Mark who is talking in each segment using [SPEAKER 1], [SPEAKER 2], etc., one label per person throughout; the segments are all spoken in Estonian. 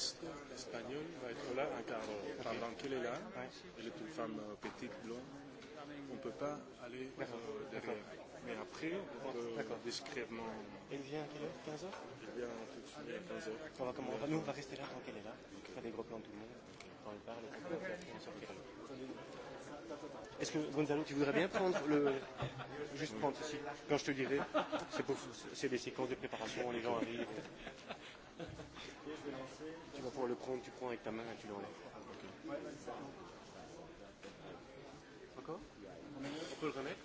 [SPEAKER 1] journaliste espagnole va être là un quart d'heure. Pendant qu'elle est là, ouais. elle est une femme euh, petite, blonde, on ne peut pas aller euh, derrière. Mais après, on peut discrètement... Elle vient à quelle heure 15h Elle vient tout de suite à 15h. On va comment, nous, on va rester là tant qu'elle est là, okay. faire des gros plans tout le monde, quand elle parle, et puis après on sortira. Est-ce que
[SPEAKER 2] Gonzalo, tu voudrais bien prendre le. Juste prendre ceci. Quand je te dirai, c'est pour... des séquences de préparation, les gens arrivent. Et
[SPEAKER 1] tu vas pouvoir le prendre, tu prends avec ta main et tu l'enlèves. Okay. Encore On peut le remettre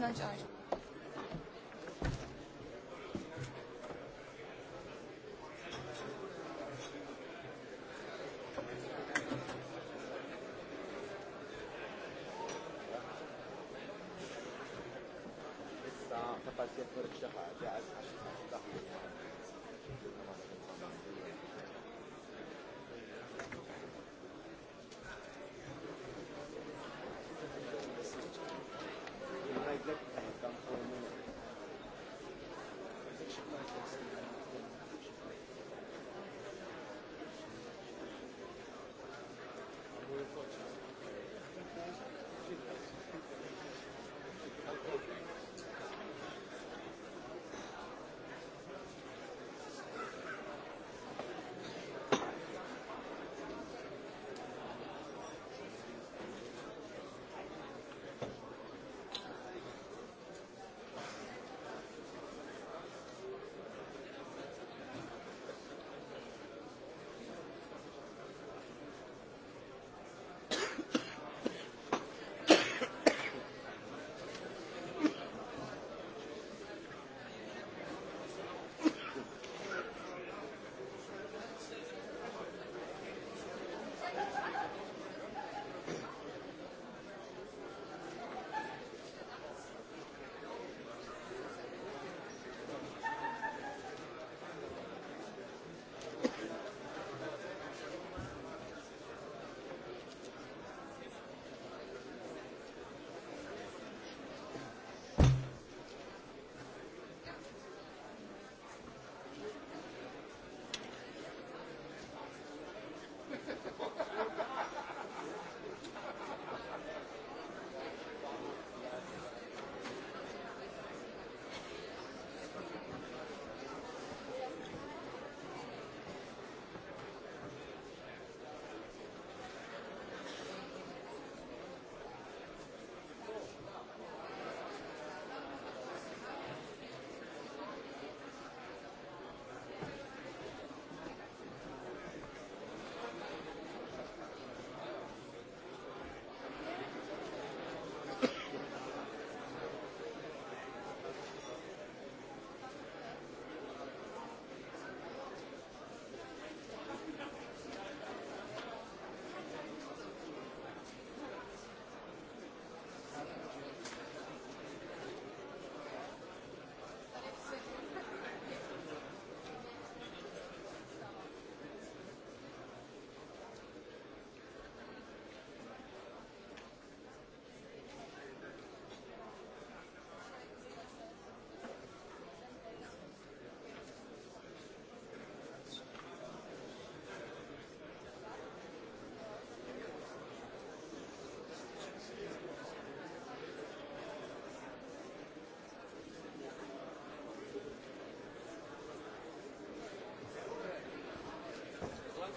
[SPEAKER 1] not George. Thank you.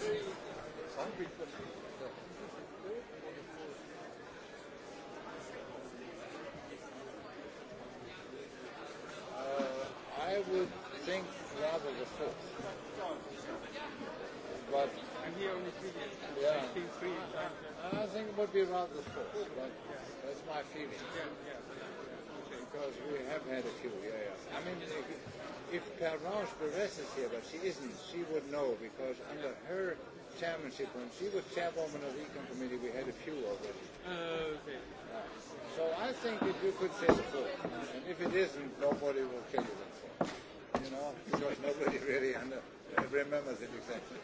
[SPEAKER 1] Uh, I would think rather the fourth. But I'm here only three years. Yeah. 16, three. I think it would be rather the fourth, but that's my feeling. Yeah, yeah because we have had a few, yeah, yeah. I mean, if Pervenche Beres is here, but she isn't, she would know because under her chairmanship, when she was chairwoman of the Econ Committee, we had a few already. Uh, okay. Yeah. So I think that you could say four. And if it isn't, nobody will tell you that four. You know, because nobody really under, remembers it exactly.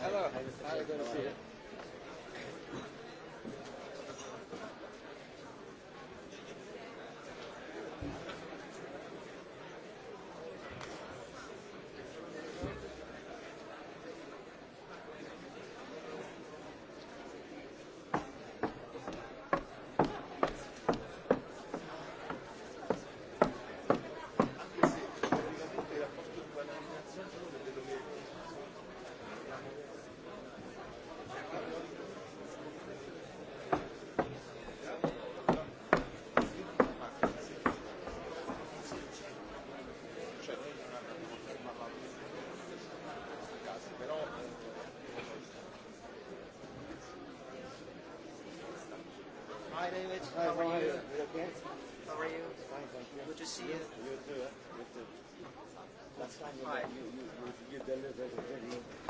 [SPEAKER 1] Hello. How are you going to see it? Hi, David. Hi, how, how are you? you okay? How are you? Fine, thank you. Good to see you. You too. Eh? You too. Last time you, you, you, you delivered a very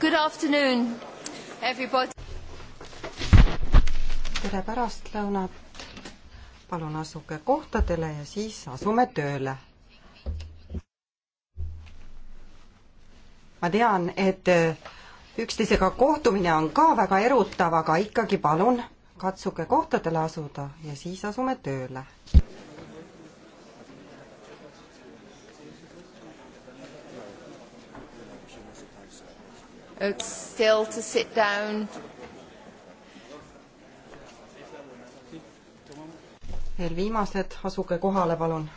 [SPEAKER 2] Good afternoon, everybody. tere pärastlõunat. palun asuge kohtadele ja siis asume tööle. ma tean, et üksteisega kohtumine on ka väga erutav, aga ikkagi palun katsuge kohtadele asuda ja siis asume tööle Uh, still to sit down. veel viimased, asuge kohale, palun.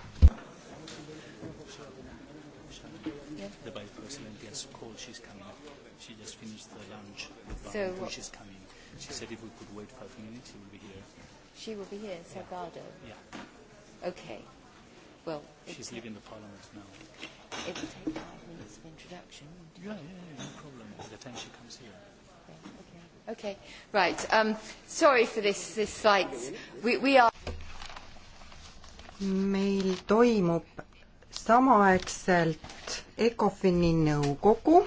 [SPEAKER 1] So what? She's coming. She said if we could wait five minutes, she will be here.
[SPEAKER 3] She will be here in Salgado? Yeah. yeah. Okay.
[SPEAKER 1] Well, she's leaving the parliament now.
[SPEAKER 4] It will take five minutes of introduction. Yeah, yeah,
[SPEAKER 1] yeah she comes here.
[SPEAKER 4] Okay, okay. right. Um, sorry for this, this slides. We, we are.
[SPEAKER 2] meil toimub samaaegselt ECOFIN-i nõukogu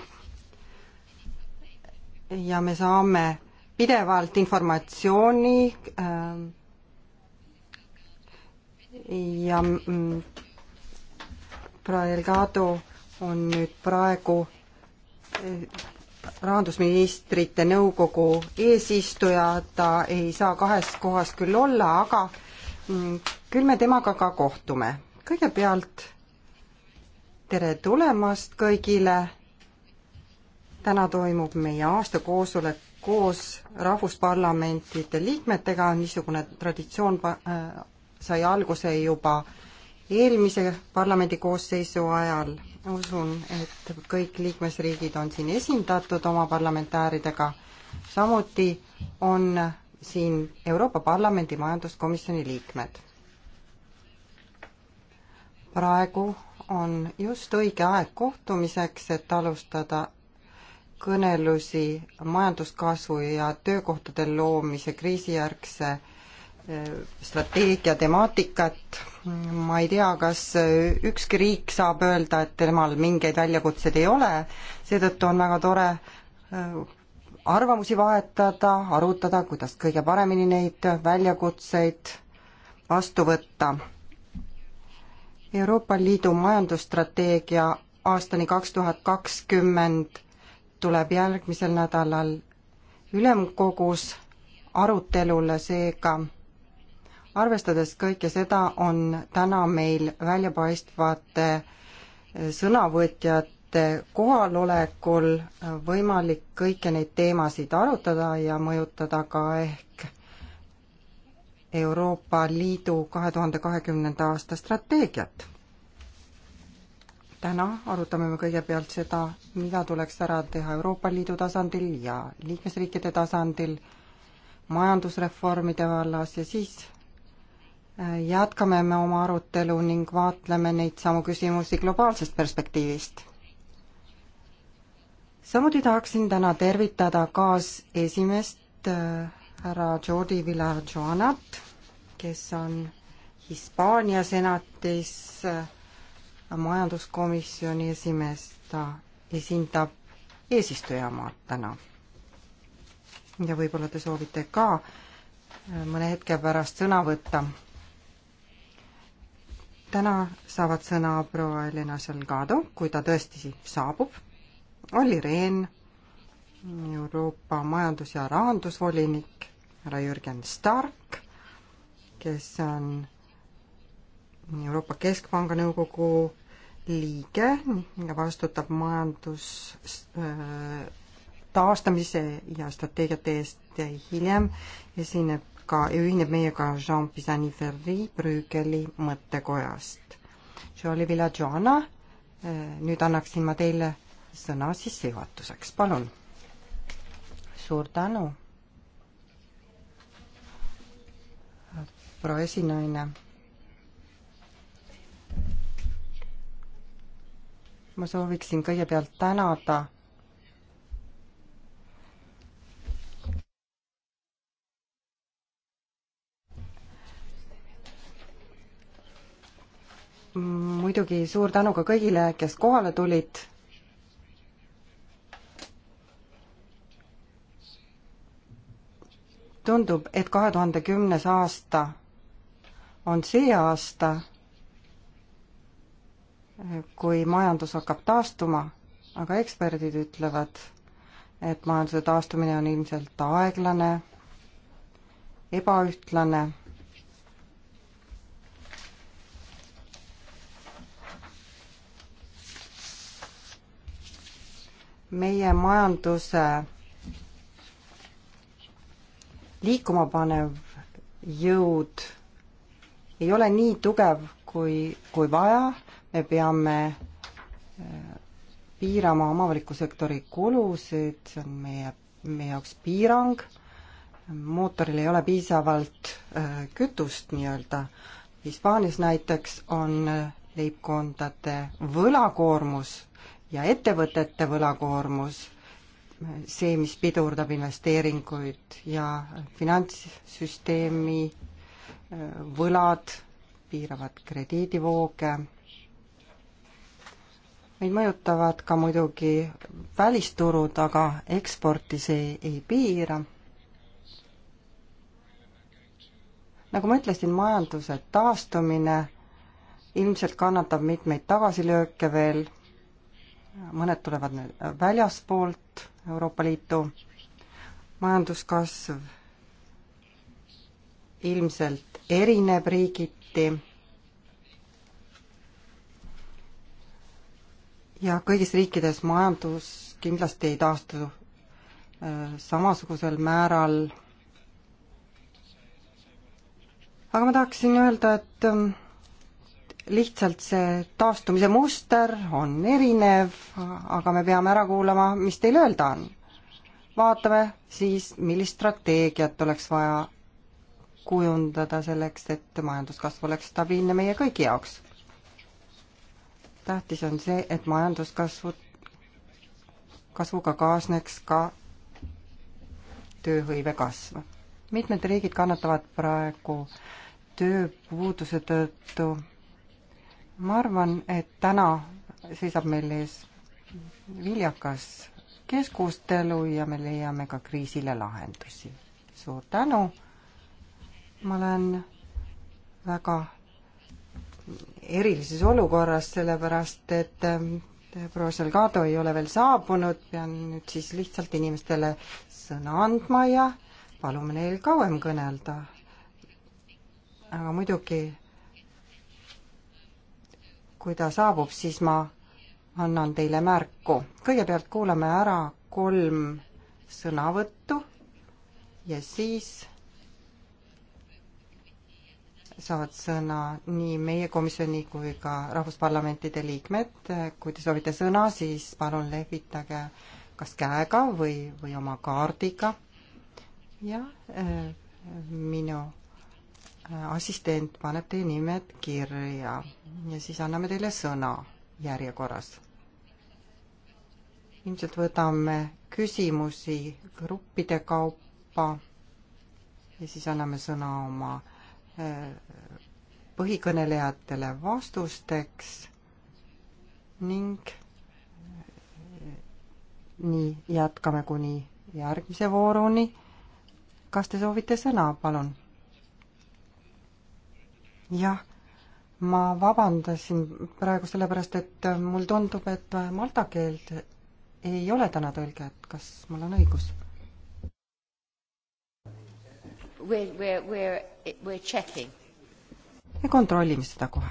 [SPEAKER 2] ja me saame pidevalt informatsiooni ähm, ja proua mm, Delgado on nüüd praegu äh, rahandusministrite nõukogu eesistuja, ta ei saa kahes kohas küll olla, aga mm, küll me temaga ka kohtume. kõigepealt tere tulemast kõigile. täna toimub meie aastakoosolek koos rahvusparlamentide liikmetega, niisugune traditsioon äh, sai alguse juba eelmise parlamendikoosseisu ajal usun, et kõik liikmesriigid on siin esindatud oma parlamentääridega, samuti on siin Euroopa Parlamendi majanduskomisjoni liikmed. praegu on just õige aeg kohtumiseks, et alustada kõnelusi majanduskasvu ja töökohtade loomise kriisijärgse strateegia temaatikat, ma ei tea, kas ükski riik saab öelda, et temal mingeid väljakutseid ei ole, seetõttu on väga tore äh, arvamusi vahetada, arutada, kuidas kõige paremini neid väljakutseid vastu võtta. Euroopa Liidu majandusstrateegia aastani kaks tuhat kakskümmend tuleb järgmisel nädalal ülemkogus arutelule, seega arvestades kõike seda, on täna meil väljapaistvate eh, sõnavõtjate kohalolekul eh, võimalik kõiki neid teemasid arutada ja mõjutada ka ehk Euroopa Liidu kahe tuhande kahekümnenda aasta strateegiat. täna arutame me kõigepealt seda, mida tuleks ära teha Euroopa Liidu tasandil ja liikmesriikide tasandil majandusreformide vallas ja siis jätkame me oma arutelu ning vaatleme neid samu küsimusi globaalsest perspektiivist. samuti tahaksin täna tervitada kaasesimeest äh, härra Jordi Villar-Joanat, kes on Hispaania senatis äh, majanduskomisjoni esimees, ta esindab eesistujamaad täna. ja võib-olla te soovite ka äh, mõne hetke pärast sõna võtta täna saavad sõna proua Elena Salgado, kui ta tõesti saabub, Olli Rehn, Euroopa majandus- ja rahandusvolinik, härra Jürgen Stark, kes on Euroopa Keskpanga nõukogu liige ja vastutab majandus äh, taastamise ja strateegiate eest hiljem esineb ka, ühineb meiega Jean Pisani-Ferri Brügeli mõttekojast. Jolie Villajoana, äh, nüüd annaksin ma teile sõna sissejuhatuseks, palun. suur tänu. proua esinaine. ma sooviksin kõigepealt tänada muidugi suur tänu ka kõigile, kes kohale tulid. tundub, et kahe tuhande kümnes aasta on see aasta, kui majandus hakkab taastuma, aga eksperdid ütlevad, et majanduse taastumine on ilmselt aeglane, ebaühtlane meie majanduse liikuma panev jõud ei ole nii tugev, kui, kui vaja, me peame eh, piirama oma avaliku sektori kulusid, see on meie, meie jaoks piirang, mootoril ei ole piisavalt eh, kütust nii-öelda. Hispaanias näiteks on leibkondade võlakoormus ja ettevõtete võlakoormus, see, mis pidurdab investeeringuid ja finantssüsteemi äh, võlad piiravad krediidivooge. meid mõjutavad ka muidugi välisturud, aga eksporti see ei piira nagu ma ütlesin, majanduse taastumine ilmselt kannatab mitmeid tagasilööke veel mõned tulevad nüüd väljaspoolt Euroopa Liitu, majanduskasv ilmselt erineb riigiti ja kõigis riikides majandus kindlasti ei taastu äh, samasugusel määral. aga ma tahaksin öelda, et ähm, lihtsalt see taastumise muster on erinev, aga me peame ära kuulama, mis teil öelda on. vaatame siis, millist strateegiat oleks vaja kujundada selleks, et majanduskasv oleks stabiilne meie kõigi jaoks. tähtis on see, et majanduskasvu, kasvuga kaasneks ka tööhõive kasv. mitmed riigid kannatavad praegu tööpuuduse tõttu ma arvan, et täna seisab meil ees viljakas keskustelu ja me leiame ka kriisile lahendusi. suur tänu. ma olen väga erilises olukorras, sellepärast et ähm, proua Salgado ei ole veel saabunud, pean nüüd siis lihtsalt inimestele sõna andma ja palume neil kauem kõnelda. aga muidugi kui ta saabub, siis ma annan teile märku. kõigepealt kuulame ära kolm sõnavõttu ja siis saavad sõna nii meie komisjoni kui ka rahvusparlamentide liikmed. kui te soovite sõna, siis palun lehvitage kas käega või, või oma kaardiga. jah, äh, minu Äh, assistent paneb teie nimed kirja ja siis anname teile sõna järjekorras. ilmselt võtame küsimusi gruppide kaupa ja siis anname sõna oma äh, põhikõnelejatele vastusteks ning äh, nii jätkame kuni järgmise vooruni. kas te soovite sõna, palun? jah, ma vabandasin praegu sellepärast, et mul tundub, et malta keelt ei ole täna tõlget, kas mul on õigus?
[SPEAKER 1] We're, we're, we're, we're checking.
[SPEAKER 2] me kontrollime seda kohe.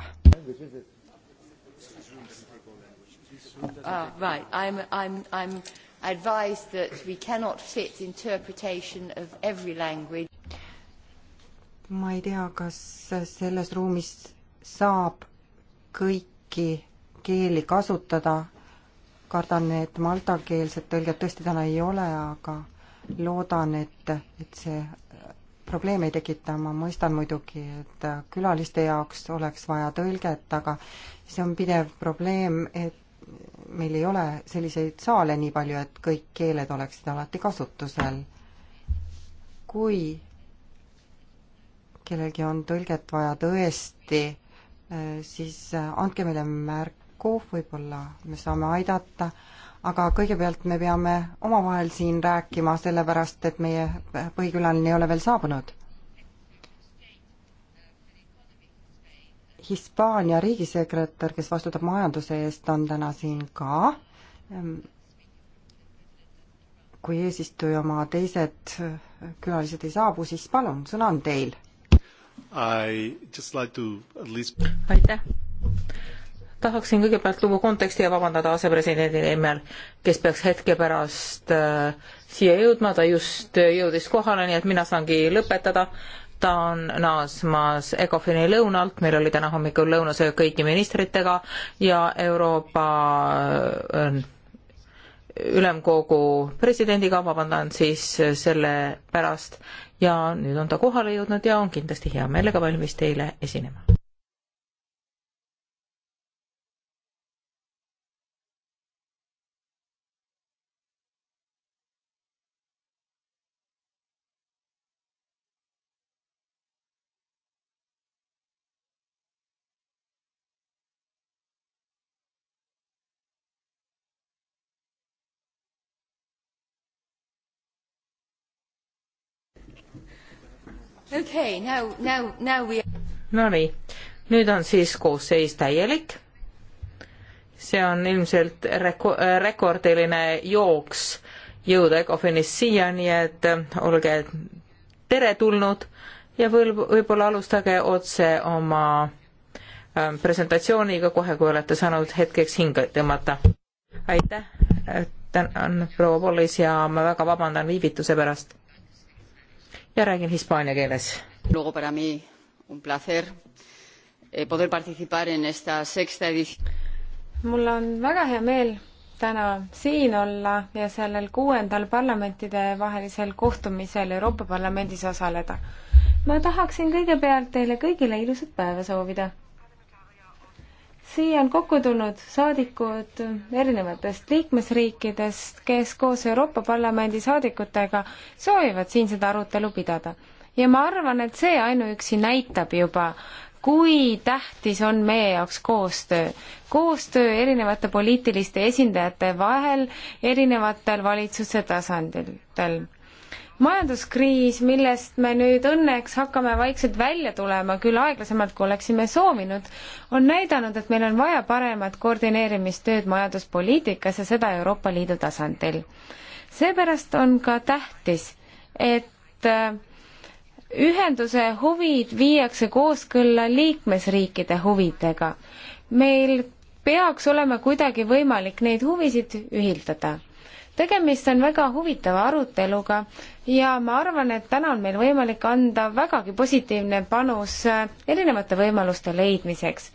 [SPEAKER 1] Ah,
[SPEAKER 3] right, I'm, I'm, I'm advised that we cannot fit interpretation of every language
[SPEAKER 2] ma ei tea, kas selles ruumis saab kõiki keeli kasutada, kardan, et maltakeelset tõlget tõesti täna ei ole, aga loodan, et, et see probleeme ei tekita, ma mõistan muidugi, et külaliste jaoks oleks vaja tõlget, aga see on pidev probleem, et meil ei ole selliseid saale nii palju, et kõik keeled oleksid alati kasutusel. kui kellelgi on tõlget vaja tõesti, eh, siis eh, andke meile märku, võib-olla me saame aidata, aga kõigepealt me peame omavahel siin rääkima, sellepärast et meie põhikülaline ei ole veel saabunud. Hispaania riigisekretär, kes vastutab majanduse eest, on täna siin ka. Ehm, kui eesistuja oma teised eh, külalised ei saabu, siis palun, sõna on teil
[SPEAKER 1] I just like to at least
[SPEAKER 2] aitäh!
[SPEAKER 3] tahaksin kõigepealt luua konteksti ja vabandada asepresidendi nimel, kes peaks hetke pärast äh, siia jõudma, ta just äh, jõudis kohale, nii et mina saangi lõpetada. ta on naasmas ECOFIN-i lõunalt, meil oli täna hommikul lõunasöök kõigi ministritega ja Euroopa äh, ülemkogu presidendiga, vabandan siis selle pärast ja nüüd on ta kohale jõudnud ja on kindlasti hea meelega valmis teile esinema.
[SPEAKER 1] okay,
[SPEAKER 4] now, now, now we...
[SPEAKER 3] Nonii, nüüd on siis koosseis täielik. see on ilmselt reko-, rekordiline jooks jõuda Ecofinist siia, nii et eh, olge teretulnud ja võib-olla võib alustage otse oma eh, presentatsiooniga kohe, kui olete saanud hetkeks hinge tõmmata. aitäh, eh, tänan proua Polis ja ma väga vabandan viivituse pärast ja räägin hispaania keeles. Luego para mí un placer eh, poder participar en esta sexta edición.
[SPEAKER 4] mul on väga hea meel täna siin olla ja sellel kuuendal parlamentidevahelisel kohtumisel Euroopa Parlamendis osaleda. ma tahaksin kõigepealt teile kõigile ilusat päeva soovida siia on kokku tulnud saadikud erinevatest liikmesriikidest, kes koos Euroopa Parlamendi saadikutega soovivad siin seda arutelu pidada. ja ma arvan, et see ainuüksi näitab juba, kui tähtis on meie jaoks koostöö. koostöö erinevate poliitiliste esindajate vahel erinevatel valitsuse tasanditel majanduskriis, millest me nüüd õnneks hakkame vaikselt välja tulema, küll aeglasemalt, kui oleksime soovinud, on näidanud, et meil on vaja paremat koordineerimistööd majanduspoliitikas ja seda Euroopa Liidu tasandil. seepärast on ka tähtis, et äh, ühenduse huvid viiakse kooskõlla liikmesriikide huvidega. meil peaks olema kuidagi võimalik neid huvisid ühildada tegemist on väga huvitava aruteluga ja ma arvan, et täna on meil võimalik anda vägagi positiivne panus äh, erinevate võimaluste leidmiseks.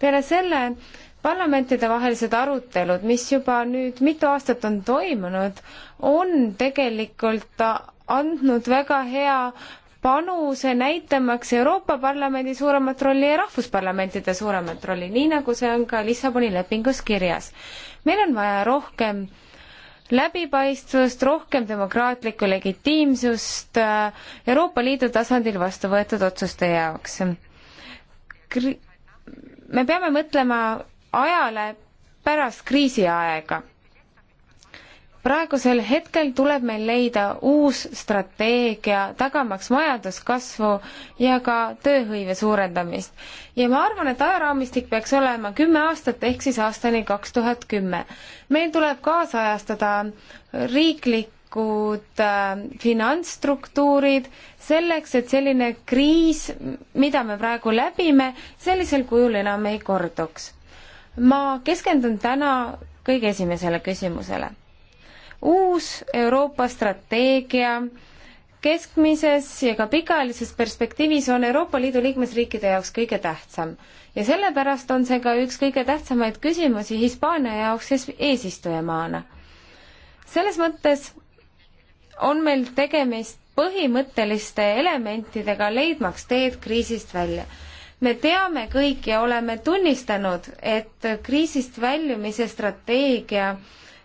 [SPEAKER 4] peale selle parlamentidevahelised arutelud, mis juba nüüd mitu aastat on toimunud, on tegelikult andnud väga hea panuse näitamaks Euroopa Parlamendi suuremat rolli ja rahvusparlamentide suuremat rolli, nii nagu see on ka Lissaboni lepingus kirjas. meil on vaja rohkem läbipaistvust, rohkem demokraatlikku legitiimsust äh, Euroopa Liidu tasandil vastu võetud otsuste jaoks. me peame mõtlema ajale pärast kriisiaega praegusel hetkel tuleb meil leida uus strateegia, tagamaks majanduskasvu ja ka tööhõive suurendamist. ja ma arvan, et ajaraamistik peaks olema kümme aastat, ehk siis aastani kaks tuhat kümme. meil tuleb kaasajastada riiklikud äh, finantsstruktuurid selleks, et selline kriis, mida me praegu läbime, sellisel kujul enam ei korduks. ma keskendun täna kõige esimesele küsimusele uus Euroopa strateegia keskmises ja ka pikaajalises perspektiivis on Euroopa Liidu liikmesriikide jaoks kõige tähtsam. ja sellepärast on see ka üks kõige tähtsamaid küsimusi Hispaania jaoks siis eesistujamaana. selles mõttes on meil tegemist põhimõtteliste elementidega, leidmaks teed kriisist välja me teame kõik ja oleme tunnistanud, et kriisist väljumise strateegia äh,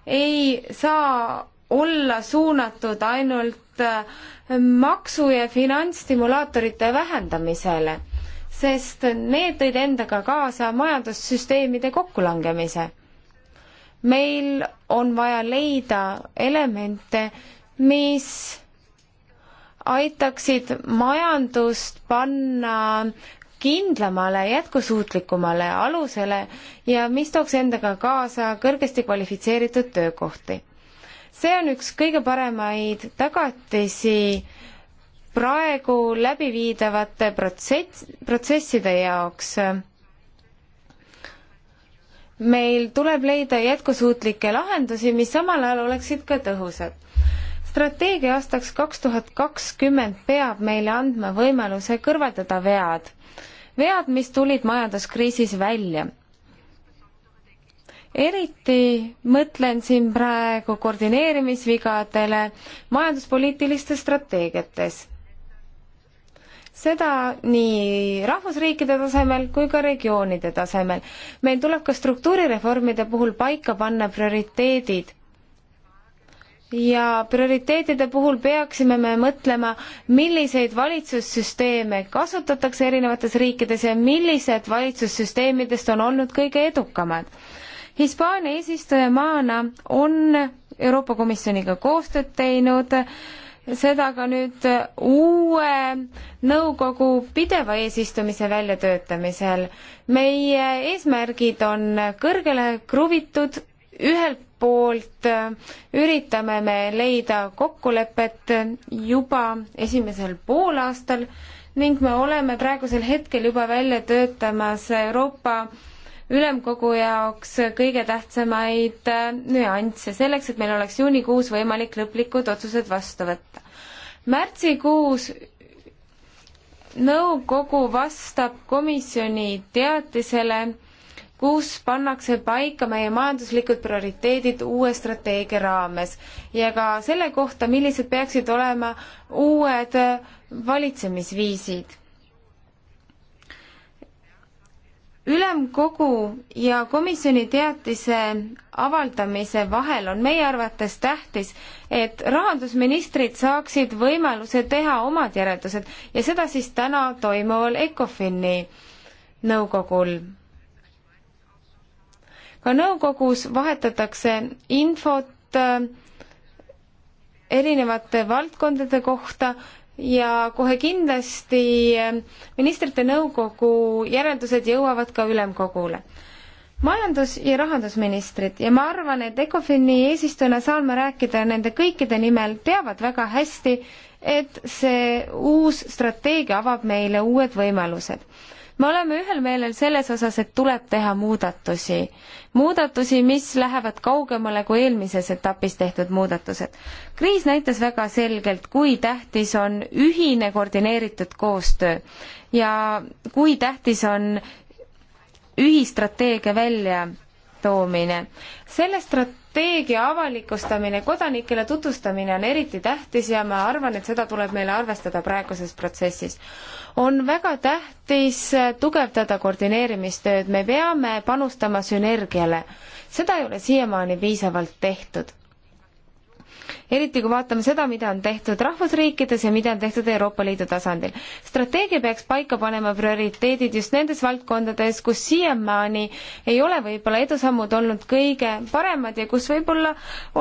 [SPEAKER 4] ei saa olla suunatud ainult äh, maksu- ja finantsstimulaatorite vähendamisele, sest need tõid endaga kaasa majandussüsteemide kokkulangemise. meil on vaja leida elemente, mis aitaksid majandust panna kindlamale, jätkusuutlikumale alusele ja mis tooks endaga kaasa kõrgesti kvalifitseeritud töökohti. see on üks kõige paremaid tagatisi praegu läbiviidavate protsess, protsesside jaoks meil tuleb leida jätkusuutlikke lahendusi, mis samal ajal oleksid ka tõhusad. strateegia aastaks kaks tuhat kakskümmend peab meile andma võimaluse kõrvaldada vead vead, mis tulid majanduskriisis välja. eriti mõtlen siin praegu koordineerimisvigadele majanduspoliitilistes strateegiates. seda nii rahvusriikide tasemel kui ka regioonide tasemel. meil tuleb ka struktuurireformide puhul paika panna prioriteedid ja prioriteetide puhul peaksime me mõtlema, milliseid valitsussüsteeme kasutatakse erinevates riikides ja millised valitsussüsteemidest on olnud kõige edukamad. Hispaania eesistujamaana on Euroopa Komisjoniga koostööd teinud, seda ka nüüd uue nõukogu pideva eesistumise väljatöötamisel. meie eesmärgid on kõrgele kruvitud, ühelt poolt üritame me leida kokkulepet juba esimesel poolaastal ning me oleme praegusel hetkel juba välja töötamas Euroopa ülemkogu jaoks kõige tähtsamaid nüansse, selleks et meil oleks juunikuus võimalik lõplikud otsused vastu võtta. märtsikuus nõukogu vastab komisjoni teatisele kus pannakse paika meie majanduslikud prioriteedid uue strateegia raames ja ka selle kohta, millised peaksid olema uued äh, valitsemisviisid. ülemkogu ja komisjoni teatise avaldamise vahel on meie arvates tähtis, et rahandusministrid saaksid võimaluse teha omad järeldused ja seda siis täna toimuval ECOFIN-i nõukogul ka nõukogus vahetatakse infot äh, erinevate valdkondade kohta ja kohe kindlasti äh, ministrite nõukogu järeldused jõuavad ka ülemkogule majandus- ja rahandusministrid ja ma arvan, et ECOFIN-i eesistujana saan ma rääkida nende kõikide nimel, teavad väga hästi, et see uus strateegia avab meile uued võimalused me oleme ühel meelel selles osas, et tuleb teha muudatusi. muudatusi, mis lähevad kaugemale kui eelmises etapis tehtud muudatused. kriis näitas väga selgelt, kui tähtis on ühine koordineeritud koostöö ja kui tähtis on ühistrateegia välja toomine. selle strate-, strateegia avalikustamine, kodanikele tutvustamine on eriti tähtis ja ma arvan, et seda tuleb meile arvestada praeguses protsessis. on väga tähtis tugevdada koordineerimistööd, me peame panustama sünergiale. seda ei ole siiamaani piisavalt tehtud eriti kui vaatame seda, mida on tehtud rahvusriikides ja mida on tehtud Euroopa Liidu tasandil. strateegia peaks paika panema prioriteedid just nendes valdkondades, kus siiamaani ei ole võib-olla edusammud olnud kõige paremad ja kus võib-olla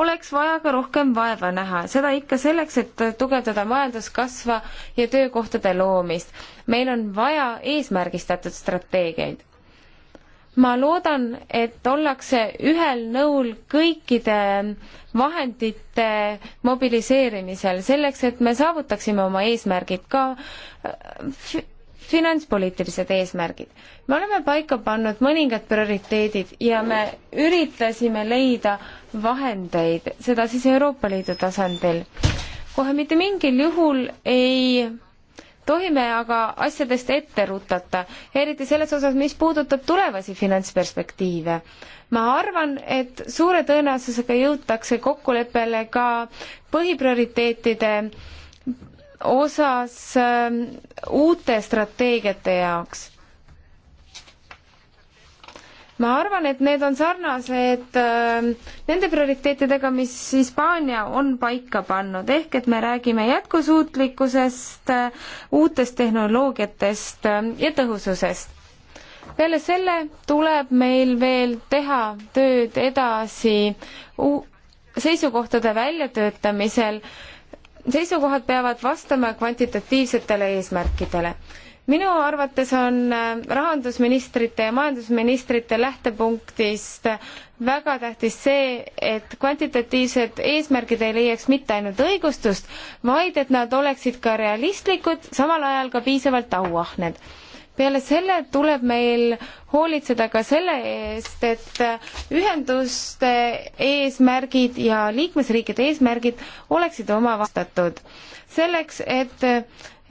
[SPEAKER 4] oleks vaja ka rohkem vaeva näha. seda ikka selleks, et tugevdada majanduskasva ja töökohtade loomist. meil on vaja eesmärgistatud strateegiaid ma loodan, et ollakse ühel nõul kõikide vahendite mobiliseerimisel selleks, et me saavutaksime oma eesmärgid ka äh, finantspoliitilised eesmärgid. me oleme paika pannud mõningad prioriteedid ja me üritasime leida vahendeid, seda siis Euroopa Liidu tasandil. kohe mitte mingil juhul ei tohime aga asjadest ette rutata, eriti selles osas, mis puudutab tulevasi finantsperspektiive. ma arvan, et suure tõenäosusega jõutakse kokkuleppele ka põhiprioriteetide osas äh, uute strateegiate jaoks ma arvan, et need on sarnased äh, nende prioriteetidega, mis Hispaania on paika pannud, ehk et me räägime jätkusuutlikkusest, äh, uutest tehnoloogiatest äh, ja tõhususest. peale selle tuleb meil veel teha tööd edasi seisukohtade väljatöötamisel, seisukohad peavad vastama kvantitatiivsetele eesmärkidele minu arvates on äh, rahandusministrite ja majandusministrite lähtepunktist väga tähtis see, et kvantitatiivsed eesmärgid ei leiaks mitte ainult õigustust, vaid et nad oleksid ka realistlikud, samal ajal ka piisavalt auahned peale selle tuleb meil hoolitseda ka selle eest, et ühenduste eesmärgid ja liikmesriikide eesmärgid oleksid omavastatud. selleks, et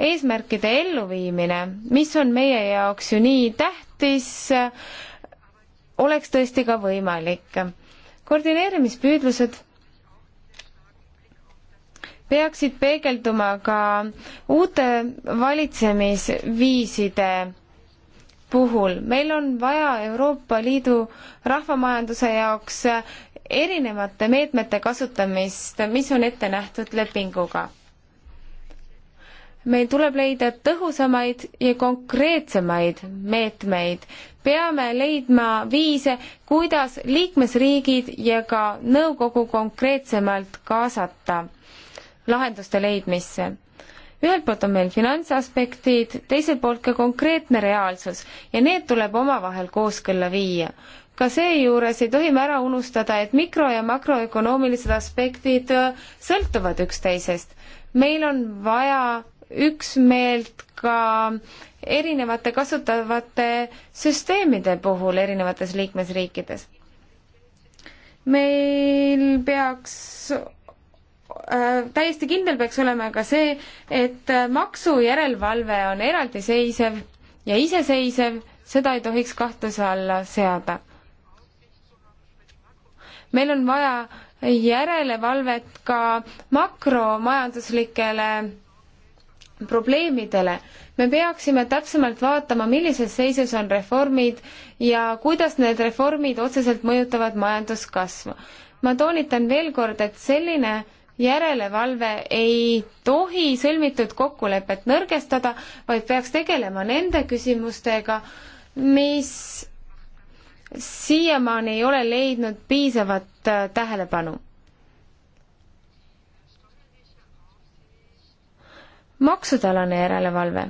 [SPEAKER 4] eesmärkide elluviimine, mis on meie jaoks ju nii tähtis, oleks tõesti ka võimalik. koordineerimispüüdlused peaksid peegelduma ka uute valitsemisviiside puhul. meil on vaja Euroopa Liidu rahvamajanduse jaoks erinevate meetmete kasutamist, mis on ette nähtud lepinguga. meil tuleb leida tõhusamaid ja konkreetsemaid meetmeid. peame leidma viise, kuidas liikmesriigid ja ka nõukogu konkreetsemalt kaasata lahenduste leidmisse ühelt poolt on meil finantsaspektid, teiselt poolt ka konkreetne reaalsus ja need tuleb omavahel kooskõlla viia. ka seejuures ei tohi me ära unustada, et mikro- ja makroökonoomilised aspektid äh, sõltuvad üksteisest. meil on vaja üksmeelt ka erinevate kasutavate süsteemide puhul erinevates liikmesriikides. meil peaks Äh, täiesti kindel peaks olema ka see, et äh, maksujärelevalve on eraldiseisev ja iseseisev, seda ei tohiks kahtluse alla seada. meil on vaja järelevalvet ka makromajanduslikele probleemidele. me peaksime täpsemalt vaatama, millises seisus on reformid ja kuidas need reformid otseselt mõjutavad majanduskasvu. ma toonitan veel kord, et selline äh, järelevalve ei tohi sõlmitud kokkulepet nõrgestada, vaid peaks tegelema nende küsimustega, mis siiamaani ei ole leidnud piisavat äh, tähelepanu. maksudealane järelevalve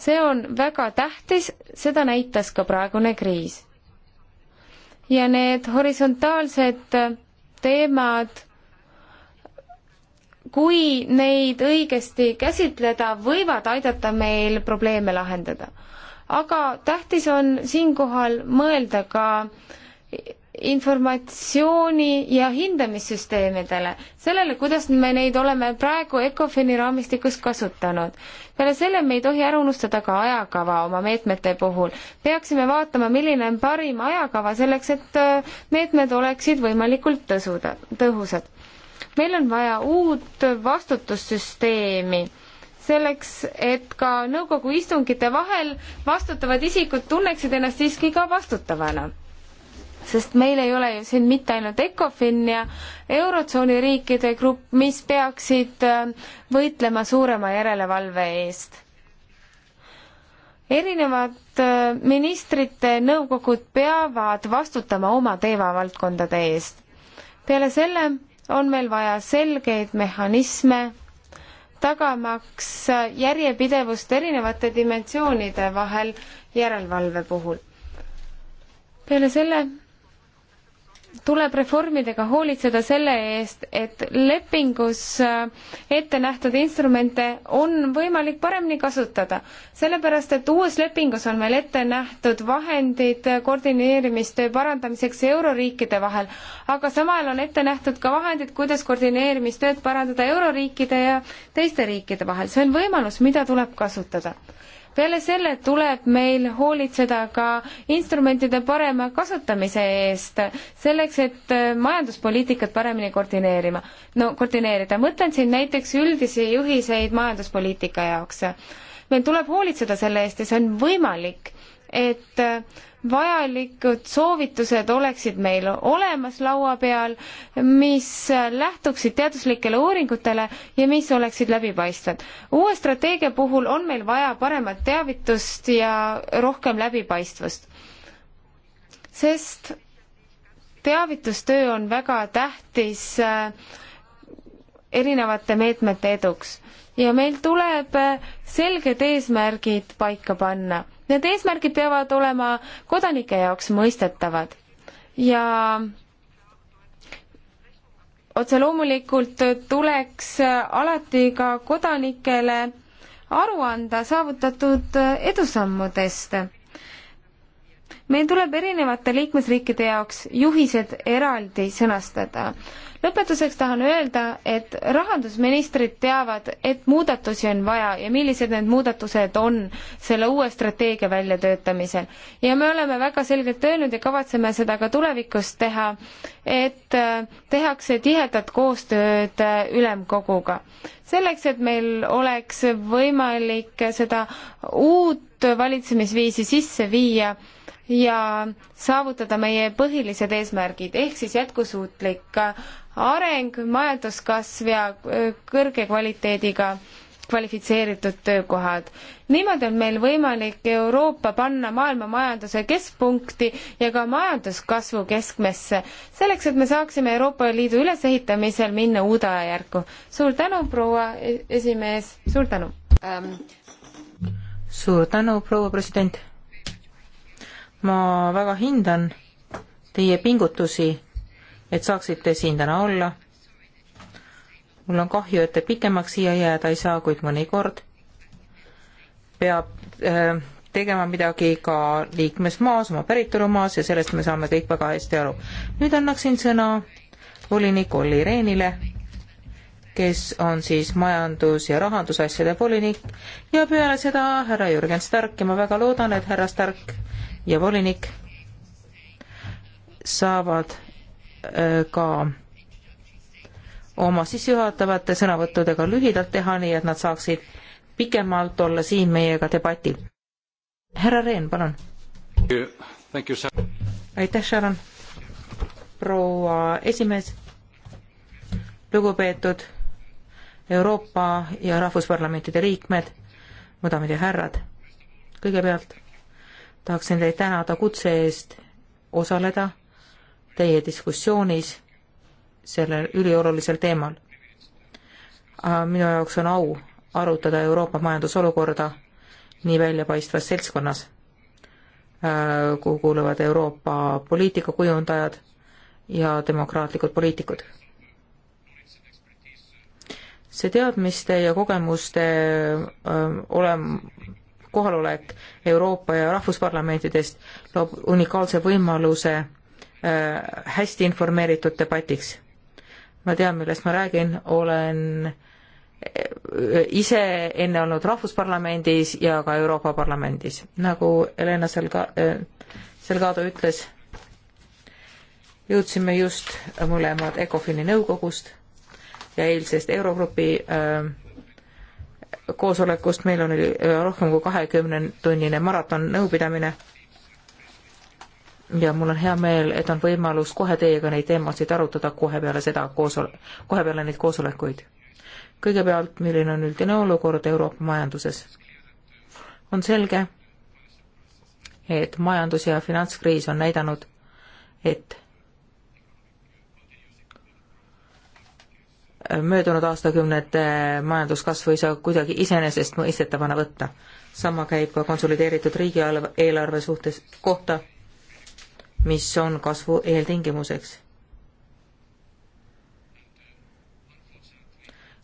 [SPEAKER 4] see on väga tähtis, seda näitas ka praegune kriis. ja need horisontaalsed äh, teemad, kui neid õigesti käsitleda, võivad aidata meil probleeme lahendada. aga tähtis on siinkohal mõelda ka informatsiooni ja hindamissüsteemidele, sellele, kuidas me neid oleme praegu ECOFIN-i raamistikus kasutanud. peale selle me ei tohi ära unustada ka ajakava oma meetmete puhul. peaksime vaatama, milline on parim ajakava selleks, et äh, meetmed oleksid võimalikult tõsuda, tõhusad. meil on vaja uut vastutussüsteemi selleks, et ka nõukogu istungite vahel vastutavad isikud tunneksid ennast siiski ka vastutavana sest meil ei ole ju siin mitte ainult ECOFIN ja Eurotsooni riikide grupp, mis peaksid äh, võitlema suurema järelevalve eest. erinevad äh, ministrite nõukogud peavad vastutama oma teemavaldkondade eest. peale selle on meil vaja selgeid mehhanisme, tagamaks äh, järjepidevust erinevate dimensioonide vahel järelevalve puhul. peale selle tuleb reformidega hoolitseda selle eest, et lepingus äh, ette nähtud instrumente on võimalik paremini kasutada. sellepärast, et uues lepingus on meil ette nähtud vahendid koordineerimistöö parandamiseks euroriikide vahel, aga samal on ette nähtud ka vahendid, kuidas koordineerimistööd parandada euroriikide ja teiste riikide vahel. see on võimalus, mida tuleb kasutada peale selle tuleb meil hoolitseda ka instrumentide parema kasutamise eest, selleks et äh, majanduspoliitikat paremini koordineerima, no koordineerida, mõtlen siin näiteks üldisi juhiseid majanduspoliitika jaoks. meil tuleb hoolitseda selle eest ja see on võimalik et vajalikud soovitused oleksid meil olemas laua peal, mis lähtuksid teaduslikele uuringutele ja mis oleksid läbipaistvad. uue strateegia puhul on meil vaja paremat teavitust ja rohkem läbipaistvust. sest teavitustöö on väga tähtis äh, erinevate meetmete eduks ja meil tuleb äh, selged eesmärgid paika panna Need eesmärgid peavad olema kodanike jaoks mõistetavad ja otse loomulikult tuleks alati ka kodanikele aru anda saavutatud edusammudest. meil tuleb erinevate liikmesriikide jaoks juhised eraldi sõnastada lõpetuseks tahan öelda, et rahandusministrid teavad, et muudatusi on vaja ja millised need muudatused on selle uue strateegia väljatöötamisel. ja me oleme väga selgelt öelnud ja kavatseme seda ka tulevikus teha, et äh, tehakse tihedat koostööd äh, ülemkoguga selleks, et meil oleks võimalik seda uut valitsemisviisi sisse viia ja saavutada meie põhilised eesmärgid, ehk siis jätkusuutlik areng, majanduskasv ja äh, kõrge kvaliteediga kvalifitseeritud töökohad. niimoodi on meil võimalik Euroopa panna maailma majanduse keskpunkti ja ka majanduskasvu keskmesse, selleks et me saaksime Euroopa Liidu ülesehitamisel minna uude ajajärku. suur tänu, proua esimees, suur tänu ähm.!
[SPEAKER 3] suur tänu, proua president! ma väga hindan teie pingutusi, et saaksite siin täna olla mul on kahju, et te pikemaks siia jääda ei saa, kuid mõnikord peab äh, tegema midagi ka liikmesmaas, oma päritolumaas ja sellest me saame kõik väga hästi aru. nüüd annaksin sõna volinik Olli Rehnile, kes on siis majandus- ja rahandusasjade volinik ja peale seda härra Jürgen Stark ja ma väga loodan, et härra Stark ja volinik saavad äh, ka oma sissejuhatavate sõnavõttudega lühidalt teha, nii et nad saaksid pikemalt olla siin meiega debatil. härra Rehn, palun. aitäh, Sharon. proua esimees, lugupeetud Euroopa ja Rahvusparlamentide liikmed, mu daamid ja härrad, kõigepealt tahaksin teid tänada kutse eest osaleda teie diskussioonis sellel üliolulisel teemal. minu jaoks on au arutada Euroopa majandusolukorda nii väljapaistvas seltskonnas, äh, kuhu kuuluvad Euroopa poliitikakujundajad ja demokraatlikud poliitikud. see teadmiste ja kogemuste ähm, olem-, kohalolek Euroopa ja rahvusparlamentidest loob unikaalse võimaluse äh, hästi informeeritud debatiks ma tean, millest ma räägin, olen ise enne olnud Rahvusparlamendis ja ka Euroopa Parlamendis. nagu Helena Selga-, Selgado ütles, jõudsime just mõlemad ECOFIN-i nõukogust ja eilsest Eurogrupi äh, koosolekust, meil on äh, rohkem kui kahekümnetunnine maraton nõupidamine ja mul on hea meel, et on võimalus kohe teiega neid teemasid arutada kohe peale seda koosole-, kohe peale neid koosolekuid. kõigepealt, milline on üldine olukord Euroopa majanduses? on selge, et majandus- ja finantskriis on näidanud, et möödunud aastakümnete majanduskasvu ei saa kuidagi iseenesestmõistetavana võtta. sama käib ka konsolideeritud riigieelarve suhtes kohta mis on kasvu eeltingimuseks.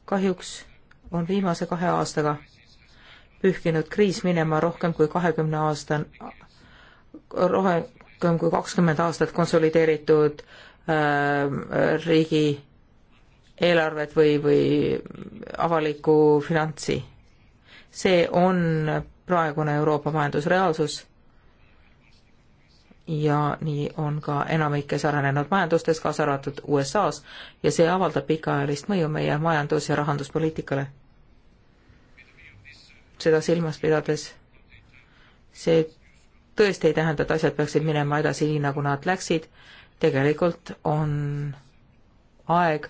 [SPEAKER 3] kahjuks on viimase kahe aastaga pühkinud kriis minema rohkem kui kahekümne aasta, rohkem kui kakskümmend aastat konsolideeritud äh, riigi eelarvet või, või avalikku finantsi. see on praegune Euroopa majandusreaalsus ja nii on ka enamikes arenenud majandustes, kaasa arvatud USA-s, ja see avaldab pikaajalist mõju meie majandus- ja rahanduspoliitikale. seda silmas pidades, see tõesti ei tähenda, et asjad peaksid minema edasi nii, nagu nad läksid, tegelikult on aeg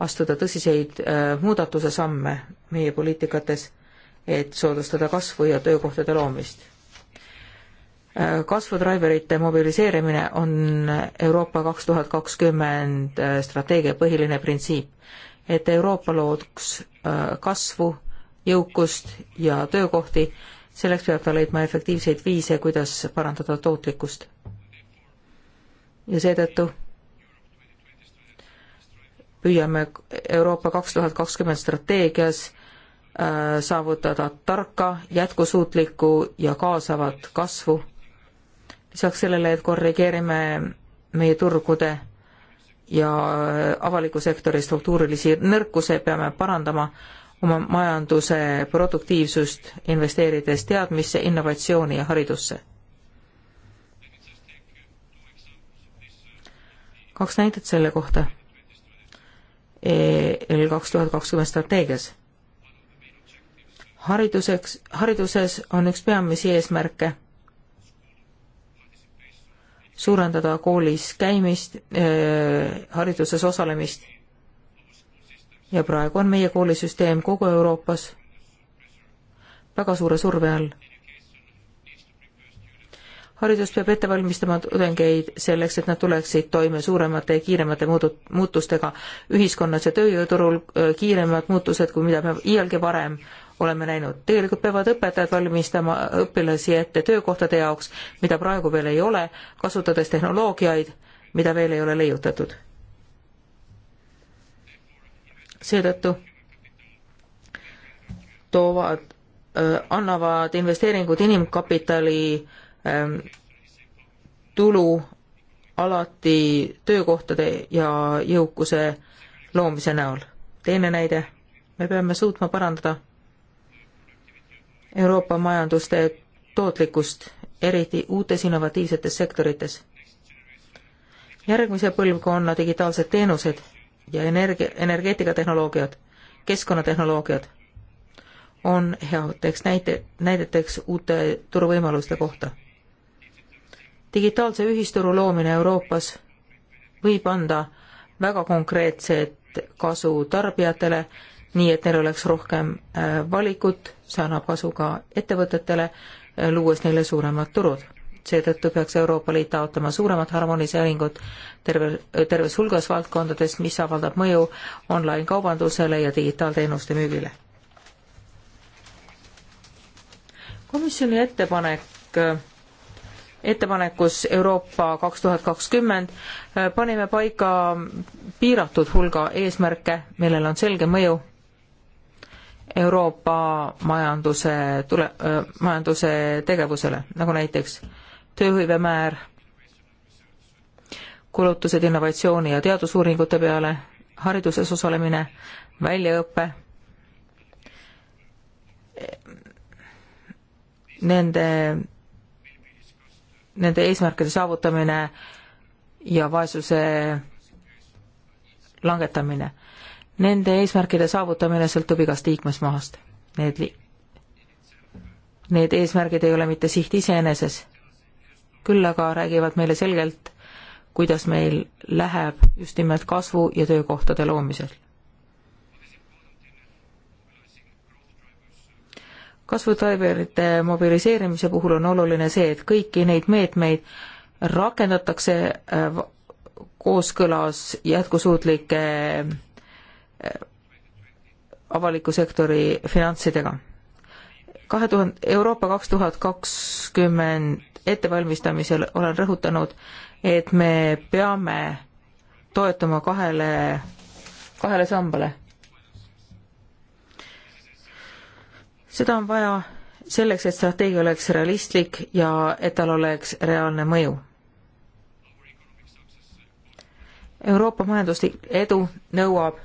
[SPEAKER 3] astuda tõsiseid äh, muudatuse samme meie poliitikates, et soodustada kasvu ja töökohtade loomist kasvudraiverite mobiliseerimine on Euroopa kaks tuhat kakskümmend äh, strateegia põhiline printsiip, et Euroopa looks äh, kasvu, jõukust ja töökohti, selleks peab ta leidma efektiivseid viise, kuidas parandada tootlikkust. ja seetõttu püüame Euroopa kaks tuhat kakskümmend strateegias äh, saavutada tarka, jätkusuutlikku ja kaasavat kasvu lisaks sellele, et korrigeerime meie turgude ja avaliku sektori struktuurilisi nõrkuse, peame parandama oma majanduse produktiivsust, investeerides teadmisse, innovatsiooni ja haridusse. kaks näidet selle kohta EL kaks tuhat kakskümmend strateegias. hariduseks, hariduses on üks peamisi eesmärke suurendada koolis käimist, äh, hariduses osalemist. ja praegu on meie koolisüsteem kogu Euroopas väga suure surve all. haridus peab ette valmistama tudengeid selleks, et nad tuleksid toime suuremate ja kiiremate muudu-, muutustega ühiskonnas ja tööjõuturul, äh, kiiremad muutused, kui mida me iialgi varem oleme näinud. tegelikult peavad õpetajad valmistama õpilasi ette töökohtade jaoks, mida praegu veel ei ole, kasutades tehnoloogiaid, mida veel ei ole leiutatud. seetõttu toovad, äh, annavad investeeringud inimkapitali ähm, tulu alati töökohtade ja jõukuse loomise näol. teine näide, me peame suutma parandada Euroopa majanduste tootlikkust, eriti uutes innovatiivsetes sektorites. järgmise põlvkonna digitaalsed teenused ja energia, energeetikatehnoloogiad, keskkonnatehnoloogiad on headeks näite, näideteks uute turuvõimaluste kohta. digitaalse ühisturu loomine Euroopas võib anda väga konkreetset kasu tarbijatele nii et neil oleks rohkem äh, valikut, see annab kasu ka ettevõtetele, äh, luues neile suuremad turud. seetõttu peaks Euroopa Liit taotlema suuremat harmoniseeringut terve, äh, terves hulgas valdkondades, mis avaldab mõju online-kaubandusele ja digitaalteenuste müügile. komisjoni ettepanek ettepanekus Euroopa kaks tuhat kakskümmend panime paika piiratud hulga eesmärke, millel on selge mõju Euroopa majanduse tule- äh,, majanduse tegevusele, nagu näiteks tööhõivemäär, kulutused innovatsiooni ja teadusuuringute peale, hariduses osalemine, väljaõpe, nende, nende eesmärkide saavutamine ja vaesuse langetamine Nende eesmärkide saavutamine sõltub igast liikmesmaast. Need li-, need eesmärgid ei ole mitte siht iseeneses, küll aga räägivad meile selgelt, kuidas meil läheb just nimelt kasvu ja töökohtade loomisel. kasvutraiberite mobiliseerimise puhul on oluline see, et kõiki neid meetmeid rakendatakse äh, kooskõlas jätkusuutlike avaliku sektori finantsidega. kahe tuhande, Euroopa kaks tuhat kakskümmend ettevalmistamisel olen rõhutanud, et me peame toetuma kahele, kahele sambale. seda on vaja selleks, et strateegia oleks realistlik ja et tal oleks reaalne mõju. Euroopa majanduslik edu nõuab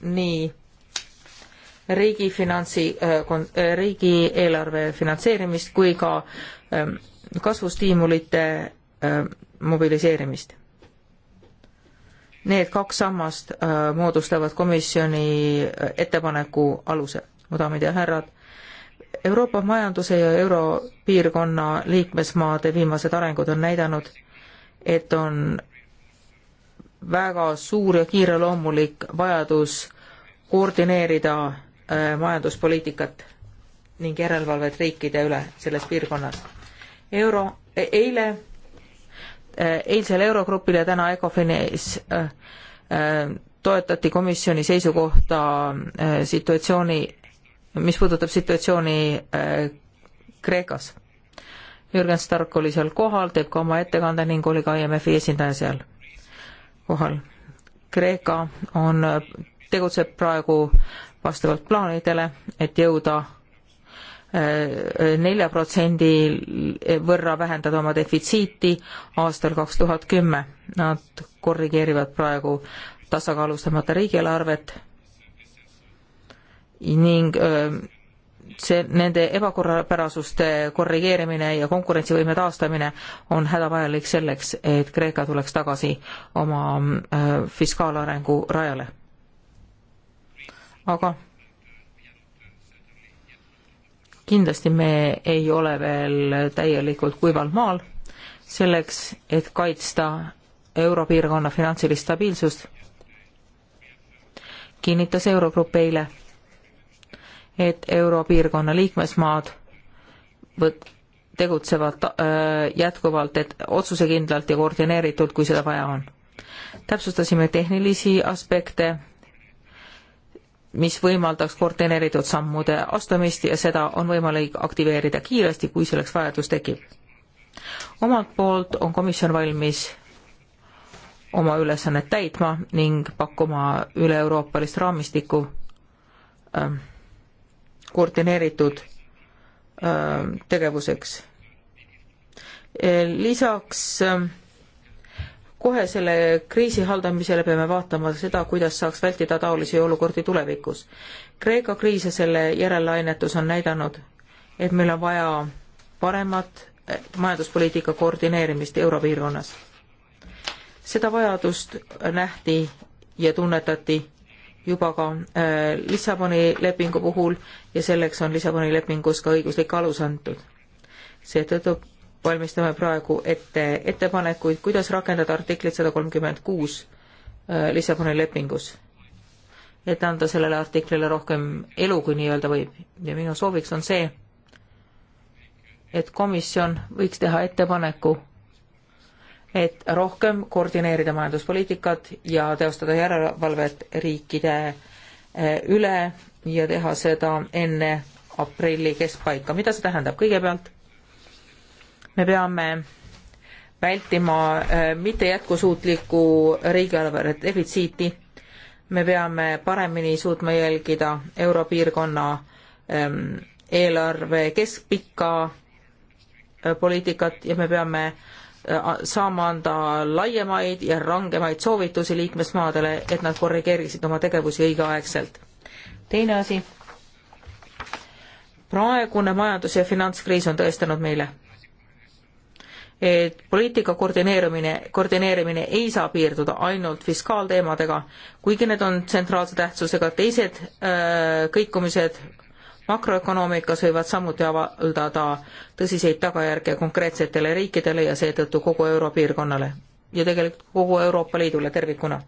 [SPEAKER 3] nii riigi finantsi, äh, äh, riigieelarve finantseerimist kui ka ähm, kasvustiimulite ähm, mobiliseerimist. Need kaks sammast äh, moodustavad komisjoni ettepaneku aluse, mu daamid ja härrad. Euroopa majanduse ja europiirkonna liikmesmaade viimased arengud on näidanud, et on väga suur ja kiireloomulik vajadus koordineerida äh, majanduspoliitikat ning järelevalvet riikide üle selles piirkonnas. euro, e, eile, äh, eilsel Eurogrupil ja täna Ecofinis äh, toetati komisjoni seisukohta situatsiooni, mis puudutab situatsiooni Kreekas. Jürgen Stark oli seal kohal, teeb ka oma ettekande ning oli ka IMF-i esindaja seal kohal. Kreeka on, tegutseb praegu vastavalt plaanidele, et jõuda äh, nelja protsendi võrra vähendada oma defitsiiti aastal kaks tuhat kümme. Nad korrigeerivad praegu tasakaalustamata riigieelarvet ning öö, äh, see, nende ebakorrapärasuste korrigeerimine ja konkurentsivõime taastamine on hädavajalik selleks, et Kreeka tuleks tagasi oma äh, fiskaalarengu rajale. aga kindlasti me ei ole veel täielikult kuival maal, selleks, et kaitsta europiirkonna finantsilist stabiilsust, kinnitas Eurogrupp eile et Europiirkonna liikmesmaad võt-, tegutsevad äh, jätkuvalt, et otsusekindlalt ja koordineeritult, kui seda vaja on. täpsustasime tehnilisi aspekte, mis võimaldaks koordineeritud sammude astumist ja seda on võimalik aktiveerida kiiresti, kui selleks vajadus tekib. omalt poolt on komisjon valmis oma ülesannet täitma ning pakkuma üle-euroopalist raamistikku ähm, koordineeritud äh, tegevuseks. Äh, lisaks äh, kohe selle kriisi haldamisele peame vaatama seda, kuidas saaks vältida taolisi olukordi tulevikus. Kreeka kriis ja selle järeleainetus on näidanud, et meil on vaja paremat majanduspoliitika koordineerimist Europiirkonnas. seda vajadust nähti ja tunnetati juba ka äh, Lissaboni lepingu puhul ja selleks on Lissaboni lepingus ka õiguslik alus antud. seetõttu valmistame praegu ette ettepanekuid, kuidas rakendada artiklit sada kolmkümmend kuus äh, Lissaboni lepingus, et anda sellele artiklile rohkem elu, kui nii-öelda võib. ja minu sooviks on see, et komisjon võiks teha ettepaneku et rohkem koordineerida majanduspoliitikat ja teostada järelevalvet riikide eh, üle ja teha seda enne aprilli keskpaika. mida see tähendab? kõigepealt me peame vältima eh, mitte jätkusuutlikku riigieelarve defitsiiti, me peame paremini suutma jälgida Europiirkonna ehm, eelarve keskpikka eh, poliitikat ja me peame Äh, saama anda laiemaid ja rangemaid soovitusi liikmesmaadele, et nad korrigeeriksid oma tegevusi õigeaegselt. teine asi, praegune majandus- ja finantskriis on tõestanud meile, et poliitika koordineerumine, koordineerimine ei saa piirduda ainult fiskaalteemadega, kuigi need on tsentraalse tähtsusega, teised öö, äh, kõikumised makroökonoomikas võivad samuti avaldada tõsiseid tagajärge konkreetsetele riikidele ja seetõttu kogu Europiirkonnale ja tegelikult kogu Euroopa Liidule tervikuna.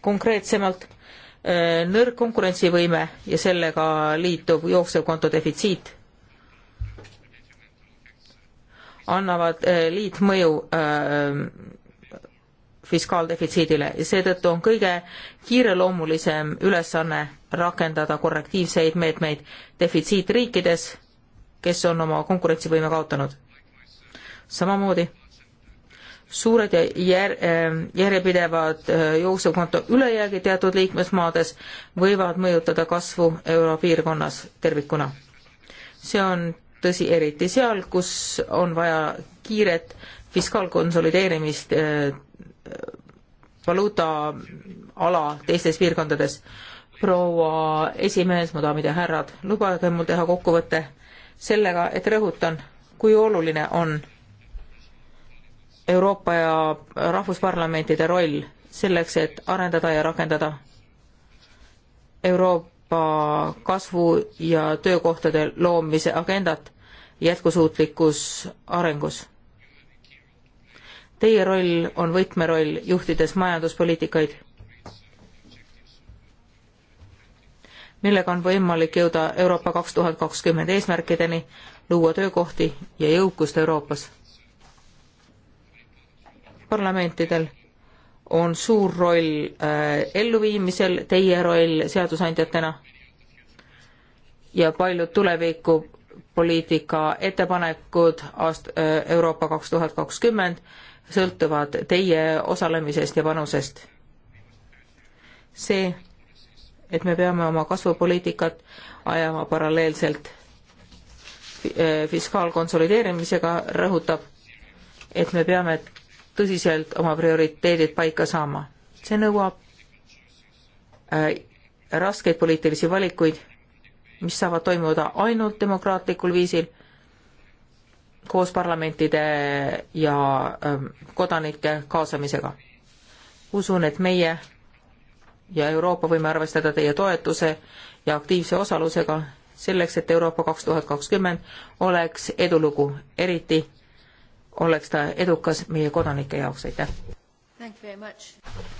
[SPEAKER 3] konkreetsemalt äh, nõrk konkurentsivõime ja sellega liituv jooksevkonto defitsiit annavad äh, liitmõju äh, fiskaaldefitsiidile. seetõttu on kõige kiireloomulisem ülesanne rakendada korrektiivseid meetmeid defitsiitriikides, kes on oma konkurentsivõime kaotanud. samamoodi suured ja jär, ähm, järjepidevad äh, jooksevkonto ülejäägi teatud liikmesmaades võivad mõjutada kasvu europiirkonnas tervikuna. see on tõsi eriti seal, kus on vaja kiiret fiskaalkonsolideerimist äh, valuutaala teistes piirkondades. proua esimees, mu daamid ja härrad, lubage mul teha kokkuvõte sellega, et rõhutan, kui oluline on Euroopa ja rahvusparlamentide roll selleks, et arendada ja rakendada Euroopa kasvu ja töökohtade loomise agendat jätkusuutlikus arengus Teie roll on võtmeroll juhtides majanduspoliitikaid, millega on võimalik jõuda Euroopa kaks tuhat kakskümmend eesmärkideni, luua töökohti ja jõukust Euroopas. parlamentidel on suur roll äh, elluviimisel, teie roll seadusandjatena ja paljud tulevikupoliitika ettepanekud aast- äh,, Euroopa kaks tuhat kakskümmend sõltuvad teie osalemisest ja panusest. see, et me peame oma kasvupoliitikat ajama paralleelselt äh, fiskaalkonsolideerimisega, rõhutab, et me peame tõsiselt oma prioriteedid paika saama. see nõuab äh, raskeid poliitilisi valikuid, mis saavad toimuda ainult demokraatlikul viisil koos parlamentide ja ähm, kodanike kaasamisega. usun, et meie ja Euroopa võime arvestada teie toetuse ja aktiivse osalusega selleks, et Euroopa kaks tuhat kakskümmend oleks edulugu, eriti oleks ta edukas meie kodanike jaoks, aitäh!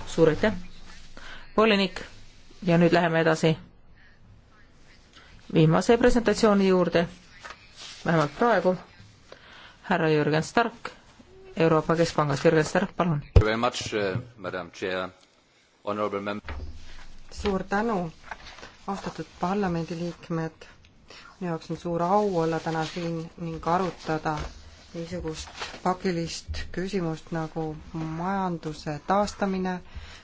[SPEAKER 3] suur aitäh! volinik ja nüüd läheme edasi viimase presentatsiooni juurde, vähemalt praegu härra Jürgen Stark Euroopa
[SPEAKER 2] Keskpangast. Jürgen Stark, palun.
[SPEAKER 1] Uh,
[SPEAKER 2] suur tänu, austatud parlamendiliikmed. minu jaoks on suur au olla täna siin ning arutada niisugust pakilist küsimust nagu majanduse taastamine,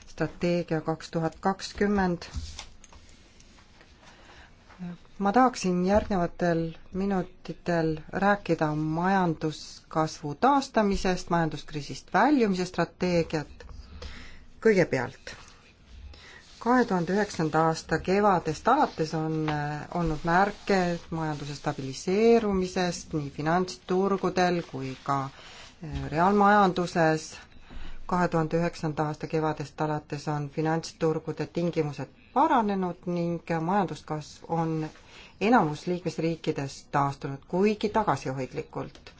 [SPEAKER 2] strateegia kaks tuhat kakskümmend ma tahaksin järgnevatel minutitel rääkida majanduskasvu taastamisest, majanduskriisist väljumise strateegiat. kõigepealt, kahe tuhande üheksanda aasta kevadest alates on eh, olnud märke majanduse stabiliseerumisest nii finantsturgudel kui ka eh, reaalmajanduses kahe tuhande üheksanda aasta kevadest alates on finantsturgude tingimused paranenud ning majanduskasv on enamus liikmesriikides taastunud, kuigi tagasihoidlikult.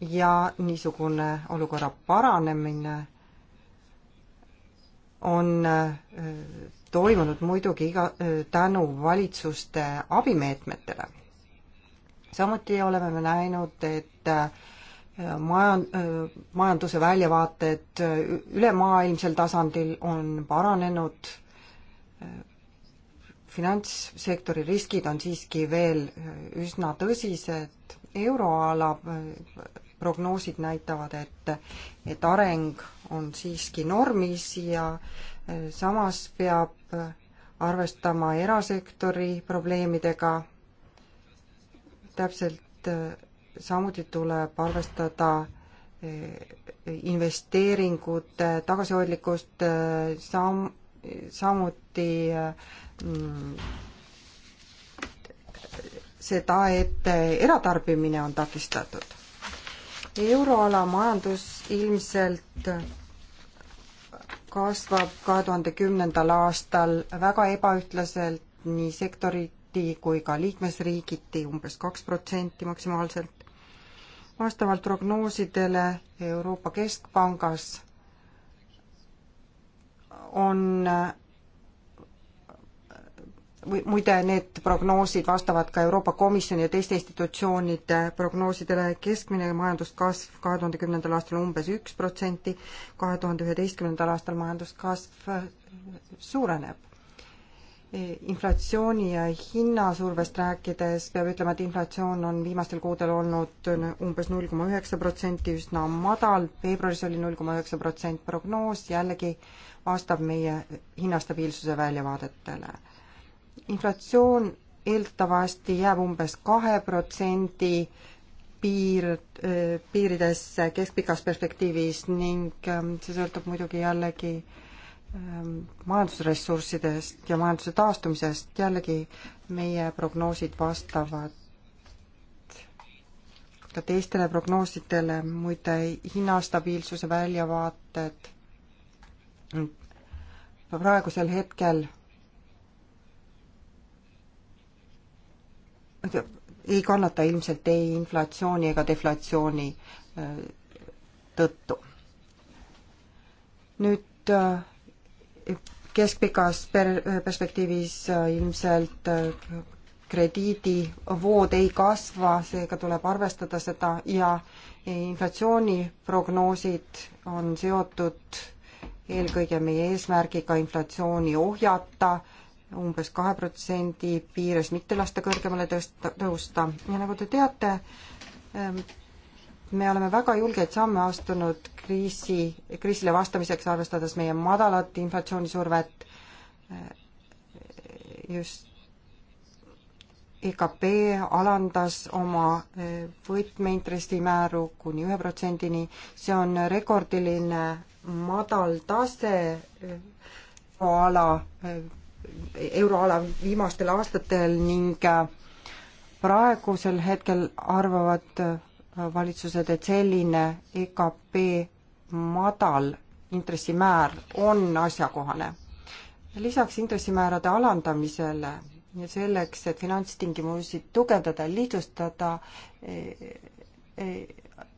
[SPEAKER 2] ja niisugune olukorra paranemine on äh, toimunud muidugi iga, äh, tänu valitsuste abimeetmetele. samuti oleme me näinud, et äh, majan-, majanduse väljavaated ülemaailmsel tasandil on paranenud, finantssektori riskid on siiski veel üsna tõsised, euroala prognoosid näitavad, et, et areng on siiski normis ja e, samas peab arvestama erasektori probleemidega, täpselt e, samuti tuleb arvestada eh, investeeringute tagasihoidlikkust, eh, sam-, samuti mm, seda, et eratarbimine on takistatud. euroala majandus ilmselt kasvab kahe tuhande kümnendal aastal väga ebaühtlaselt nii sektoriti kui ka liikmesriigiti, umbes kaks protsenti maksimaalselt vastavalt prognoosidele Euroopa Keskpangas on või muide, need prognoosid vastavad ka Euroopa Komisjoni ja teiste institutsioonide prognoosidele, keskmine majanduskasv kahe tuhande kümnendal aastal umbes üks protsenti, kahe tuhande üheteistkümnendal aastal majanduskasv suureneb inflatsiooni ja hinnasurvest rääkides peab ütlema, et inflatsioon on viimastel kuudel olnud umbes null koma üheksa protsenti, üsna madal, veebruaris oli null koma üheksa protsent prognoos, jällegi vastab meie hinnastabiilsuse väljavaadetele. inflatsioon eeldatavasti jääb umbes kahe protsendi piir, piiridesse keskpikas perspektiivis ning ähm, see sõltub muidugi jällegi äh, Ähm, majandusressurssidest ja majanduse taastumisest, jällegi meie prognoosid vastavad ka teistele prognoosidele, muide hinnastabiilsuse väljavaated praegusel hetkel ei kannata ilmselt ei inflatsiooni ega deflatsiooni äh, tõttu. nüüd äh, keskpikas per-, perspektiivis äh, ilmselt äh, krediidivood ei kasva, seega tuleb arvestada seda ja inflatsiooniprognoosid on seotud eelkõige meie eesmärgiga inflatsiooni ohjata umbes kahe protsendi piires, mitte lasta kõrgemale tõsta, tõusta ja nagu te teate, ähm, me oleme väga julgeid samme astunud kriisi, kriisile vastamiseks, arvestades meie madalat inflatsioonisurvet, eh, just EKP alandas oma eh, võtmeintressimääru kuni ühe protsendini, see on rekordiline madal tase eh, euroala, euroala viimastel aastatel ning praegusel hetkel arvavad valitsused, et selline EKP madal intressimäär on asjakohane. lisaks intressimäärade alandamisele ja selleks, et finantstingimusi tugevdada, lihtsustada e, e,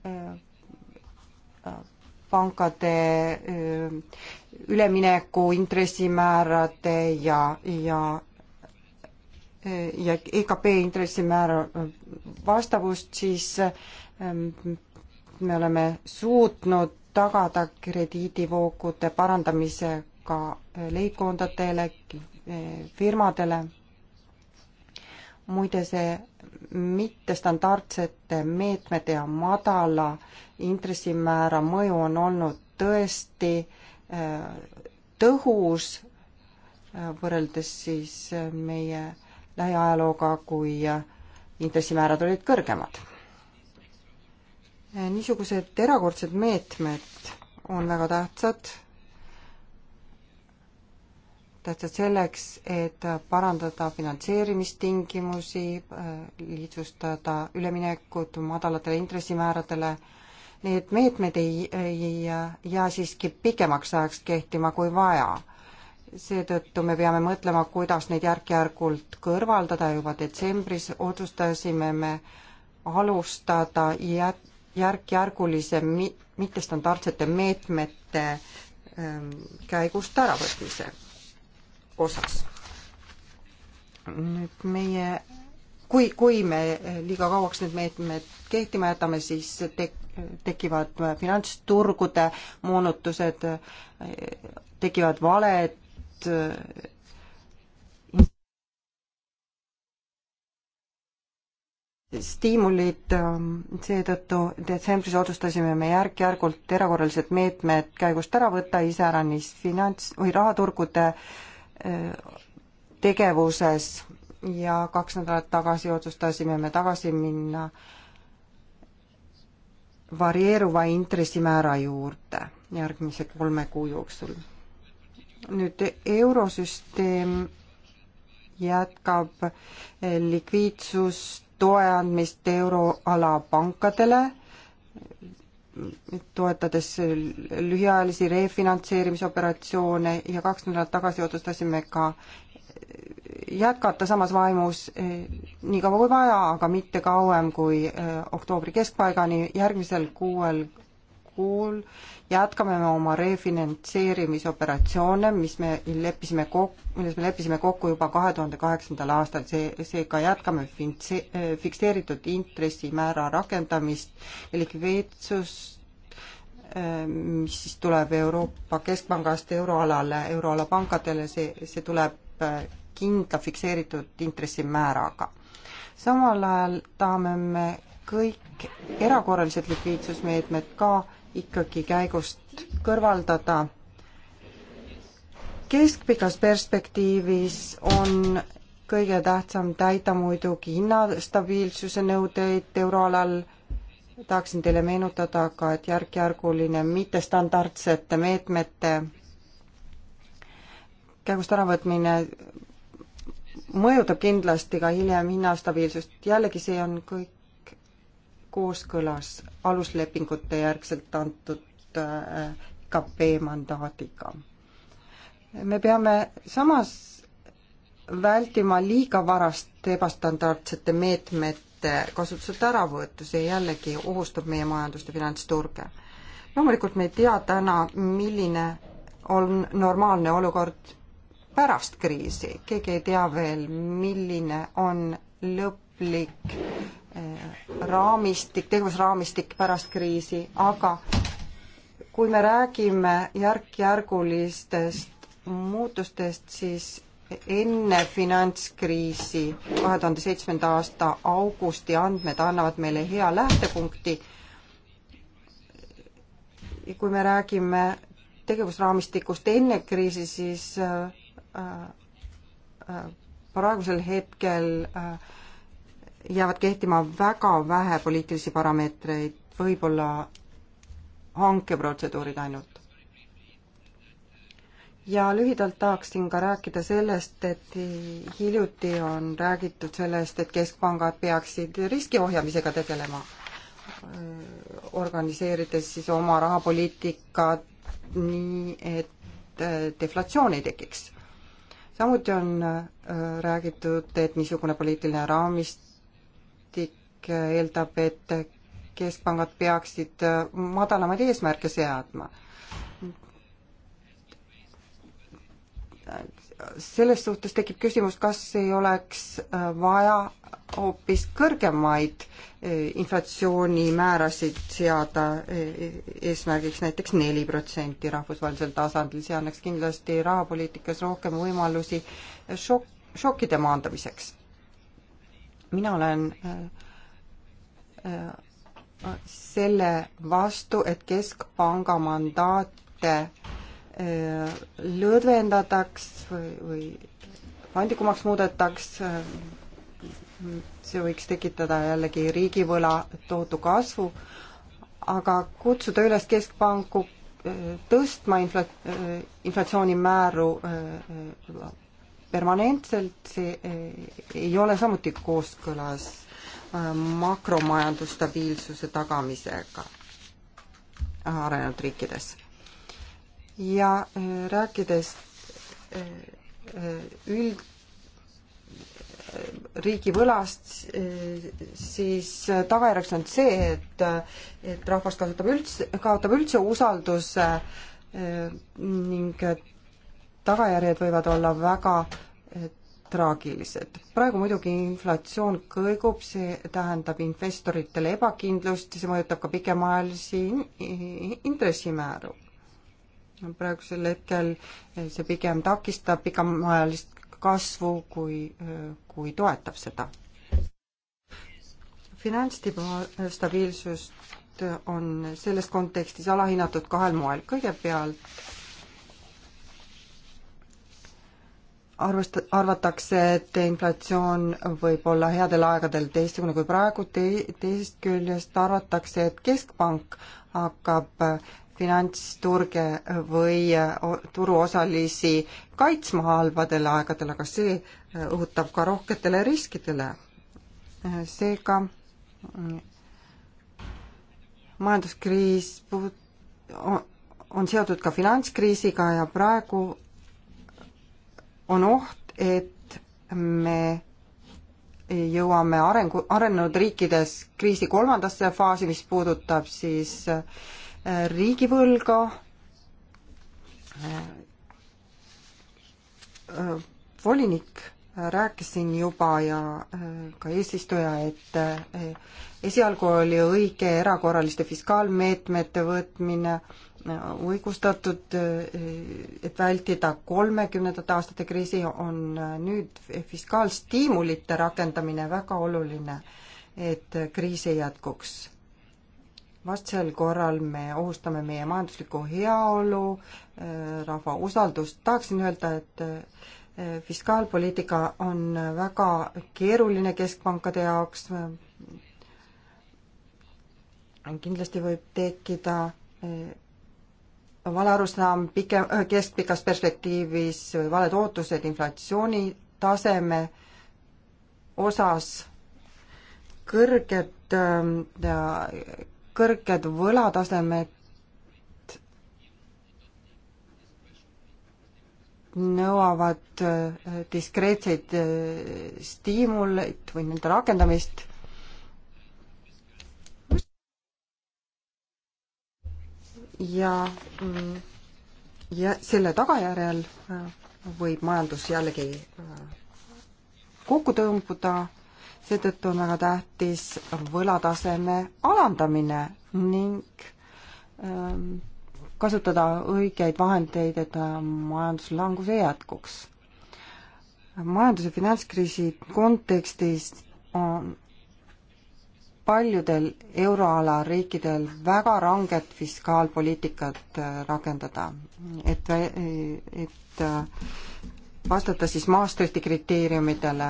[SPEAKER 2] e, pankade ülemineku intressimäärade ja, ja ja EKP intressimäära vastavust, siis Ehm, me oleme suutnud tagada krediidivoogude parandamise ka eh, leibkondadele, eh, firmadele. muide, see mittestandardsete meetmete ja madala intressimäära mõju on olnud tõesti eh, tõhus võrreldes siis meie lähiajalooga, kui intressimäärad olid kõrgemad Äh, niisugused erakordsed meetmed on väga tähtsad, tähtsad selleks, et parandada finantseerimistingimusi, äh, lihtsustada üleminekut madalatele intressimääradele. Need meetmed ei, ei jää siiski pikemaks ajaks kehtima kui vaja. seetõttu me peame mõtlema, kuidas neid järk-järgult kõrvaldada, juba detsembris otsustasime me alustada jät-, järk-järgulise mittestandardsete meetmete ähm, käigust äravõtmise osas. nüüd meie, kui, kui me liiga kauaks need meetmed kehtima jätame, siis tek-, tekivad finantsturgude moonutused, tekivad valed stiimulid, ähm, seetõttu detsembris otsustasime me järk-järgult erakorralised meetmed käigust ära võtta, iseäranis finants- või rahaturgude äh, tegevuses ja kaks nädalat tagasi otsustasime me tagasi minna varieeruva intressimäära juurde järgmise kolme kuu jooksul. nüüd eurosüsteem jätkab äh, likviidsust toe andmist euroala pankadele, toetades lühiajalisi refinantseerimisoperatsioone ja kaks nädalat tagasi otsustasime ka jätkata samas vaimus nii kaua kui vaja, aga mitte kauem kui eh, oktoobri keskpaigani, järgmisel kuuel kuul jätkame me oma refinantseerimisoperatsioone, mis me leppisime kok-, milles me leppisime kokku juba kahe tuhande kaheksandal aastal, see, seega jätkame finse-, fikseeritud intressimäära rakendamist ja likviidsust, mis siis tuleb Euroopa Keskpangast euroalale, euroala pankadele, see, see tuleb äh, kindla fikseeritud intressimääraga. samal ajal tahame me kõik erakorralised likviidsusmeetmed ka ikkagi käigust kõrvaldada. keskpikas perspektiivis on kõige tähtsam täida muidugi hinnastabiilsuse nõudeid euroalal, tahaksin teile meenutada ka, et järk-järguline mittestandardsete meetmete käigust äravõtmine mõjutab kindlasti ka hiljem hinnastabiilsust, jällegi see on kõik kooskõlas aluslepingute järgselt antud IKP äh, mandaadiga. me peame samas vältima liiga varast ebastandardsete meetmete kasutuselt äravõetu, see jällegi ohustab meie majandust ja finantsturge. loomulikult me ei tea täna, milline on normaalne olukord pärast kriisi, keegi ei tea veel, milline on lõplik Äh, raamistik, tegevusraamistik pärast kriisi, aga kui me räägime järk-järgulistest muutustest, siis enne finantskriisi kahe tuhande seitsmenda aasta augusti andmed annavad meile hea lähtepunkti. kui me räägime tegevusraamistikust enne kriisi, siis äh, äh, praegusel hetkel äh, jäävad kehtima väga vähe poliitilisi parameetreid, võib-olla hankeprotseduurid ainult. ja lühidalt tahaksin ka rääkida sellest, et hiljuti on räägitud sellest, et keskpangad peaksid riski ohjamisega tegelema, organiseerides siis oma rahapoliitikat nii, et deflatsioon ei tekiks samuti on äh, räägitud, et niisugune poliitiline raamist eeldab, et keskpangad peaksid madalamaid eesmärke seadma. selles suhtes tekib küsimus, kas ei oleks vaja hoopis kõrgemaid eh, inflatsioonimäärasid seada eh, eesmärgiks näiteks neli protsenti rahvusvahelisel tasandil, see annaks kindlasti rahapoliitikas rohkem võimalusi šokk, šokkide maandamiseks. mina olen äh, Äh, selle vastu, et Keskpanga mandaate äh, lõdvendataks või, või vandikumaks muudetaks, äh, see võiks tekitada jällegi riigivõla tohutu kasvu, aga kutsuda üles Keskpanku tõstma infla-, inflatsioonimääru permanentselt, see ei ole samuti kooskõlas Äh, makromajandusstabiilsuse tagamisega arenenud riikides. ja äh, rääkides äh, üld-, riigivõlast, siis tagajärjeks on see, et, et rahvas kasutab üldse, kaotab üldse usalduse ning tagajärjed võivad olla väga traagilised. praegu muidugi inflatsioon kõigub, see tähendab investoritele ebakindlust ja see mõjutab ka pikemaajalisi intressimääru. praegusel hetkel eh, see pigem takistab pikemaajalist kasvu, kui, eh, kui toetab seda. finantsstabiilsust on selles kontekstis alahinnatud kahel moel, kõigepealt arvest-, arvatakse, et inflatsioon võib olla headel aegadel teistsugune kui praegu, tei-, teisest küljest arvatakse, et Keskpank hakkab äh, finantsturge või äh, turuosalisi kaitsma halbadel aegadel, aga see äh, õhutab ka rohketele riskidele. seega mm, majanduskriis on seotud ka finantskriisiga ja praegu on oht, et me jõuame arengu, arenenud riikides kriisi kolmandasse faasi, mis puudutab siis äh, riigivõlga, äh, äh, volinik rääkis siin juba ja ka eesistuja, et esialgu oli õige erakorraliste fiskaalmeetmete võtmine, õigustatud, et vältida kolmekümnendate aastate kriisi, on nüüd fiskaalstiimulite rakendamine väga oluline, et kriis ei jätkuks. vastasel korral me ohustame meie majanduslikku heaolu, rahva usaldust, tahaksin öelda, et eh, fiskaalpoliitika on väga keeruline keskpankade jaoks, kindlasti võib tekkida eh, valearusaam pike-, keskpikas perspektiivis või valed ootused inflatsiooni taseme osas, kõrged, kõrged võlatasemed nõuavad diskreetseid stiimuleid või nende rakendamist ja, mm, ja selle tagajärjel äh, võib majandus jällegi äh, kokku tõmbuda, seetõttu on väga tähtis võlataseme alandamine ning ähm, kasutada õigeid vahendeid, et äh, majanduslangus ei jätkuks. majandus- ja finantskriisi kontekstis on paljudel euroala riikidel väga ranget fiskaalpoliitikat äh, rakendada, et, et äh, vastata siis Maastrichti kriteeriumidele,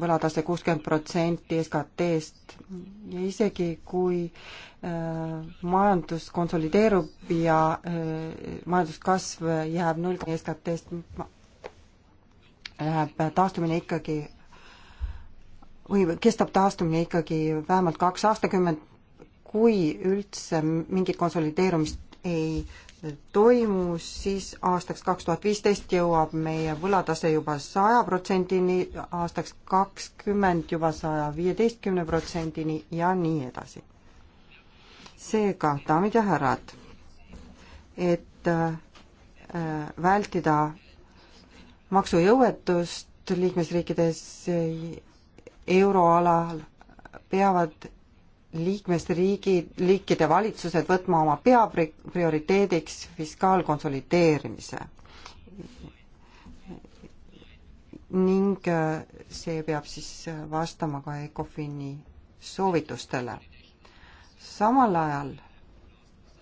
[SPEAKER 2] võlatase kuuskümmend protsenti SKT-st ja isegi, kui äh, majandus konsolideerub ja majanduskasv jääb null SKT-st, läheb taastumine ikkagi või kestab taastumine ikkagi vähemalt kaks aastakümmet, kui üldse mingit konsolideerumist ei toimu, siis aastaks kaks tuhat viisteist jõuab meie võlatase juba saja protsendini, aastaks kakskümmend juba saja viieteistkümne protsendini ja nii edasi. seega, daamid ja härrad, et äh, vältida maksujõuetust liikmesriikides euroalal peavad liikmesriigid, liikide valitsused võtma oma peaprioriteediks fiskaalkonsolideerimise. ning äh, see peab siis äh, vastama ka ECOFIN-i soovitustele. samal ajal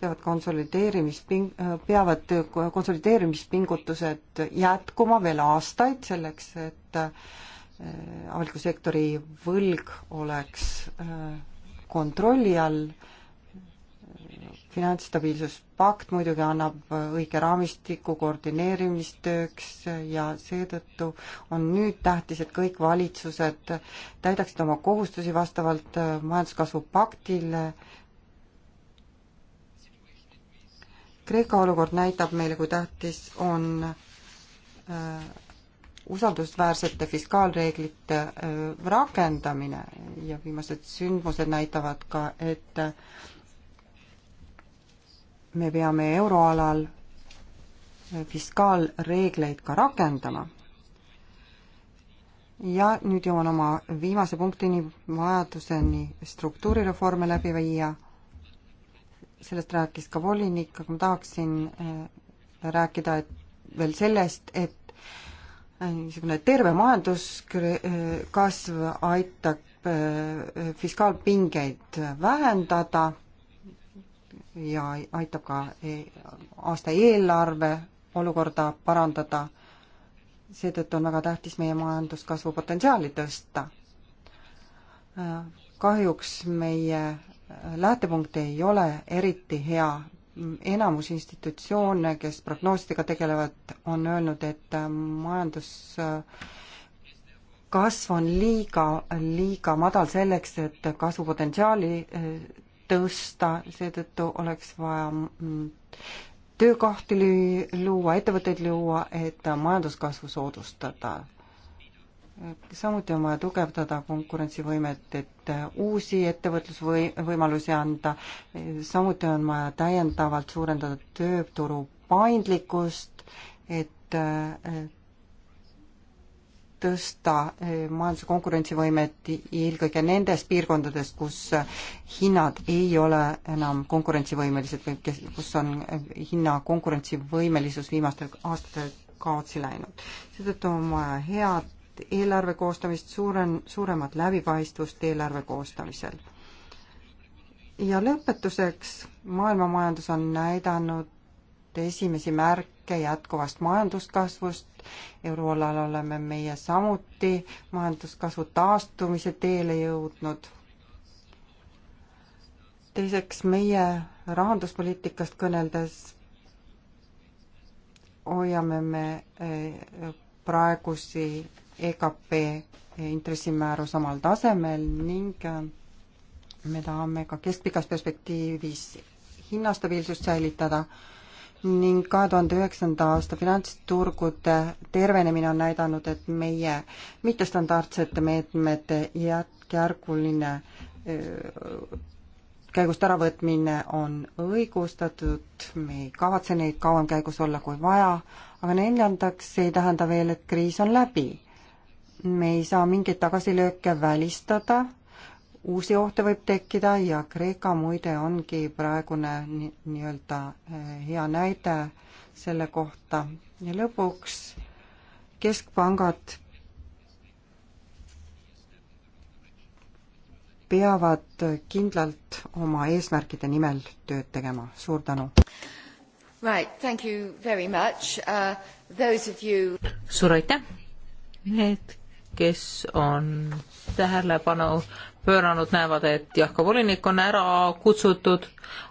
[SPEAKER 2] peavad konsolideerimisping-, äh, peavad konsolideerimispingutused jätkuma veel aastaid selleks, et Äh, avaliku sektori võlg oleks äh, kontrolli all, äh, finantsstabiilsuspakt muidugi annab õige raamistiku koordineerimistööks ja seetõttu on nüüd tähtis, et kõik valitsused täidaksid oma kohustusi vastavalt majanduskasvu paktile. Kreeka olukord näitab meile, kui tähtis on äh, usaldusväärsete fiskaalreeglite äh, rakendamine ja viimased sündmused näitavad ka, et äh, me peame euroalal äh, fiskaalreegleid ka rakendama. ja nüüd jõuan oma viimase punktini, vajaduseni struktuurireforme läbi viia. sellest rääkis ka volinik, aga ma tahaksin rääkida, et veel sellest, et niisugune terve majanduskasv aitab eh, fiskaalpingeid vähendada ja aitab ka eh, aasta eelarve olukorda parandada. seetõttu on väga tähtis meie majanduskasvu potentsiaali tõsta. Eh, kahjuks meie lähtepunkt ei ole eriti hea enamus institutsioone, kes prognoosidega tegelevad, on öelnud, et äh, majanduskasv on liiga, liiga madal selleks, et kasvupotentsiaali äh, tõsta, seetõttu oleks vaja mm, töökohti lüüa, luua, ettevõtteid luua, et äh, majanduskasvu soodustada samuti on vaja tugevdada konkurentsivõimet, et uusi ettevõtlusvõi-, võimalusi anda, samuti on vaja täiendavalt suurendada tööturu paindlikkust, et tõsta eh, majanduse konkurentsivõimet eelkõige nendes piirkondades, kus hinnad ei ole enam konkurentsivõimelised või kes, kus on hinna konkurentsivõimelisus viimastel aastatel kaotsi läinud. seetõttu on vaja head eelarve koostamist, suurem, suuremat läbipaistvust eelarve koostamisel. ja lõpetuseks, maailmamajandus on näidanud esimesi märke jätkuvast majanduskasvust, euroalal oleme meie samuti majanduskasvu taastumise teele jõudnud teiseks meie rahanduspoliitikast kõneldes hoiame me eh, praegusi EKP intressimäär samal tasemel ning äh, me tahame ka keskpikas perspektiivis hinnastabiilsust säilitada ning kahe tuhande üheksanda aasta finantsturgude tervenemine on näidanud, et meie mittestandardsete meetmete järk-järguline äh, käigust äravõtmine on õigustatud, me ei kavatse neid kauem käigus olla kui vaja, aga neljandaks ei tähenda veel, et kriis on läbi me ei saa mingeid tagasilööke välistada, uusi ohte võib tekkida ja Kreeka muide ongi praegune nii-öelda eh, hea näide selle kohta. ja lõpuks keskpangad peavad kindlalt oma eesmärkide nimel tööd tegema. suur tänu!
[SPEAKER 1] Right, thank you very much uh,. Those of you
[SPEAKER 2] suur
[SPEAKER 3] aitäh! Need, kes on tähelepanu pööranud, näevad, et jah, ka volinik on ära kutsutud.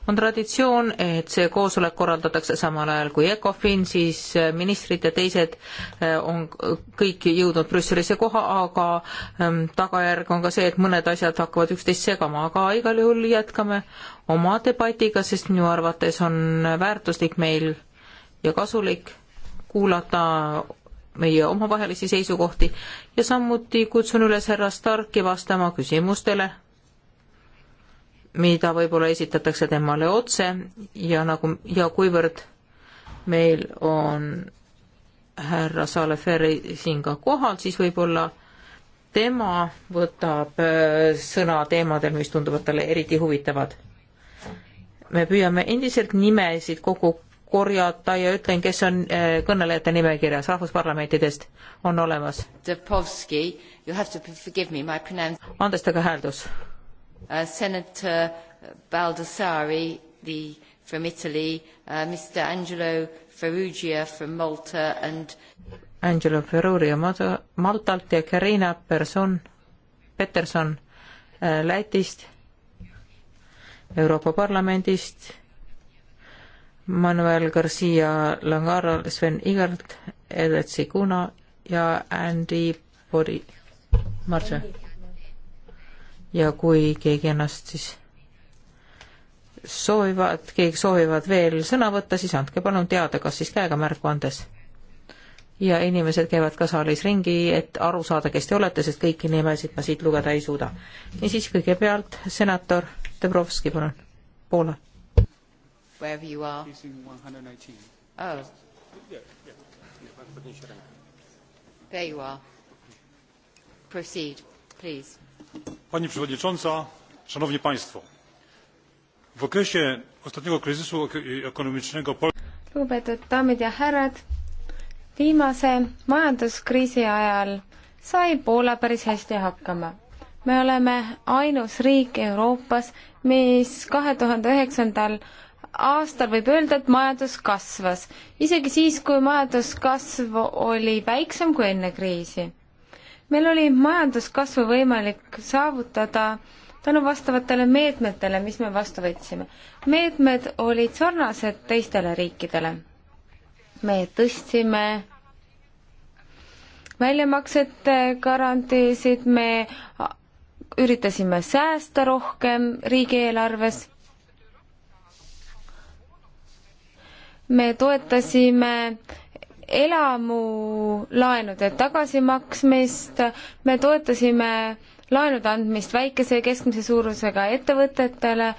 [SPEAKER 3] on traditsioon, et see koosolek korraldatakse samal ajal kui ECOFIN, siis ministrid ja teised eh, on kõik jõudnud Brüsselisse koha, aga ehm, tagajärg on ka see, et mõned asjad hakkavad üksteist segama, aga igal juhul jätkame oma debatiga, sest minu arvates on väärtuslik meil ja kasulik kuulata meie omavahelisi seisukohti ja samuti kutsun üles härra Starki vastama küsimustele, mida võib-olla esitatakse temale otse ja nagu ja kuivõrd meil on härra Saleferi siin ka kohal, siis võib-olla tema võtab äh, sõna teemadel, mis tunduvad talle eriti huvitavad. me püüame endiselt nimesid kogu korjata ja ütlen, kes on eh, kõnelejate nimekirjas rahvusparlamentidest, on olemas. andestage hääldus uh,. Senator Baldassari the, from Italy uh,, Mr Angelo Ferrugia from Malta and Angelo Ferrugia Maltalt ja Carina Person, Peterson uh, Lätist, Euroopa Parlamendist Manuel Garcia Langaro, Sven Igert, Elet Siguna ja Andy Body, Marge. ja kui keegi ennast siis soovivad, keegi soovivad veel sõna võtta, siis andke palun teada, kas siis käega märku andes. ja inimesed käivad ka saalis ringi, et aru saada, kes te olete, sest kõiki nimesid ma siit lugeda ei suuda. niisiis, kõigepealt senator Debrovski, palun, Poola
[SPEAKER 4] wherever you
[SPEAKER 1] are. He's in 119. Oh. Yeah, yeah.
[SPEAKER 2] There you are. Proceed, please.
[SPEAKER 1] Pani Przewodnicząca, Szanowni Państwo. W okresie ostatniego kryzysu ekonomicznego
[SPEAKER 4] Lugupeetud daamid ja härrad, viimase majanduskriisi ajal sai Poola päris hästi hakkama me oleme ainus riik Euroopas, mis kahe tuhande üheksandal aastal võib öelda, et majandus kasvas, isegi siis, kui majanduskasv oli väiksem kui enne kriisi. meil oli majanduskasvu võimalik saavutada tänu vastavatele meetmetele, mis me vastu võtsime. meetmed olid sarnased teistele riikidele. me tõstsime väljamaksete garantiisid, me üritasime säästa rohkem riigieelarves me toetasime elamulaenude tagasimaksmist, me toetasime laenude andmist väikese ja keskmise suurusega ettevõtetele,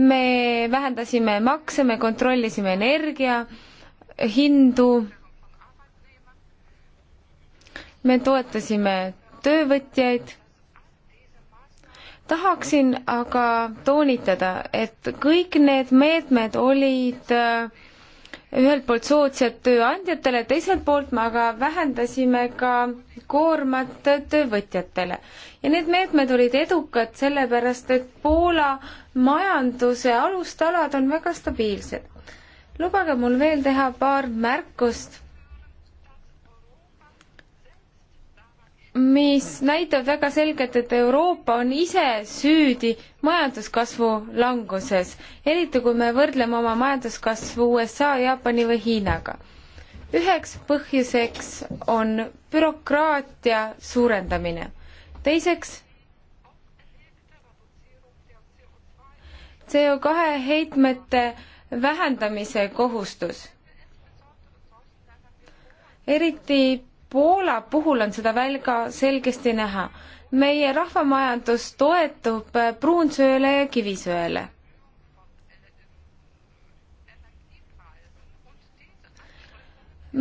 [SPEAKER 4] me vähendasime makse, me kontrollisime energia hindu, me toetasime töövõtjaid. tahaksin aga toonitada, et kõik need meetmed olid äh, ühelt poolt soodsad tööandjatele, teiselt poolt me aga vähendasime ka koormat töövõtjatele. ja need meetmed olid edukad sellepärast, et Poola majanduse alustalad on väga stabiilsed. lubage mul veel teha paar märkust mis näitavad väga selgelt, et Euroopa on ise süüdi majanduskasvu languses, eriti kui me võrdleme oma majanduskasvu USA, Jaapani või Hiinaga. üheks põhjuseks on bürokraatia suurendamine, teiseks CO kahe heitmete vähendamise kohustus. eriti Poola puhul on seda väga selgesti näha. meie rahvamajandus toetub äh, pruunsööle ja kivisööle.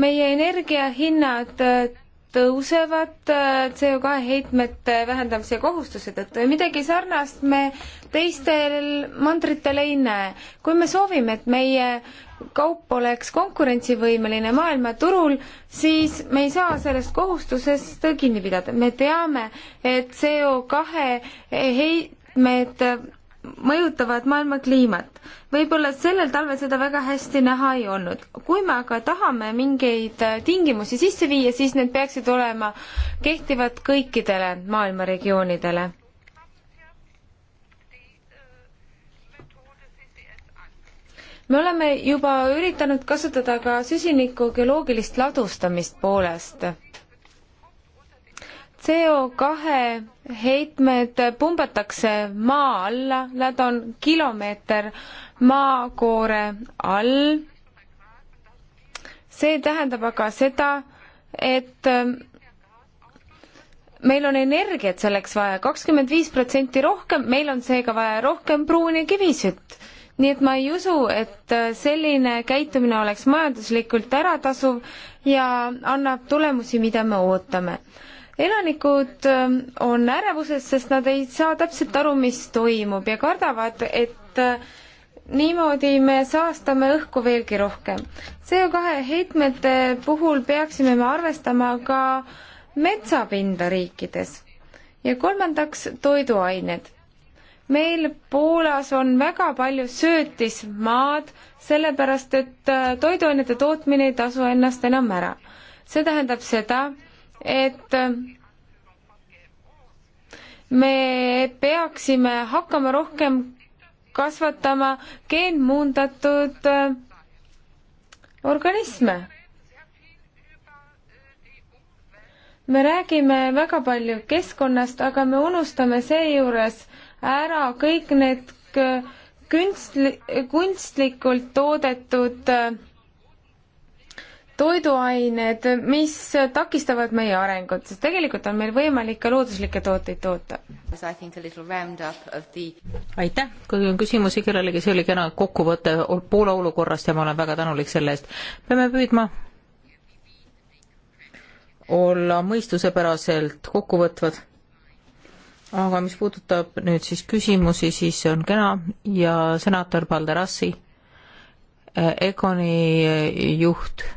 [SPEAKER 4] meie energiahinnad äh, tõusevad äh, CO2 heitmete vähendamise kohustuse tõttu ja midagi sarnast me teistel mandritel ei näe. kui me soovime, et meie kaup oleks konkurentsivõimeline maailmaturul, siis me ei saa sellest kohustusest kinni pidada. me teame, et CO2 heitmed mõjutavad maailma kliimat. võib-olla sellel talvel seda väga hästi näha ei olnud. kui me aga tahame mingeid äh, tingimusi sisse viia, siis need peaksid olema kehtivad kõikidele maailma regioonidele. me oleme juba üritanud kasutada ka süsiniku geoloogilist ladustamist poolest. CO kahe heitmed pumbatakse maa alla, nad on kilomeeter maakoore all. see tähendab aga seda, et ähm, meil on energiat selleks vaja kakskümmend viis protsenti rohkem, meil on seega vaja rohkem pruuni kivisütt. nii et ma ei usu, et äh, selline käitumine oleks majanduslikult äratasuv ja annab tulemusi, mida me ootame elanikud ähm, on ärevuses, sest nad ei saa täpselt aru, mis toimub ja kardavad, et äh, niimoodi me saastame õhku veelgi rohkem. CO2 heitmete puhul peaksime me arvestama ka metsapinda riikides. ja kolmandaks, toiduained meil Poolas on väga palju söötismaad, sellepärast et äh, toiduainete tootmine ei tasu ennast enam ära. see tähendab seda, et me peaksime hakkama rohkem kasvatama geenmuundatud äh, organisme. me räägime väga palju keskkonnast, aga me unustame seejuures ära kõik need künstli-, kunstlikult toodetud äh, toiduained, mis takistavad meie arengut, sest tegelikult on meil võimalik ka looduslikke tooteid toota.
[SPEAKER 3] aitäh, kui on küsimusi kellelegi, see oli kena kokkuvõte Poola olukorrast ja ma olen väga tänulik selle eest. peame püüdma olla mõistusepäraselt kokkuvõtvad. aga mis puudutab nüüd siis küsimusi, siis see on kena ja senaator Balderassi, eh, Egoni juht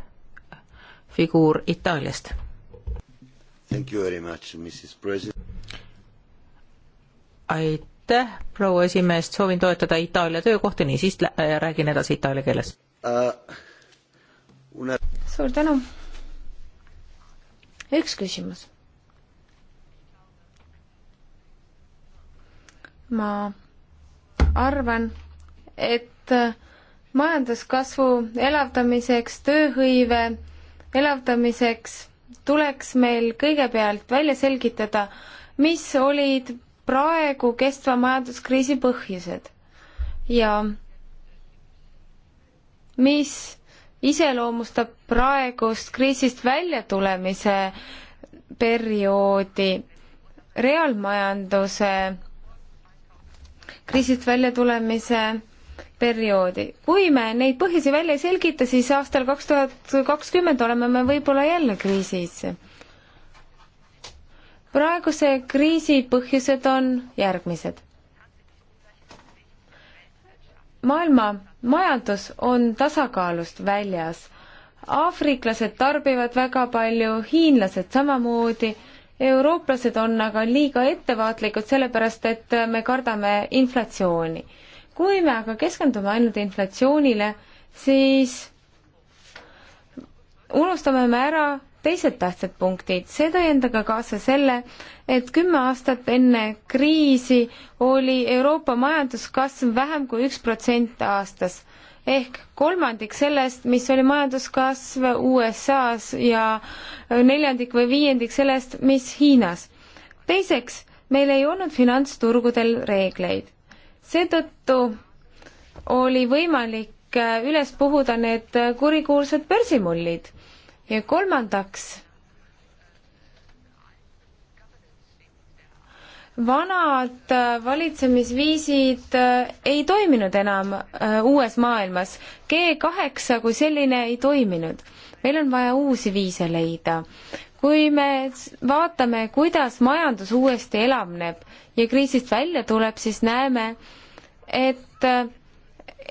[SPEAKER 3] Figur Itaaliast. aitäh, proua esimees, soovin toetada Itaalia töökohti, niisiis äh, räägin edasi itaalia keeles
[SPEAKER 4] uh,. Una... suur tänu. üks küsimus. ma arvan, et majanduskasvu elavdamiseks tööhõive elavdamiseks tuleks meil kõigepealt välja selgitada, mis olid praegu kestva majanduskriisi põhjused ja mis iseloomustab praegust kriisist väljatulemise perioodi reaalmajanduse kriisist väljatulemise perioodi. kui me neid põhjusi välja ei selgita, siis aastal kaks tuhat kakskümmend oleme me võib-olla jälle kriisis. praeguse kriisi põhjused on järgmised. maailma majandus on tasakaalust väljas. aafriklased tarbivad väga palju, hiinlased samamoodi eurooplased on aga liiga ettevaatlikud, sellepärast et me kardame inflatsiooni kui me aga keskendume ainult inflatsioonile, siis unustame me ära teised tähtsad punktid, see tõi endaga kaasa selle, et kümme aastat enne kriisi oli Euroopa majanduskasv vähem kui üks protsent aastas ehk kolmandik sellest, mis oli majanduskasv USA-s ja neljandik või viiendik sellest, mis Hiinas. teiseks, meil ei olnud finantsturgudel reegleid seetõttu oli võimalik äh, üles puhuda need äh, kurikuulsad börsimullid ja kolmandaks, vanad äh, valitsemisviisid ei toiminud enam uues maailmas. G kaheksa kui selline ei toiminud. meil on vaja uusi viise leida. kui me vaatame, kuidas majandus uuesti elavneb ja kriisist välja tuleb, siis näeme, et äh,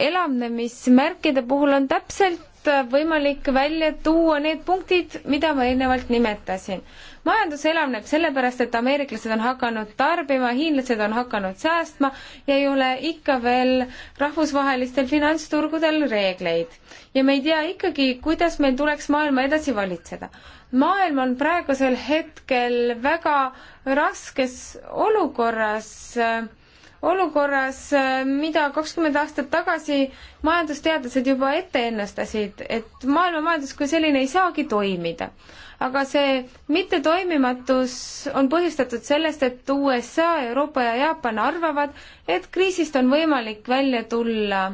[SPEAKER 4] elavnemismärkide puhul on täpselt äh, võimalik välja tuua need punktid, mida ma eelnevalt nimetasin. majandus elavneb sellepärast, et ameeriklased on hakanud tarbima, hiinlased on hakanud säästma ja ei ole ikka veel rahvusvahelistel finantsturgudel reegleid. ja me ei tea ikkagi, kuidas meil tuleks maailma edasi valitseda. maailm on praegusel hetkel väga raskes olukorras äh, olukorras, äh, mida kakskümmend aastat tagasi majandusteadlased juba ette ennustasid, et maailma majandus kui selline ei saagi toimida. aga see mittetoimimatus on põhjustatud sellest, et USA, Euroopa ja Jaapan arvavad, et kriisist on võimalik välja tulla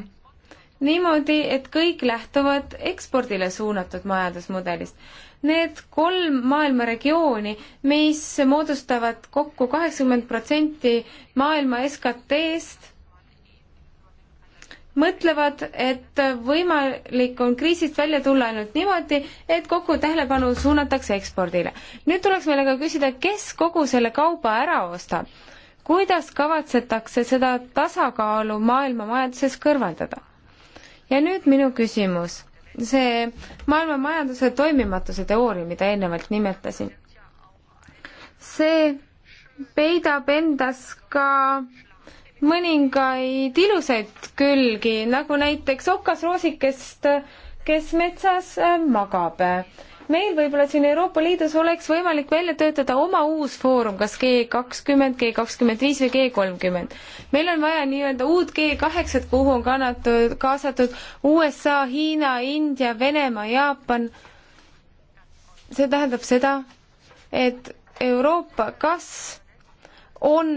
[SPEAKER 4] niimoodi, et kõik lähtuvad ekspordile suunatud majandusmudelist Need kolm maailma regiooni, mis moodustavad kokku kaheksakümmend protsenti maailma SKT-st, mõtlevad, et võimalik on kriisist välja tulla ainult niimoodi, et kogu tähelepanu suunatakse ekspordile. nüüd tuleks meile ka küsida, kes kogu selle kauba ära ostab? kuidas kavatsetakse seda tasakaalu maailma majanduses kõrvaldada? ja nüüd minu küsimus see maailma majanduse toimimatuse teooria, mida eelnevalt nimetasin, see peidab endas ka mõningaid ilusaid külgi, nagu näiteks okasroosikest, kes metsas äh, magab meil võib-olla siin Euroopa Liidus oleks võimalik välja töötada oma uus foorum, kas G kakskümmend, G kakskümmend viis või G kolmkümmend. meil on vaja nii-öelda uut G kaheksat, kuhu on kannatud, kaasatud USA, Hiina, India, Venemaa, Jaapan. see tähendab seda, et Euroopa kas on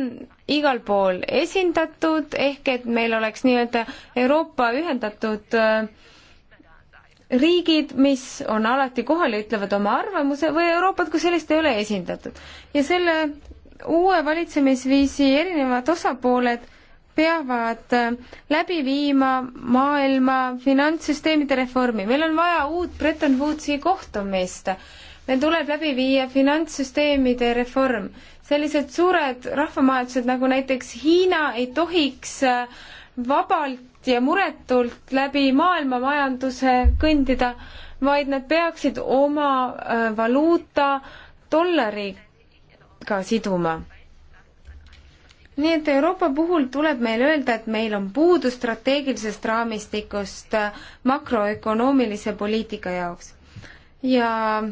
[SPEAKER 4] igal pool esindatud, ehk et meil oleks nii-öelda Euroopa ühendatud äh, riigid, mis on alati kohal ja ütlevad oma arvamuse või Euroopat kui sellist ei ole esindatud. ja selle uue valitsemisviisi erinevad osapooled peavad äh, läbi viima maailma finantssüsteemide reformi. meil on vaja uut Bretton Woodsi kohtumist. meil tuleb läbi viia finantssüsteemide reform. sellised suured rahvamajandused nagu näiteks Hiina ei tohiks äh, vabalt ja muretult läbi maailmamajanduse kõndida, vaid nad peaksid oma äh, valuuta dollariga siduma. nii et Euroopa puhul tuleb meil öelda, et meil on puudu strateegilisest raamistikust äh, makroökonoomilise poliitika jaoks. ja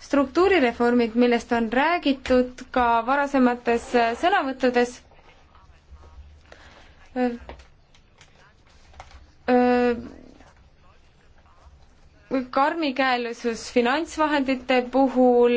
[SPEAKER 4] struktuurireformid, millest on räägitud ka varasemates äh, sõnavõttudes, karmikäelisus finantsvahendite puhul,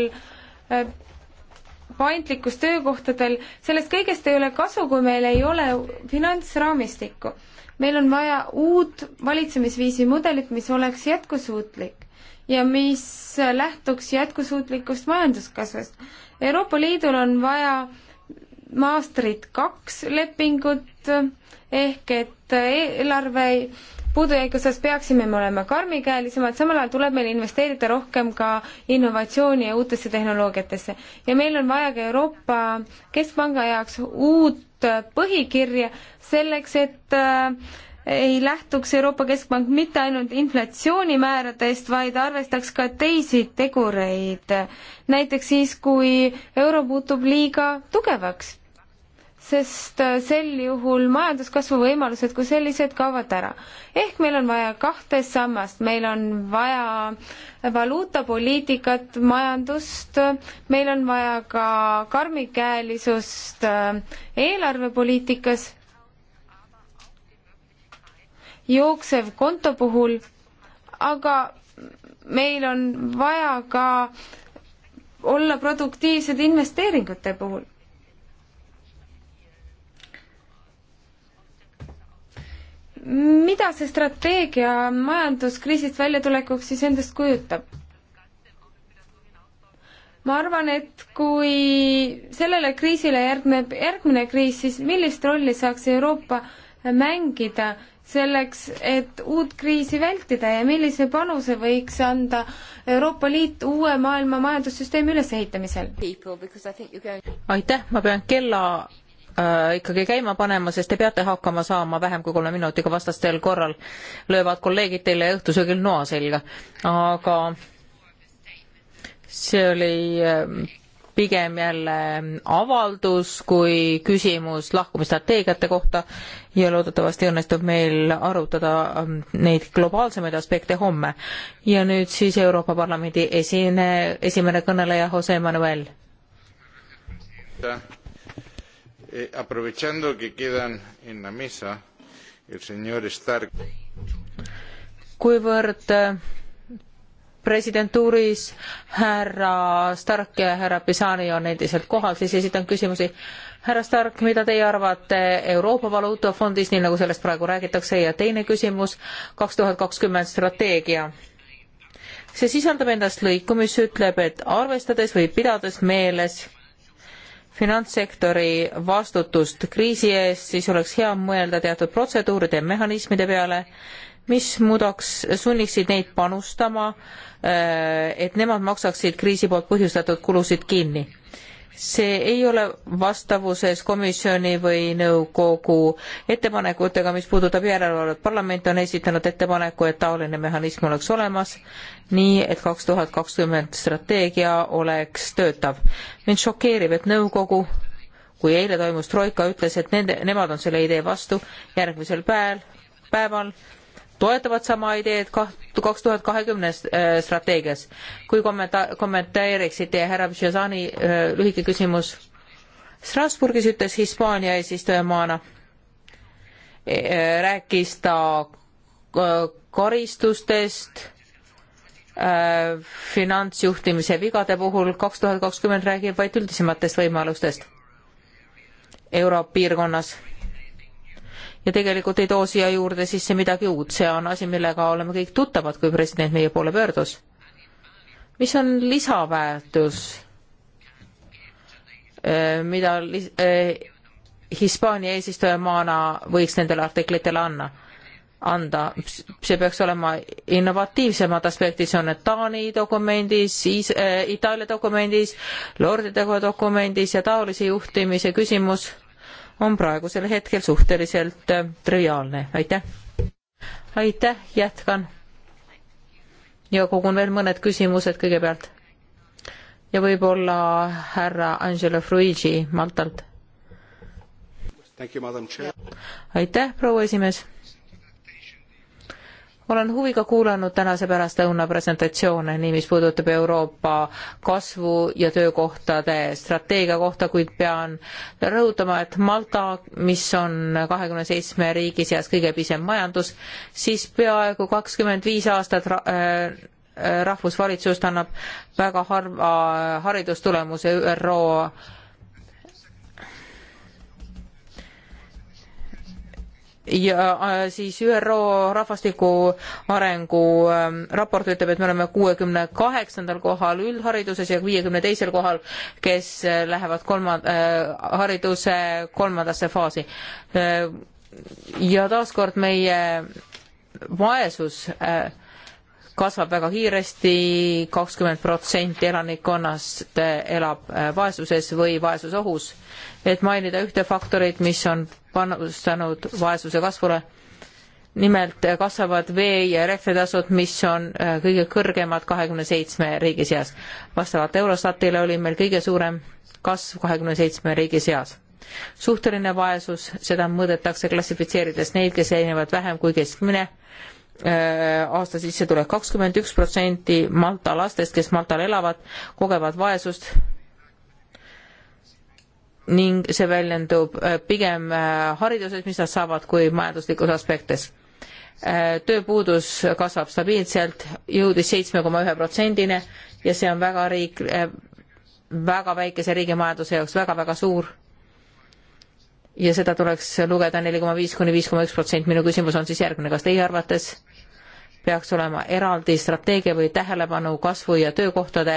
[SPEAKER 4] paindlikkus töökohtadel, sellest kõigest ei ole kasu, kui meil ei ole finantsraamistikku. meil on vaja uut valitsemisviisi mudelit, mis oleks jätkusuutlik ja mis lähtuks jätkusuutlikust majanduskasvust. Euroopa Liidul on vaja Maastrit kaks lepingut ehk et et eelarve puudujääkuses peaksime me olema karmikäelisemad, samal ajal tuleb meil investeerida rohkem ka innovatsiooni ja uutesse tehnoloogiatesse. ja meil on vaja ka Euroopa Keskpanga jaoks uut põhikirja selleks, et äh, ei lähtuks Euroopa Keskpank mitte ainult inflatsioonimääradest, vaid arvestaks ka teisi tegureid. näiteks siis, kui euro muutub liiga tugevaks sest äh, sel juhul majanduskasvu võimalused kui sellised kaovad ära. ehk meil on vaja kahte sammast, meil on vaja valuutapoliitikat, majandust, meil on vaja ka karmikäelisust äh, eelarvepoliitikas, jooksev konto puhul, aga meil on vaja ka olla produktiivsed investeeringute puhul mida see strateegia majanduskriisist väljatulekuks siis endast kujutab? ma arvan, et kui sellele kriisile järgneb järgmine kriis, siis millist rolli saaks Euroopa mängida selleks, et uut kriisi vältida ja millise panuse võiks anda Euroopa Liit uue maailma majandussüsteemi ülesehitamisel? aitäh, ma pean kella Äh, ikkagi käima panema,
[SPEAKER 3] sest te peate hakkama saama vähem kui kolme minutiga, vastastel korral löövad kolleegid teile õhtusöögil noa selga. aga see oli äh, pigem jälle avaldus kui küsimus lahkumisstrateegiate kohta ja loodetavasti õnnestub meil arutada ähm, neid globaalsemaid aspekte homme. ja nüüd siis Euroopa Parlamendi esine, esimene kõneleja Jose Manuel.
[SPEAKER 1] aitäh Eh, aprovechando que quedan en la mesa el señor Stark.
[SPEAKER 3] kuivõrd eh, presidentuuris härra Stark ja härra Pisani on endiselt kohal, siis esitan küsimusi. härra Stark, mida teie arvate Euroopa Valuutafondist, nii nagu sellest praegu räägitakse ja teine küsimus, kaks tuhat kakskümmend strateegia. see sisaldab endast lõiku, mis ütleb, et arvestades või pidades meeles finantssektori vastutust kriisi ees, siis oleks hea mõelda teatud protseduuride ja mehhanismide peale, mis muudaks, sunniksid neid panustama, äh, et nemad maksaksid kriisi poolt põhjustatud kulusid kinni see ei ole vastavuses komisjoni või nõukogu ettepanekutega, mis puudutab järelevalvet. parlament on esitanud ettepaneku, et taoline mehhanism oleks olemas, nii et kaks tuhat kakskümmend strateegia oleks töötav. mind šokeerib, et nõukogu kui eile toimus Troika, ütles, et nende, nemad on selle idee vastu, järgmisel päeval, päeval toetavad sama ideed kaks tuhat kahekümnes äh, strateegias. kui kommenta-, kommenteeriksite, härra Bšezani äh, lühike küsimus. Strasbourgis ütles Hispaania eesistujamaana, äh, rääkis ta karistustest, finantsjuhtimise vigade puhul kaks tuhat kakskümmend räägib vaid üldisematest võimalustest Europiirkonnas ja tegelikult ei too siia juurde sisse midagi uut, see on asi, millega oleme kõik tuttavad, kui president meie poole pöördus. mis on lisaväärtus, eh, mida lis-, eh, Hispaania eesistujamaana võiks nendele artiklitele anna, anda, see peaks olema innovatiivsemad aspektid, see on need Taani dokumendis, eh, Itaalia dokumendis, Lordide dokumendis ja taolise juhtimise küsimus on praegusel hetkel suhteliselt äh, triviaalne, aitäh. aitäh, jätkan. ja kogun veel mõned küsimused kõigepealt. ja võib-olla härra Angelo Fruigi Maltalt. aitäh, proua esimees olen huviga kuulanud tänase pärastlõuna presentatsioone, nii mis puudutab Euroopa kasvu ja töökohtade strateegia kohta, kuid pean rõhutama, et Malta, mis on kahekümne seitsme riigi seas kõige pisem majandus, siis peaaegu kakskümmend viis aastat ra äh, rahvusvalitsust annab väga harva haridustulemuse ÜRO ja äh, siis ÜRO rahvastiku arengu ähm, raport ütleb, et me oleme kuuekümne kaheksandal kohal üldhariduses ja viiekümne teisel kohal, kes äh, lähevad kolma- äh,, hariduse kolmandasse faasi. Äh, ja taaskord meie vaesus äh, kasvab väga kiiresti, kakskümmend protsenti elanikkonnast elab vaesuses või vaesusohus. et mainida ühte faktorit, mis on panustanud vaesuse kasvule. nimelt eh, kasvavad vee- ja elektritasud, mis on eh, kõige kõrgemad kahekümne seitsme riigi seas. vastavalt Eurostatile oli meil kõige suurem kasv kahekümne seitsme riigi seas suhteline vaesus, seda mõõdetakse klassifitseerides neid, kes teenivad vähem kui keskmine eh, aasta sissetulek kakskümmend üks protsenti Malta lastest, kes Maltal elavad, kogevad vaesust ning see väljendub äh, pigem äh, hariduses, mis nad saavad, kui majanduslikus aspektis. Äh, tööpuudus kasvab stabiilselt, jõudis seitsme koma ühe protsendini ja see on väga riik, väga väikese riigi majanduse jaoks väga-väga suur. ja seda tuleks lugeda neli koma viis kuni viis koma üks protsent, minu küsimus on siis järgmine, kas teie arvates peaks olema eraldi strateegia või tähelepanu kasvu ja töökohtade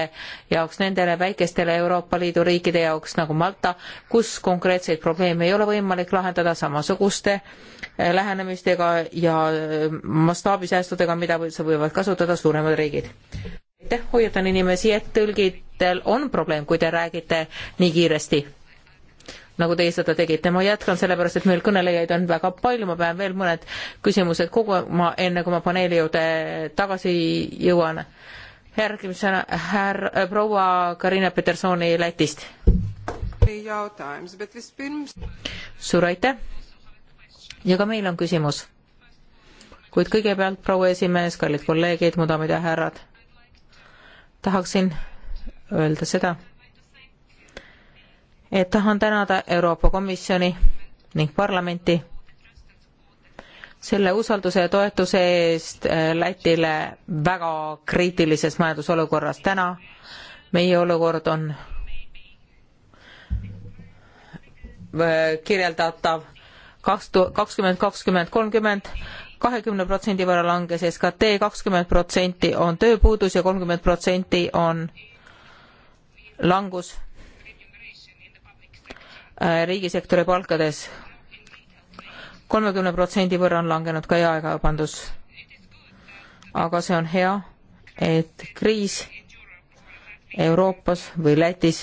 [SPEAKER 3] jaoks nendele väikestele Euroopa Liidu riikide jaoks nagu Malta, kus konkreetseid probleeme ei ole võimalik lahendada samasuguste eh, lähenemistega ja eh, mastaabisäästudega, mida võivad kasutada suuremad riigid. aitäh, hoiatan inimesi, et tõlgitel on probleem, kui te räägite nii kiiresti nagu teie seda tegite. ma jätkan sellepärast, et meil kõnelejaid on väga palju, ma pean veel mõned küsimused koguma, enne kui ma paneeli juurde tagasi jõuan. järgmisena härra äh,, proua Karina Petersoni Lätist. suur aitäh! ja ka meil on küsimus. kuid kõigepealt, proua esimees, kallid kolleegid, mu daamid ja härrad, tahaksin öelda seda et tahan tänada Euroopa Komisjoni ning parlamenti selle usalduse ja toetuse eest äh, Lätile väga kriitilises majandusolukorras. täna meie olukord on äh, kirjeldatav kaks tu-, kakskümmend, kakskümmend, kolmkümmend, kahekümne protsendi võrra langes SKT, kakskümmend protsenti on tööpuudus ja kolmkümmend protsenti on langus Äh, riigisektori palkades kolmekümne protsendi võrra on langenud ka jaekaubandus. aga see on hea, et kriis Euroopas või Lätis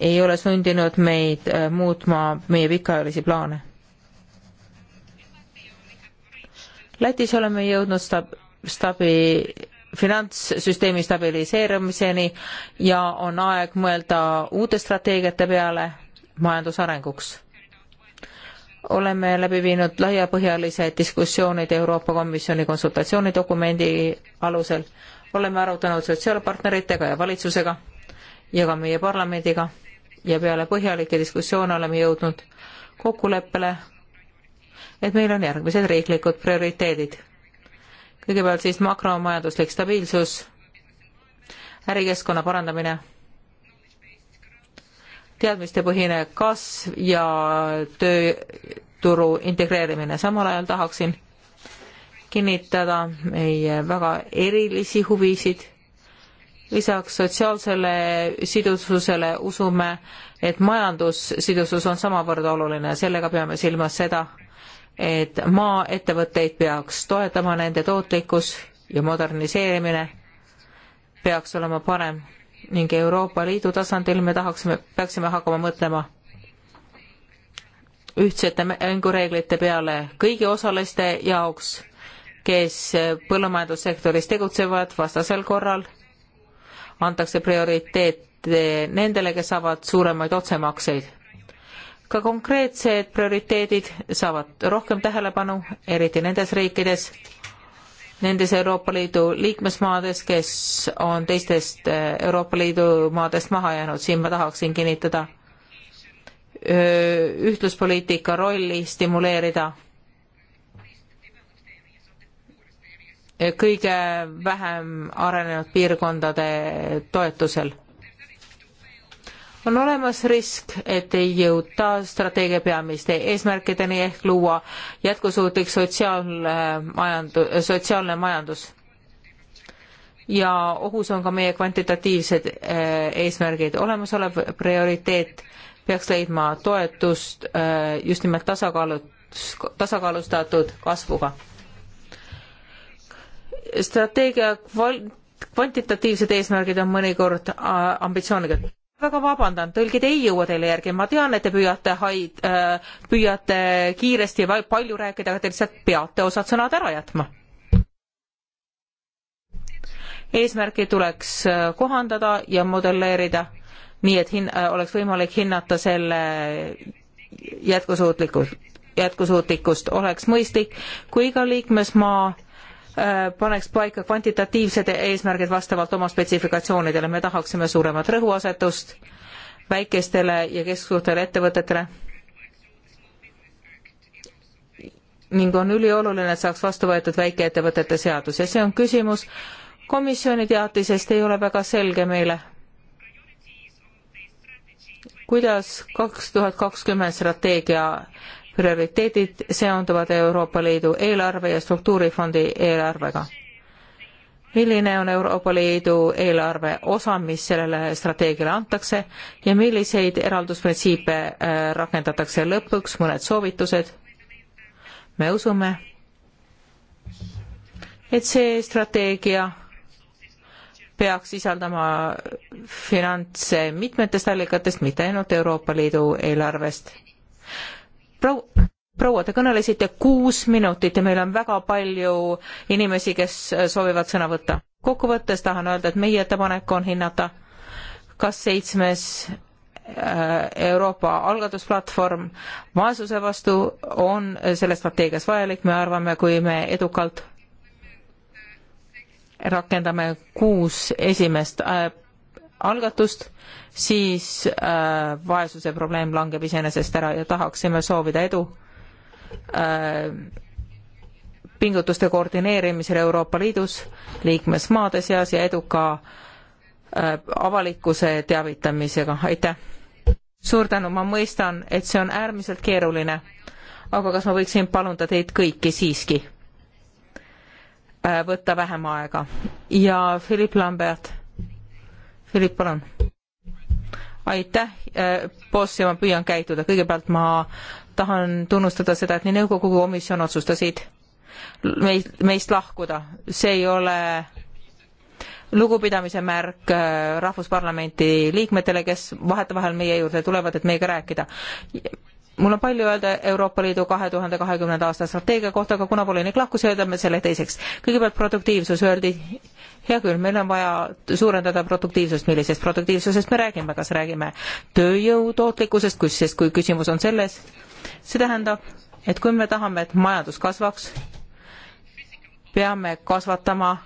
[SPEAKER 3] ei ole sundinud meid äh, muutma meie pikaajalisi plaane. Lätis oleme jõudnud stab-, stabi-, finantssüsteemi stabiliseerumiseni ja on aeg mõelda uute strateegiate peale majandusarenguks. oleme läbi viinud laiapõhjalised diskussioonid Euroopa Komisjoni konsultatsioonidokumendi alusel, oleme arutanud sotsiaalpartneritega ja valitsusega ja ka meie parlamendiga ja peale põhjalikke diskussioone oleme jõudnud kokkuleppele, et meil on järgmised riiklikud prioriteedid kõigepealt siis makromajanduslik stabiilsus, ärikeskkonna parandamine, teadmistepõhine kasv ja tööturu integreerimine. samal ajal tahaksin kinnitada meie väga erilisi huvisid. lisaks sotsiaalsele sidususele usume, et majandussidusus on samavõrd oluline, sellega peame silmas seda, et maaettevõtteid peaks toetama, nende tootlikkus ja moderniseerimine peaks olema parem ning Euroopa Liidu tasandil me tahaksime, peaksime hakkama mõtlema ühtsete mängureeglite peale kõigi osaliste jaoks, kes põllumajandussektoris tegutsevad, vastasel korral antakse prioriteet nendele, kes saavad suuremaid otsemakseid ka konkreetsed prioriteedid saavad rohkem tähelepanu, eriti nendes riikides, nendes Euroopa Liidu liikmesmaades, kes on teistest eh, Euroopa Liidu maadest maha jäänud, siin ma tahaksin kinnitada ühtluspoliitika rolli stimuleerida kõige vähem arenenud piirkondade toetusel on olemas risk, et ei jõuta strateegia peamiste eesmärkideni ehk luua jätkusuutlik sotsiaalne majandu-, sotsiaalne majandus. ja ohus on ka meie kvantitatiivsed äh, eesmärgid, olemasolev prioriteet peaks leidma toetust äh, just nimelt tasakaalu, tasakaalustatud kasvuga. strateegia kval-, kvantitatiivsed eesmärgid on mõnikord äh, ambitsioonikad väga vabandan, tõlgid ei jõua teile järgi, ma tean, et te püüate haid- äh,, püüate kiiresti ja palju rääkida, aga te lihtsalt peate osad sõnad ära jätma. eesmärki tuleks äh, kohandada ja modelleerida, nii et hin-, äh, oleks võimalik hinnata selle jätkusuutlikkust, jätkusuutlikkust oleks mõistlik, kui iga liikmesmaa Äh, paneks paika kvantitatiivsed eesmärgid vastavalt oma spetsifikatsioonidele, me tahaksime suuremat rõhuasetust väikestele ja kesksuurtele ettevõtetele ning on ülioluline, et saaks vastu võetud väikeettevõtete seadus ja see on küsimus, komisjoni teatisest ei ole väga selge meile, kuidas kaks tuhat kakskümmend strateegia prioriteedid seonduvad Euroopa Liidu eelarve ja struktuurifondi eelarvega. milline on Euroopa Liidu eelarve osa, mis sellele strateegiale antakse ja milliseid eraldusprintsiipe äh, rakendatakse lõpuks, mõned soovitused? me usume, et see strateegia peaks sisaldama finantse mitmetest allikatest, mitte ainult Euroopa Liidu eelarvest proua, proua, te kõnelesite kuus minutit ja meil on väga palju inimesi, kes soovivad sõna võtta. kokkuvõttes tahan öelda, et meie ettepanek on hinnata, kas seitsmes äh, Euroopa algatusplatvorm vaesuse vastu on selles strateegias vajalik, me arvame, kui me edukalt rakendame kuus esimest äh, algatust, siis äh, vaesuse probleem langeb iseenesest ära ja tahaksime soovida edu äh, pingutuste koordineerimisel Euroopa Liidus, liikmesmaade seas ja eduka äh, avalikkuse teavitamisega, aitäh! suur tänu, ma mõistan, et see on äärmiselt keeruline, aga kas ma võiksin paluda teid kõiki siiski äh, võtta vähem aega ja Philip Lambert Philipp, palun. aitäh, äh, boss, ja ma püüan käituda. kõigepealt ma tahan tunnustada seda, et nii nõukogu kui komisjon otsustasid meist, meist lahkuda. see ei ole lugupidamise märk äh, Rahvusparlamenti liikmetele, kes vahetevahel meie juurde tulevad, et meiega rääkida mul on palju öelda Euroopa Liidu kahe tuhande kahekümnenda aasta strateegia kohta, aga kuna pole nii lahku, siis öeldame selle teiseks. kõigepealt produktiivsus öeldi hea küll, meil on vaja suurendada produktiivsust, millisest produktiivsusest me räägime, kas räägime tööjõu tootlikkusest, kus siis, kui küsimus on selles, see tähendab, et kui me tahame, et majandus kasvaks, peame kasvatama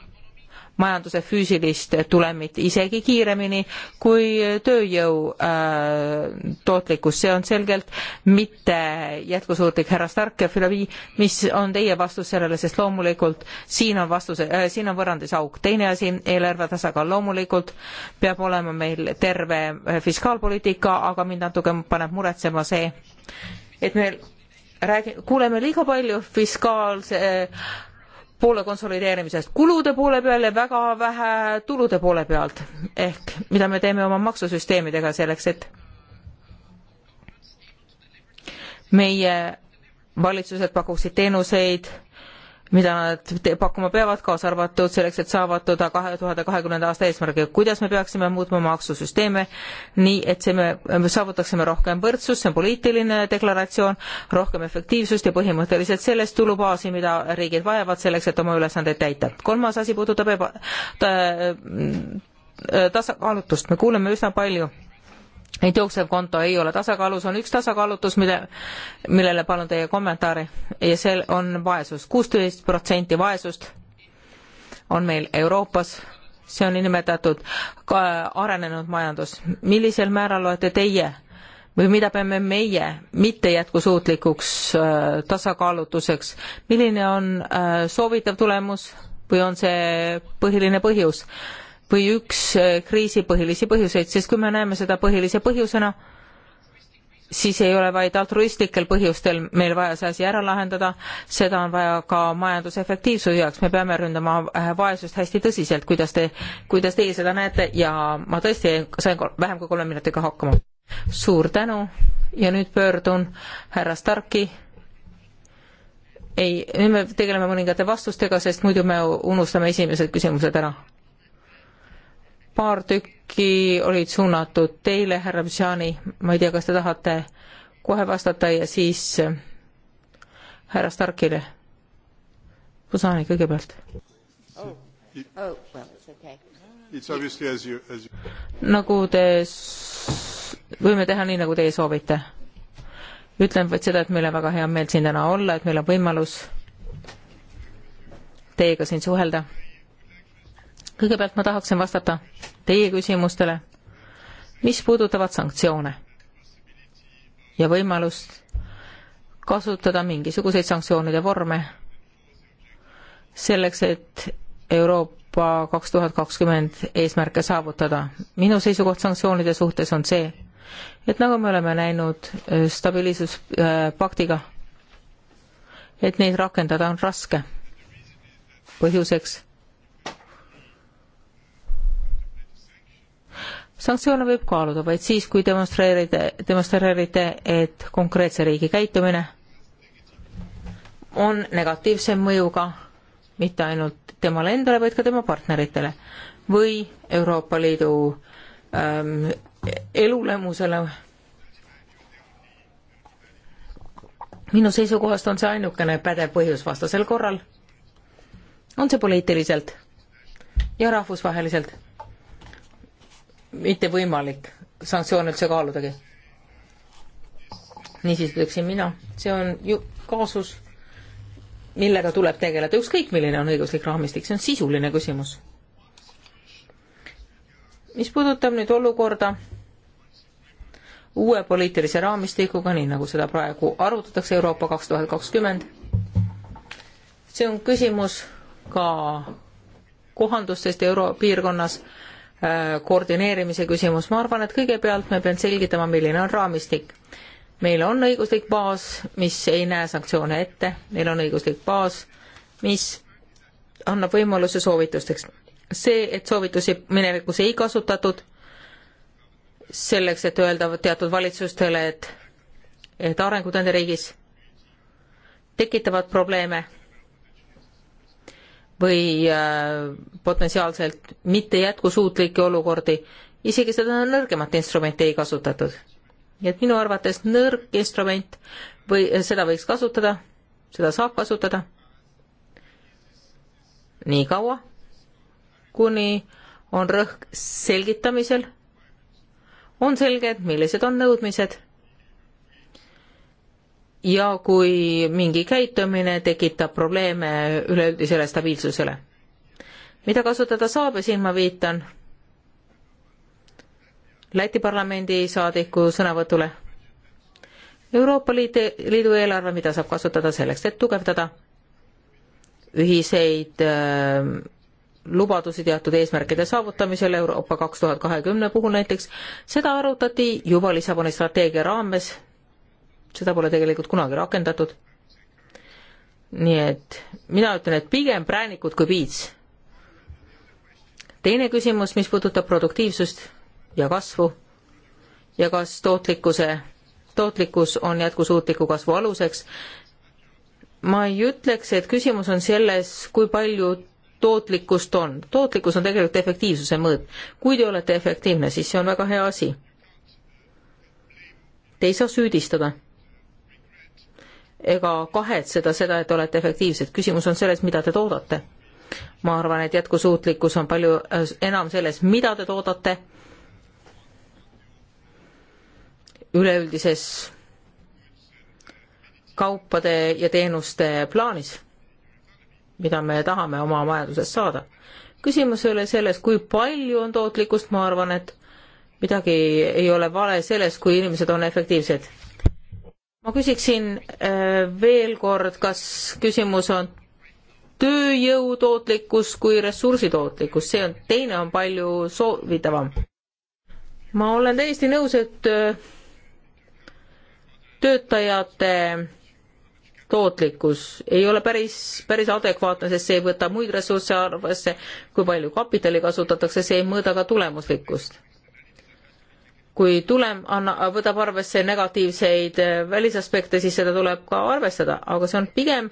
[SPEAKER 3] majanduse füüsilist tulemit isegi kiiremini kui tööjõu äh, tootlikkus. see on selgelt mitte jätkusuutlik, härra Stark ja Filovi, mis on teie vastus sellele, sest loomulikult siin on vastuse äh,, siin on võrrandis auk. teine asi, eelarve tasakaal loomulikult peab olema meil terve äh, fiskaalpoliitika, aga mind natuke paneb muretsema see, et me räägi-, kuuleme liiga palju fiskaalse äh, poole konsolideerimisest kulude poole peal ja väga vähe tulude poole pealt ehk mida me teeme oma maksusüsteemidega selleks, et meie valitsused pakuksid teenuseid mida nad pakkuma peavad, kaasa arvatud selleks, et saavutada kahe tuhande kahekümnenda aasta eesmärgi. kuidas me peaksime muutma maksusüsteeme nii, et see me, me saavutaksime rohkem võrdsust, see on poliitiline deklaratsioon, rohkem efektiivsust ja põhimõtteliselt sellest tulubaasi, mida riigid vajavad selleks, et oma ülesandeid täita. kolmas asi puudutab eba- ta,, äh, tasakaalutust, me kuuleme üsna palju et jooksev konto ei ole tasakaalus, on üks tasakaalutus, mille, millele palun teie kommentaari ja see on vaesus. kuusteist protsenti vaesust on meil Euroopas, see on niinimetatud arenenud majandus. millisel määral olete teie või mida peame meie mitte jätkusuutlikuks äh, tasakaalutuseks, milline on äh, soovitav tulemus või on see põhiline põhjus? või üks äh, kriisi põhilisi põhjuseid, sest kui me näeme seda põhilise põhjusena, siis ei ole vaid altruistlikel põhjustel meil vaja see asi ära lahendada, seda on vaja ka majandusefektiivsuse jaoks, me peame ründama äh, vaesust hästi tõsiselt, kuidas te, kuidas teie seda näete ja ma tõesti sain vähem kui kolme minutiga hakkama. suur tänu ja nüüd pöördun härra Starki ei, nüüd me tegeleme mõningate vastustega, sest muidu me unustame esimesed küsimused ära paar tükki olid suunatud teile, härra Bžani, ma ei tea, kas te tahate kohe vastata ja siis äh, härra Starkile. Bžani kõigepealt
[SPEAKER 1] oh.. Oh, well, okay. as you, as you...
[SPEAKER 3] nagu te, võime teha nii, nagu teie soovite. ütlen vaid seda, et meil on väga hea meel siin täna olla, et meil on võimalus teiega siin suhelda kõigepealt ma tahaksin vastata teie küsimustele, mis puudutavad sanktsioone ja võimalust kasutada mingisuguseid sanktsioonide vorme selleks, et Euroopa kaks tuhat kakskümmend eesmärke saavutada. minu seisukoht sanktsioonide suhtes on see, et nagu me oleme näinud stabiilsuspaktiga äh,, et neid rakendada on raske. põhjuseks sanktsioone võib kaaluda vaid siis, kui demonstreerida, demonstreerite, et konkreetse riigi käitumine on negatiivse mõjuga mitte ainult temale endale, vaid ka tema partneritele või Euroopa Liidu ähm, elulemusele. minu seisukohast on see ainukene pädev põhjus, vastasel korral on see poliitiliselt ja rahvusvaheliselt mitte võimalik sanktsioone üldse kaaludagi. niisiis ütleksin mina, see on ju kaasus, millega tuleb tegeleda, ükskõik milline on õiguslik raamistik, see on sisuline küsimus. mis puudutab nüüd olukorda uue poliitilise raamistikuga, nii nagu seda praegu arutatakse Euroopa kaks tuhat kakskümmend, see on küsimus ka kohandustest Euro-piirkonnas, Äh, koordineerimise küsimus, ma arvan, et kõigepealt me peame selgitama, milline on raamistik. meil on õiguslik baas, mis ei näe sanktsioone ette, meil on õiguslik baas, mis annab võimaluse soovitusteks. see, et soovitusi minevikus ei kasutatud, selleks, et öelda teatud valitsustele, et, et arengud nende riigis tekitavad probleeme või äh, potentsiaalselt mitte jätkusuutlikke olukordi, isegi seda nõrgemat instrumenti ei kasutatud. nii et minu arvates nõrk instrument või äh, seda võiks kasutada, seda saab kasutada nii kaua, kuni on rõhk selgitamisel, on selge, millised on nõudmised ja kui mingi käitumine tekitab probleeme üleüldisele stabiilsusele. mida kasutada saab ja siin ma viitan Läti parlamendi saadiku sõnavõtule. Euroopa Liidu, Liidu eelarve, mida saab kasutada selleks, et tugevdada ühiseid äh, lubadusi teatud eesmärkide saavutamisel Euroopa kaks tuhat kahekümne puhul näiteks, seda arutati juba Lissaboni strateegia raames seda pole tegelikult kunagi rakendatud. nii et mina ütlen, et pigem präänikud kui piits. teine küsimus, mis puudutab produktiivsust ja kasvu ja kas tootlikkuse, tootlikkus on jätkusuutliku kasvu aluseks. ma ei ütleks, et küsimus on selles, kui palju tootlikkust on. tootlikkus on tegelikult efektiivsuse mõõt. kui te olete efektiivne, siis see on väga hea asi. Te ei saa süüdistada ega kahetseda seda, et olete efektiivsed. küsimus on selles, mida te toodate. ma arvan, et jätkusuutlikkus on palju äh, enam selles, mida te toodate, üleüldises kaupade ja teenuste plaanis, mida me tahame oma majandusest saada. küsimus ei ole selles, kui palju on tootlikkust, ma arvan, et midagi ei ole vale selles, kui inimesed on efektiivsed ma küsiksin äh, veel kord, kas küsimus on tööjõu tootlikkus kui ressursi tootlikkus, see on, teine on palju soovitavam. ma olen täiesti nõus, et äh, töötajate tootlikkus ei ole päris, päris adekvaatne, sest see ei võta muid ressursse arvesse, kui palju kapitali kasutatakse, see ei mõõda ka tulemuslikkust kui tulem anna, võtab arvesse negatiivseid eh, välisaspekte, siis seda tuleb ka arvestada, aga see on pigem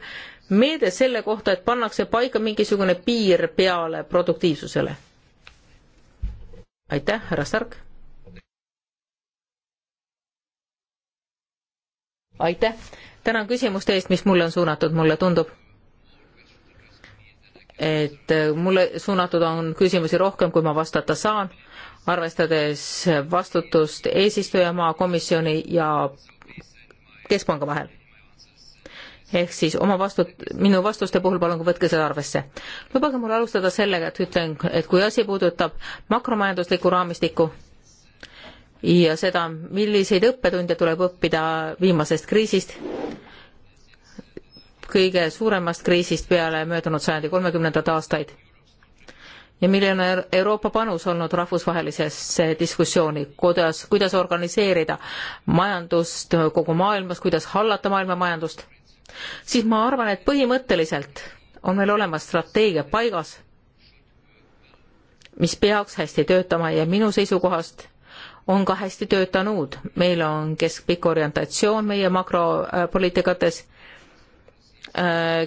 [SPEAKER 3] meede selle kohta, et pannakse paika mingisugune piir peale produktiivsusele. aitäh, härra Stark. aitäh, tänan küsimuste eest, mis mulle on suunatud, mulle tundub, et eh, mulle suunatud on küsimusi rohkem, kui ma vastata saan arvestades vastutust eesistujamaa komisjoni ja keskpanga vahel. ehk siis oma vastut-, minu vastuste puhul palun võtke seda arvesse. lubage mul alustada sellega, et ütlen, et kui asi puudutab makromajanduslikku raamistikku ja seda, milliseid õppetunde tuleb õppida viimasest kriisist, kõige suuremast kriisist peale möödunud sajandi kolmekümnendat aastaid ja milline on Euroopa panus olnud rahvusvahelisesse diskussiooni, kuidas, kuidas organiseerida majandust kogu maailmas, kuidas hallata maailma majandust, siis ma arvan, et põhimõtteliselt on meil olemas strateegia paigas, mis peaks hästi töötama ja minu seisukohast on ka hästi töötanud. meil on keskpikk orientatsioon meie makropoliitikates,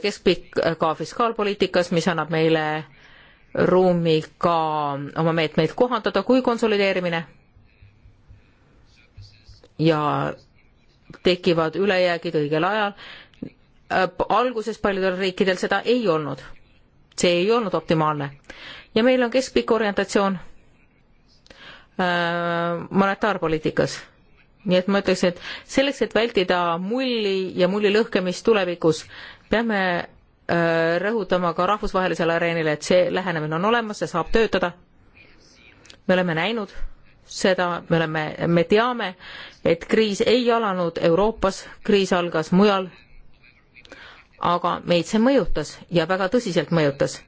[SPEAKER 3] keskpikk ka fiskaalpoliitikas, mis annab meile äh, ruumi ka oma meetmeid kohandada, kui konsolideerimine ja tekivad ülejäägid õigel ajal. Äh, alguses paljudel riikidel seda ei olnud. see ei olnud optimaalne. ja meil on keskpikk orientatsioon äh, monetaarpoliitikas. nii et ma ütleks, et selleks, et vältida mulli ja mulli lõhkemist tulevikus, peame Äh, rõhutama ka rahvusvahelisele areenile, et see lähenemine on olemas, see saab töötada. me oleme näinud seda, me oleme, me teame, et kriis ei alanud Euroopas, kriis algas mujal. aga meid see mõjutas ja väga tõsiselt mõjutas,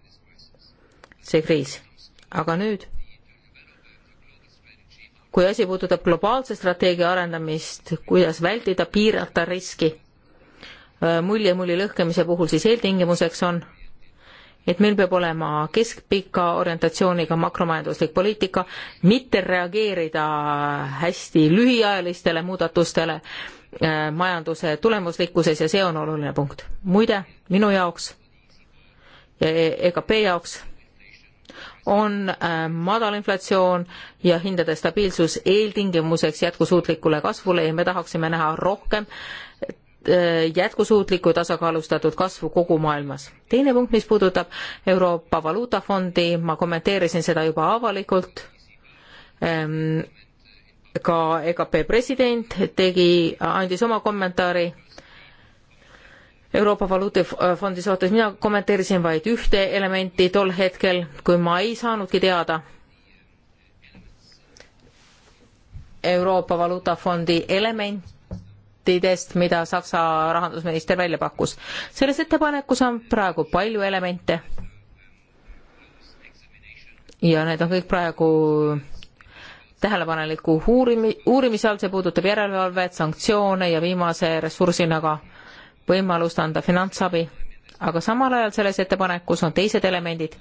[SPEAKER 3] see kriis. aga nüüd? kui asi puudutab globaalse strateegia arendamist, kuidas vältida, piirata riski Äh, mulje mulli lõhkemise puhul siis eeltingimuseks on, et meil peab olema keskpika orientatsiooniga makromajanduslik poliitika, mitte reageerida hästi lühiajalistele muudatustele äh, majanduse tulemuslikkuses ja see on oluline punkt. muide, minu jaoks ja EKP e jaoks on äh, madal inflatsioon ja hindade stabiilsus eeltingimuseks jätkusuutlikule kasvule ja me tahaksime näha rohkem Äh, jätkusuutliku ja tasakaalustatud kasvu kogu maailmas. teine punkt, mis puudutab Euroopa Valuutafondi, ma kommenteerisin seda juba avalikult, ähm, ka EKP president tegi, andis oma kommentaari Euroopa Valuutafondi suhtes, mina kommenteerisin vaid ühte elementi tol hetkel, kui ma ei saanudki teada Euroopa Valuutafondi element, variantidest, mida Saksa rahandusminister välja pakkus. selles ettepanekus on praegu palju elemente. ja need on kõik praegu tähelepaneliku uurimi-, uurimise all, see puudutab järelevalvet, sanktsioone ja viimase ressursina ka võimalust anda finantsabi. aga samal ajal selles ettepanekus on teised elemendid,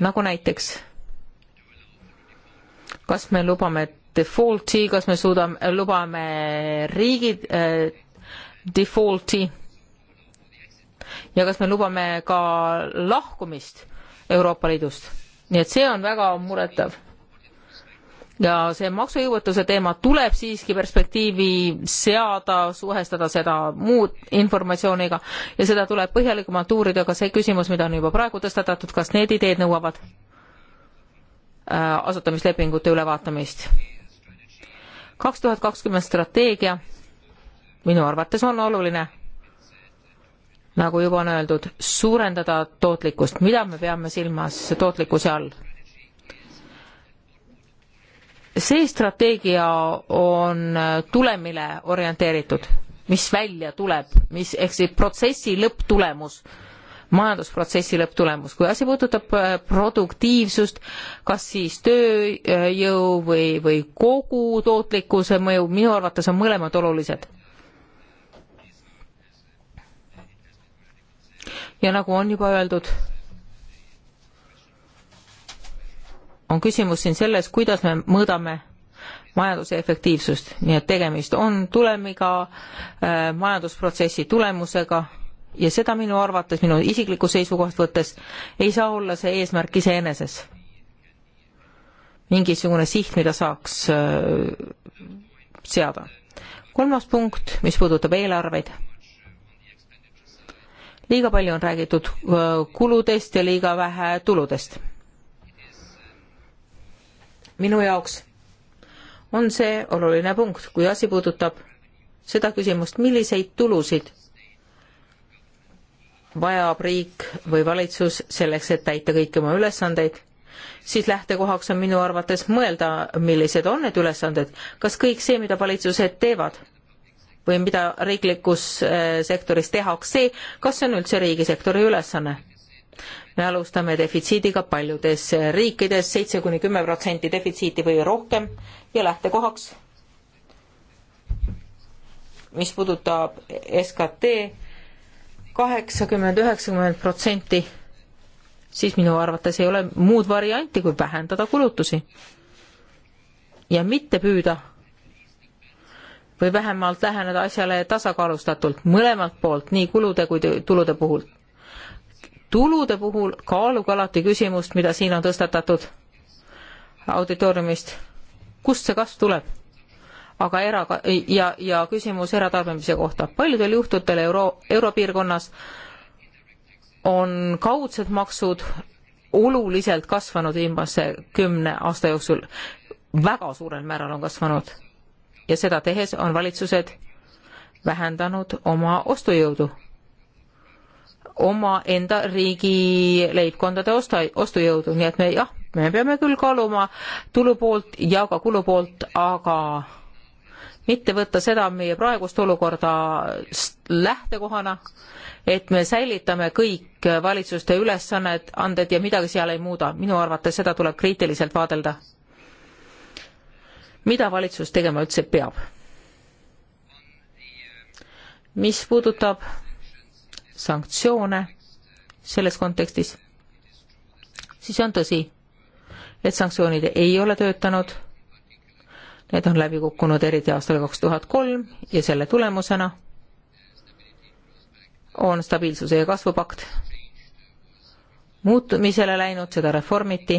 [SPEAKER 3] nagu näiteks kas me lubame defaulti, kas me suudame, lubame riigi äh, defaulti ja kas me lubame ka lahkumist Euroopa Liidust. nii et see on väga muretav. ja see maksujõuetuse teema tuleb siiski perspektiivi seada, suhestada seda muud informatsiooniga ja seda tuleb põhjalikumalt uurida, ka see küsimus, mida on juba praegu tõstatatud, kas need ideed nõuavad äh, asutamislepingute ülevaatamist kaks tuhat kakskümmend strateegia minu arvates on oluline, nagu juba on öeldud, suurendada tootlikkust, mida me peame silmas tootlikkuse all? see strateegia on tulemile orienteeritud, mis välja tuleb, mis ehk siis protsessi lõpptulemus majandusprotsessi lõpptulemus. kui asi puudutab äh, produktiivsust, kas siis tööjõu või, või kogu tootlikkuse mõju, minu arvates on mõlemad olulised. ja nagu on juba öeldud, on küsimus siin selles, kuidas me mõõdame majanduse efektiivsust, nii et tegemist on tulemiga, äh, majandusprotsessi tulemusega ja seda minu arvates, minu isiklikku seisukohta võttes, ei saa olla see eesmärk iseeneses. mingisugune siht, mida saaks äh, seada. kolmas punkt, mis puudutab eelarveid. liiga palju on räägitud äh, kuludest ja liiga vähe tuludest. minu jaoks on see oluline punkt, kui asi puudutab seda küsimust, milliseid tulusid vajab riik või valitsus selleks, et täita kõiki oma ülesandeid, siis lähtekohaks on minu arvates mõelda, millised on need ülesanded, kas kõik see, mida valitsused teevad või mida riiklikus äh, sektoris tehakse, kas see on üldse riigisektori ülesanne? me alustame defitsiidiga paljudes riikides, seitse kuni kümme protsenti defitsiiti või rohkem ja lähtekohaks, mis puudutab SKT kaheksakümmend, üheksakümmend protsenti, siis minu arvates ei ole muud varianti, kui vähendada kulutusi. ja mitte püüda või vähemalt läheneda asjale tasakaalustatult mõlemalt poolt, nii kulude kui tulude puhul. tulude puhul kaaluge alati küsimust, mida siin on tõstatatud auditooriumist, kust see kasv tuleb aga era- ja, ja küsimus eratarbimise kohta. paljudel juhtudel euro, europiirkonnas on kaudsed maksud oluliselt kasvanud viimase kümne aasta jooksul, väga suurel määral on kasvanud. ja seda tehes on valitsused vähendanud oma ostujõudu, omaenda riigi leibkondade osta, ostujõudu, nii et me jah, me peame küll kaaluma tulupoolt ja ka kulupoolt, aga mitte võtta seda meie praegust olukorda lähtekohana, et me säilitame kõik valitsuste ülesanned, anded ja midagi seal ei muuda. minu arvates seda tuleb kriitiliselt vaadelda. mida valitsus tegema üldse peab? mis puudutab sanktsioone selles kontekstis, siis on tõsi, et sanktsioonid ei ole töötanud Need on läbi kukkunud eriti aastal kaks tuhat kolm ja selle tulemusena on stabiilsuse ja kasvupakt muutumisele läinud, seda reformiti.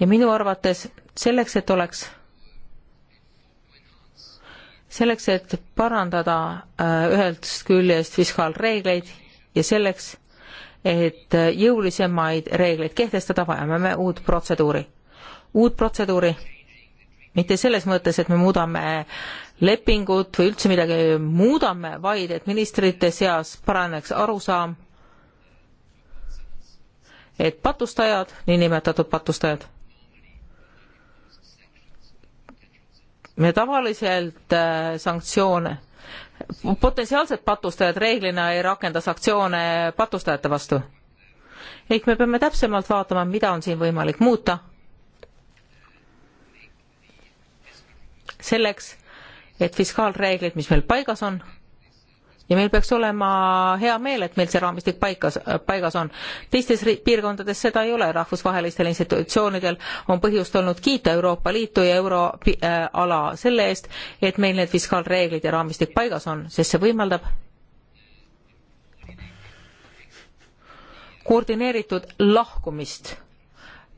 [SPEAKER 3] ja minu arvates selleks, et oleks, selleks, et parandada äh, ühest küljest fiskaalreegleid ja selleks, et äh, jõulisemaid reegleid kehtestada, vajame me uut protseduuri. uut protseduuri mitte selles mõttes, et me muudame lepingut või üldse midagi muudame, vaid et ministrite seas paraneks arusaam, et patustajad, niinimetatud patustajad, me tavaliselt äh, sanktsioone, potentsiaalsed patustajad reeglina ei rakenda sanktsioone patustajate vastu. ehk me peame täpsemalt vaatama, mida on siin võimalik muuta selleks, et fiskaalreeglid, mis meil paigas on, ja meil peaks olema hea meel, et meil see raamistik paikas, paigas on. teistes piirkondades seda ei ole, rahvusvahelistel institutsioonidel on põhjust olnud kiita Euroopa Liitu ja euroala äh, selle eest, et meil need fiskaalreeglid ja raamistik paigas on, sest see võimaldab koordineeritud lahkumist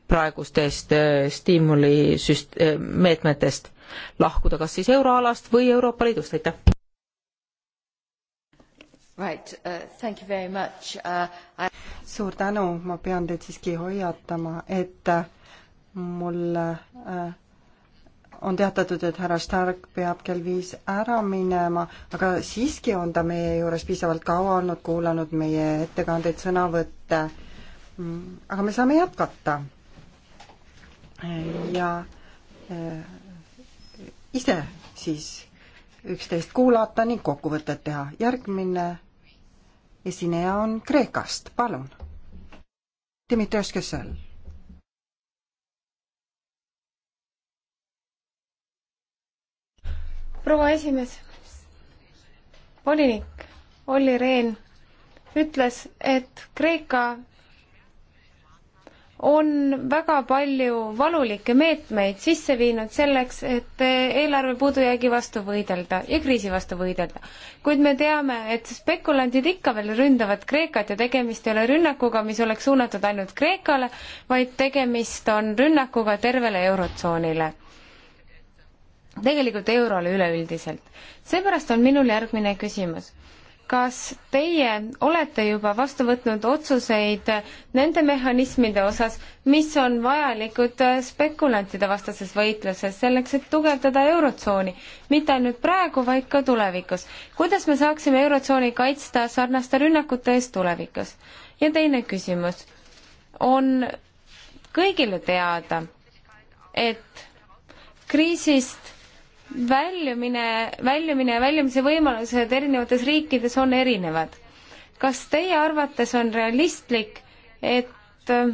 [SPEAKER 3] praegustest äh, stiimulisüst-, äh, meetmetest, lahkuda kas siis euroalast või Euroopa Liidust, aitäh!
[SPEAKER 2] Right. Uh, uh, I... suur tänu, ma pean teid siiski hoiatama, et äh, mul uh, on teatatud, et härra Stark peab kell viis ära minema, aga siiski on ta meie juures piisavalt kaua olnud, kuulanud meie ettekandeid, sõnavõtte. Mm, aga me saame jätkata ja äh, ise siis üksteist kuulata ning kokkuvõtet teha. järgmine esineja on Kreekast, palun. Dimitrios Kessel.
[SPEAKER 4] proua esimees, volinik Olli Rehn ütles, et Kreeka on väga palju valulikke meetmeid sisse viinud selleks, et eelarve puudujäägi vastu võidelda ja kriisi vastu võidelda. kuid me teame, et spekulandid ikka veel ründavad Kreekat ja tegemist ei ole rünnakuga, mis oleks suunatud ainult Kreekale, vaid tegemist on rünnakuga tervele Eurotsoonile. tegelikult eurole üleüldiselt. seepärast on minul järgmine küsimus kas teie olete juba vastu võtnud otsuseid nende mehhanismide osas, mis on vajalikud spekulantide vastases võitluses selleks, et tugevdada Eurotsooni? mitte ainult praegu, vaid ka tulevikus. kuidas me saaksime Eurotsooni kaitsta sarnaste rünnakute eest tulevikus? ja teine küsimus on kõigile teada, et kriisist väljumine, väljumine ja väljumise võimalused erinevates riikides on erinevad. kas teie arvates on realistlik, et äh,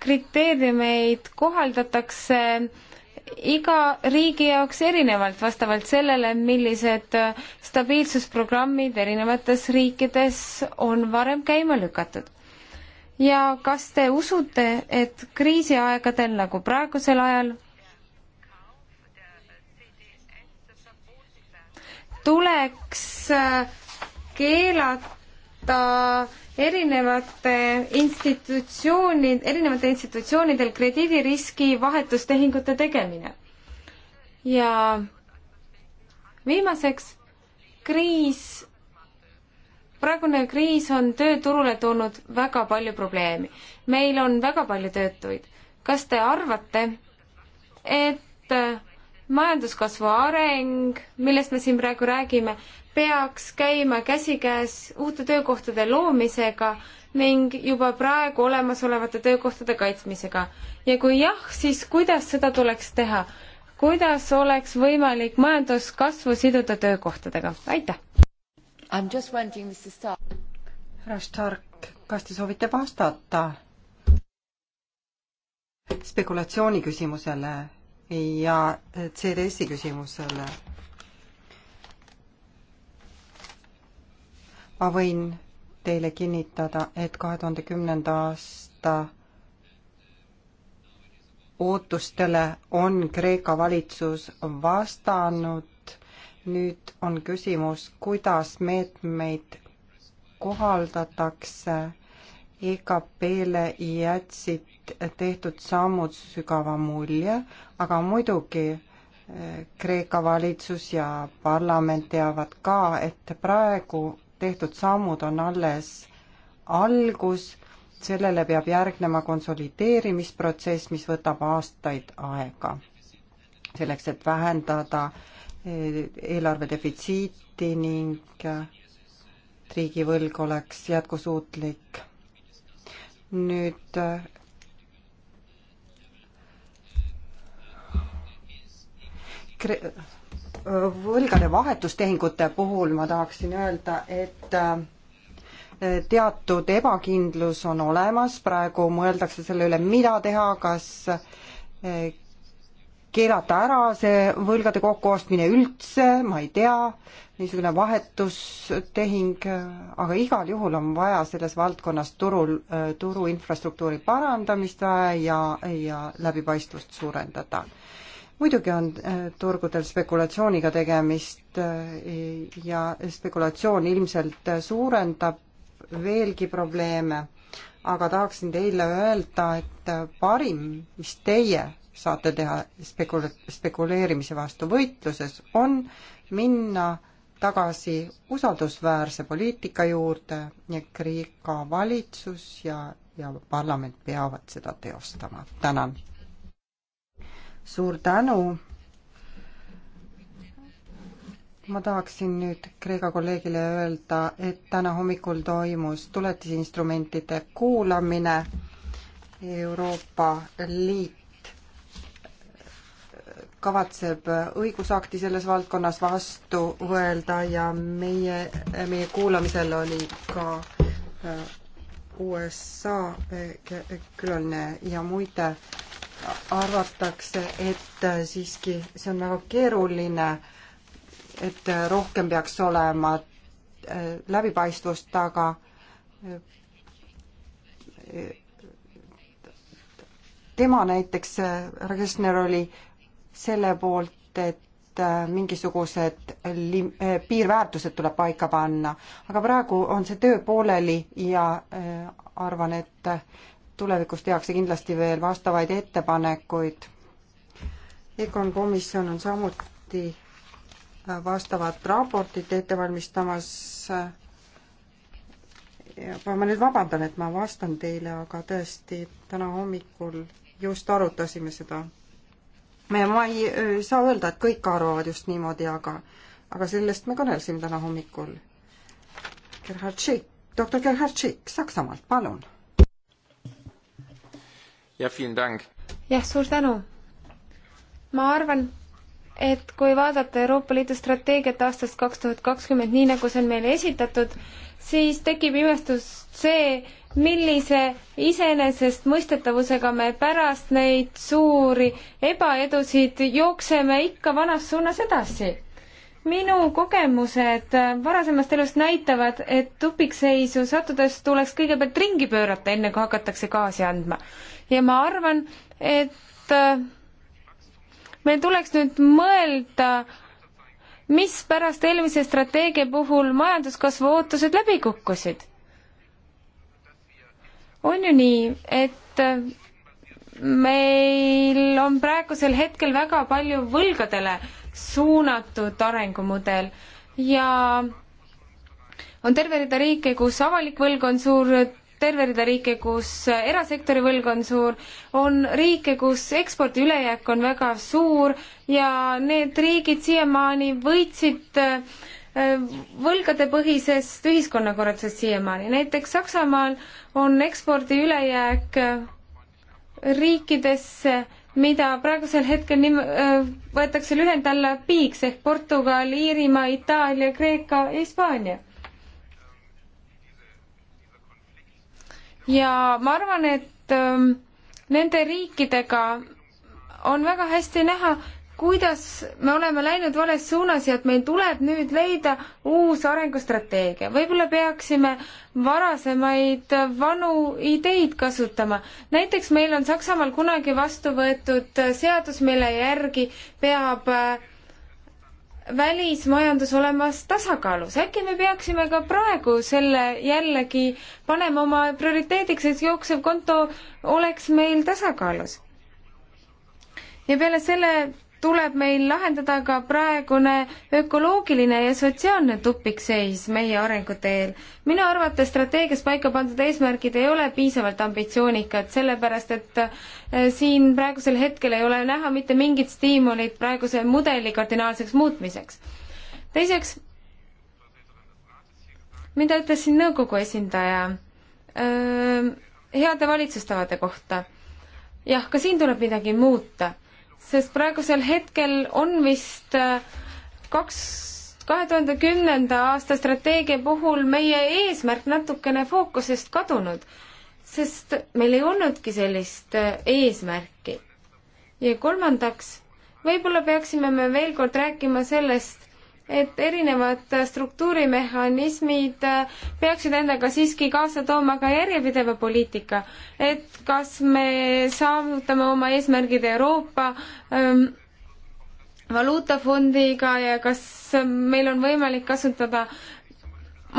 [SPEAKER 4] kriteeriumeid kohaldatakse iga riigi jaoks erinevalt, vastavalt sellele, millised äh, stabiilsusprogrammid erinevates riikides on varem käima lükatud? ja kas te usute, et kriisiaegadel nagu praegusel ajal tuleks äh, keelata erinevate institutsioonid, erinevatel institutsioonidel krediidiriski vahetustehingute tegemine. ja viimaseks, kriis, praegune kriis on tööturule toonud väga palju probleemi. meil on väga palju töötuid. kas te arvate, et majanduskasvu areng, millest me siin praegu räägime, peaks käima käsikäes uute töökohtade loomisega ning juba praegu olemasolevate töökohtade kaitsmisega. ja kui jah, siis kuidas seda tuleks teha? kuidas oleks võimalik majanduskasvu siduda töökohtadega? aitäh!
[SPEAKER 2] härra Stark, kas te soovite vastata spekulatsiooni küsimusele? ja eh, CDS-i küsimusele. ma võin teile kinnitada, et kahe tuhande kümnenda aasta ootustele on Kreeka valitsus vastanud. nüüd on küsimus, kuidas meetmeid kohaldatakse. EKP-le jätsid tehtud sammud sügava mulje, aga muidugi eh, Kreeka valitsus ja parlament teavad ka, et praegu tehtud sammud on alles algus, sellele peab järgnema konsolideerimisprotsess, mis võtab aastaid aega. selleks, et vähendada eh, eelarve defitsiiti ning eh, riigivõlg oleks jätkusuutlik. nüüd kre-, äh, võlgade vahetustehingute puhul ma tahaksin öelda, et äh, teatud ebakindlus on olemas, praegu mõeldakse selle üle, mida teha, kas äh, keelata ära see võlgade kokkuostmine üldse, ma ei tea, niisugune vahetustehing, aga igal juhul on vaja selles valdkonnas turul, turu infrastruktuuri parandamist vaja ja, ja läbipaistvust suurendada muidugi on äh, turgudel spekulatsiooniga tegemist äh, ja spekulatsioon ilmselt äh, suurendab veelgi probleeme, aga tahaksin teile öelda, et parim, mis teie saate teha spekule-, spekuleerimise vastu võitluses, on minna tagasi usaldusväärse poliitika juurde ja Kreeka valitsus ja, ja parlament peavad seda teostama. tänan! suur tänu. ma tahaksin nüüd Kreeka kolleegile öelda, et täna hommikul toimus tuletisinstrumentide kuulamine. Euroopa Liit kavatseb õigusakti selles valdkonnas vastu võelda ja meie, meie kuulamisel oli ka äh, USA äh, külaline ja muide arvatakse, et siiski see on väga keeruline, et rohkem peaks olema äh, läbipaistvust, aga äh, tema näiteks, äh, härra Kessner oli selle poolt, et mingisugused lim-, piirväärtused tuleb paika panna. aga praegu on see töö pooleli ja arvan, et tulevikus tehakse kindlasti veel vastavaid ettepanekuid. EKOn komisjon on samuti äh, vastavat raportit ette valmistamas. Äh, ma nüüd vabandan, et ma vastan teile, aga tõesti, täna hommikul just arutasime seda. ma ei äh, saa öelda, et kõik arvavad just niimoodi, aga, aga sellest me kõnelesime täna hommikul. Gerhard Schick, doktor Gerhard Schick Saksamaalt, palun jah, suur tänu.
[SPEAKER 4] ma arvan, et kui vaadata Euroopa Liidu strateegiat aastast kaks tuhat kakskümmend, nii nagu see on meile esitatud, siis tekib imestus see, millise iseenesestmõistetavusega me pärast neid suuri ebaedusid jookseme ikka vanas suunas edasi. minu kogemused varasemast elust näitavad, et tupikseisu sattudes tuleks kõigepealt ringi pöörata, enne kui hakatakse gaasi andma ja ma arvan, et äh, meil tuleks nüüd mõelda, mispärast eelmise strateegia puhul majanduskasvu ootused läbi kukkusid. on ju nii, et äh, meil on praegusel hetkel väga palju võlgadele suunatud arengumudel ja on terve rida riike, kus avalik võlg on suur, terve rida riike, kus erasektori võlg on suur, on riike, kus ekspordi ülejääk on väga suur ja need riigid siiamaani võitsid äh, võlgadepõhisest ühiskonnakorraldusest siiamaani. näiteks Saksamaal on ekspordi ülejääk äh, riikidesse, mida praegusel hetkel nim-, äh, võetakse lühend alla piiks ehk Portugal, Iirimaa, Itaalia, Kreeka, Hispaania ja ma arvan, et ähm, nende riikidega on väga hästi näha, kuidas me oleme läinud vales suunas ja et meil tuleb nüüd leida uus arengustrateegia. võib-olla peaksime varasemaid vanu ideid kasutama. näiteks meil on Saksamaal kunagi vastu võetud seadus, mille järgi peab äh, välismajandus olemas tasakaalus, äkki me peaksime ka praegu selle jällegi panema oma prioriteediks, et jooksev konto oleks meil tasakaalus. ja peale selle tuleb meil lahendada ka praegune ökoloogiline ja sotsiaalne tupikseis meie arenguteel. minu arvates strateegias paika pandud eesmärgid ei ole piisavalt ambitsioonikad, sellepärast et äh, siin praegusel hetkel ei ole näha mitte mingit stiimulit praeguse mudeli kardinaalseks muutmiseks. teiseks, mida ütles siin nõukogu esindaja äh, heade valitsustavade kohta? jah, ka siin tuleb midagi muuta sest praegusel hetkel on vist äh, kaks, kahe tuhande kümnenda aasta strateegia puhul meie eesmärk natukene fookusest kadunud, sest meil ei olnudki sellist äh, eesmärki. ja kolmandaks, võib-olla peaksime me veel kord rääkima sellest, et erinevad struktuurimehhanismid peaksid endaga siiski kaasa tooma ka järjepideva poliitika. et kas me saavutame oma eesmärgid Euroopa ähm, valuutafondiga ja kas meil on võimalik kasutada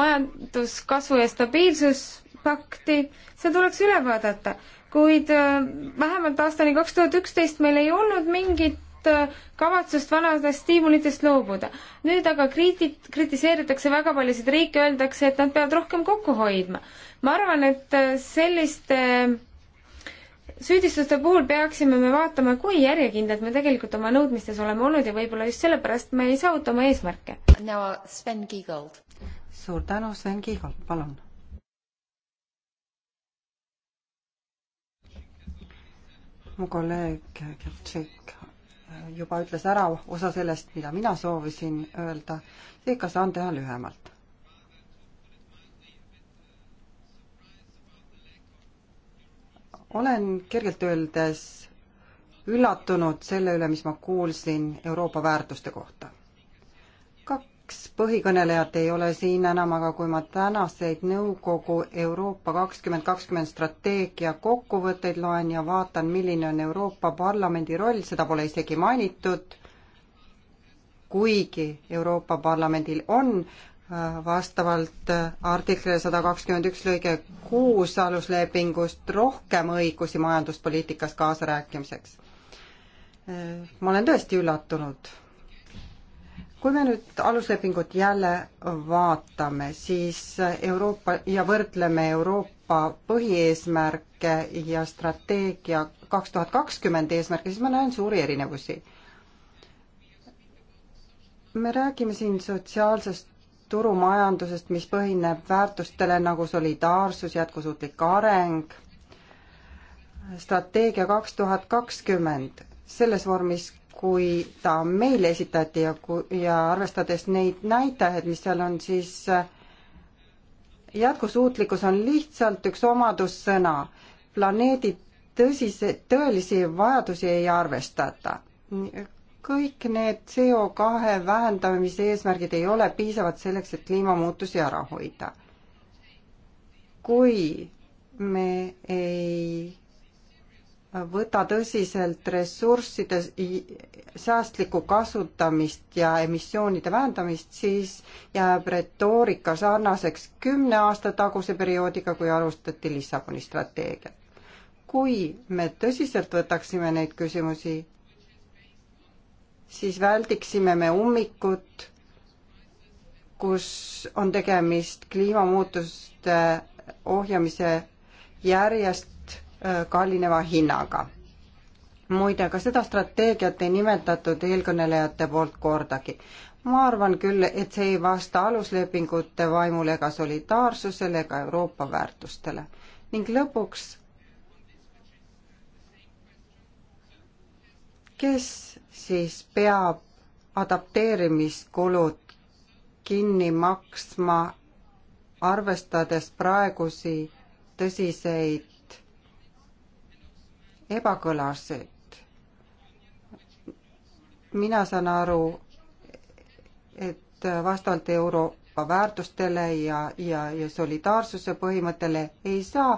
[SPEAKER 4] majanduskasvu ja stabiilsuspakti, see tuleks üle vaadata. kuid äh, vähemalt aastani kaks tuhat üksteist meil ei olnud mingit Äh, kavatsust vanadest stiimulitest loobuda. nüüd aga kriiti-, kritiseeritakse väga paljusid riike, öeldakse, et nad peavad rohkem kokku hoidma. ma arvan, et äh, selliste äh, süüdistuste puhul peaksime me vaatama, kui järjekindlad me tegelikult oma nõudmistes oleme olnud ja võib-olla just sellepärast me ei saavuta oma eesmärke. Uh,
[SPEAKER 2] suur tänu, Sven Kiigold, palun. mu kolleeg Kertšik juba ütles ära osa sellest, mida mina soovisin öelda, seega saan teha lühemalt. olen kergelt öeldes üllatunud selle üle, mis ma kuulsin Euroopa väärtuste kohta kaks põhikõnelejat ei ole siin enam, aga kui ma tänaseid nõukogu Euroopa kakskümmend kakskümmend strateegia kokkuvõtteid loen ja vaatan, milline on Euroopa Parlamendi roll, seda pole isegi mainitud, kuigi Euroopa Parlamendil on äh, vastavalt äh, artiklile sada kakskümmend üks lõige kuus aluslepingust rohkem õigusi majanduspoliitikas kaasarääkimiseks. Äh, ma olen tõesti üllatunud kui me nüüd aluslepingut jälle vaatame, siis Euroopa ja võrdleme Euroopa põhieesmärke ja strateegia kaks tuhat kakskümmend eesmärke, siis ma näen suuri erinevusi. me räägime siin sotsiaalsest turumajandusest, mis põhineb väärtustele nagu solidaarsus, jätkusuutlik areng, strateegia kaks tuhat kakskümmend selles vormis, kui ta meile esitati ja ku-, ja arvestades neid näitajaid, mis seal on, siis äh, jätkusuutlikkus on lihtsalt üks omadussõna. planeedi tõsise, tõelisi vajadusi ei arvestata. kõik need CO kahe vähendamise eesmärgid ei ole piisavad selleks, et kliimamuutusi ära hoida. kui me ei võta tõsiselt ressursside säästlikku kasutamist ja emissioonide vähendamist, siis jääb retoorika sarnaseks kümne aasta taguse perioodiga, kui alustati Lissaboni strateegiat. kui me tõsiselt võtaksime neid küsimusi, siis väldiksime me ummikut, kus on tegemist kliimamuutuste ohjamise järjest Äh, kallineva hinnaga. muide, ka seda strateegiat ei nimetatud eelkõnelejate poolt kordagi. ma arvan küll, et see ei vasta aluslepingute vaimule ega solidaarsusele ega Euroopa väärtustele. ning lõpuks, kes siis peab adapteerimiskulud kinni maksma, arvestades praegusi tõsiseid ebakõlasid. mina saan aru, et vastavalt Euroopa väärtustele ja, ja, ja solidaarsuse põhimõttele ei saa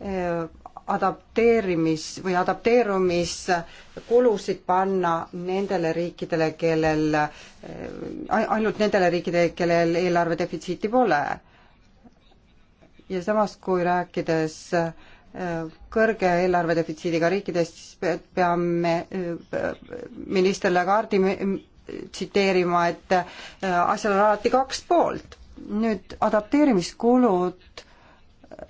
[SPEAKER 2] eh, adapteerimis või adapteerumiskulusid panna nendele riikidele, kellel, eh, ainult nendele riikidele, kellel eelarve defitsiiti pole. ja samas, kui rääkides äh, kõrge eelarvedefitsiidiga riikidest peame minister Lagardi tsiteerima, et äh, asjal on alati kaks poolt. nüüd adapteerimiskulud äh,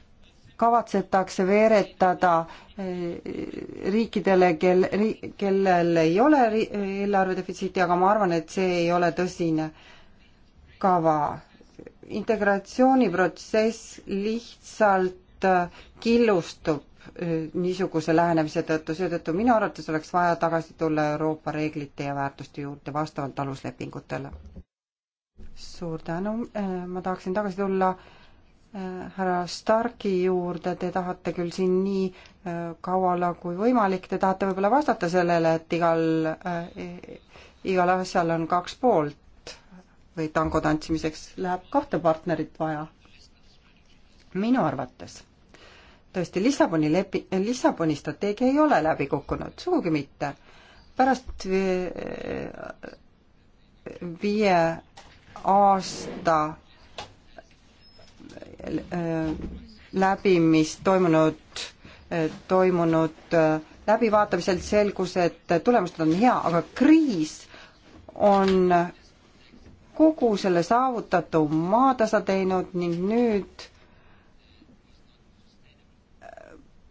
[SPEAKER 2] kavatsetakse veeretada äh, riikidele, kel, kellel ei ole eelarvedefitsiiti, aga ma arvan, et see ei ole tõsine kava. integratsiooniprotsess lihtsalt Äh, killustub äh, niisuguse lähenemise tõttu, seetõttu minu arvates oleks vaja tagasi tulla Euroopa reeglite ja väärtuste juurde vastavalt aluslepingutele. suur tänu, äh, ma tahaksin tagasi tulla härra Starki juurde, te tahate küll siin nii kauale kui võimalik, te tahate võib-olla vastata sellele, et igal äh,, e, igal asjal on kaks poolt või tango tantsimiseks läheb kahte partnerit vaja? minu arvates tõesti, Lissaboni lepi-, Lissaboni strateegia ei ole läbi kukkunud, sugugi mitte. pärast äh, viie aasta äh, läbimist toimunud, äh, toimunud läbivaatamiselt selgus, et tulemused on hea, aga kriis on kogu selle saavutatu maatasa teinud ning nüüd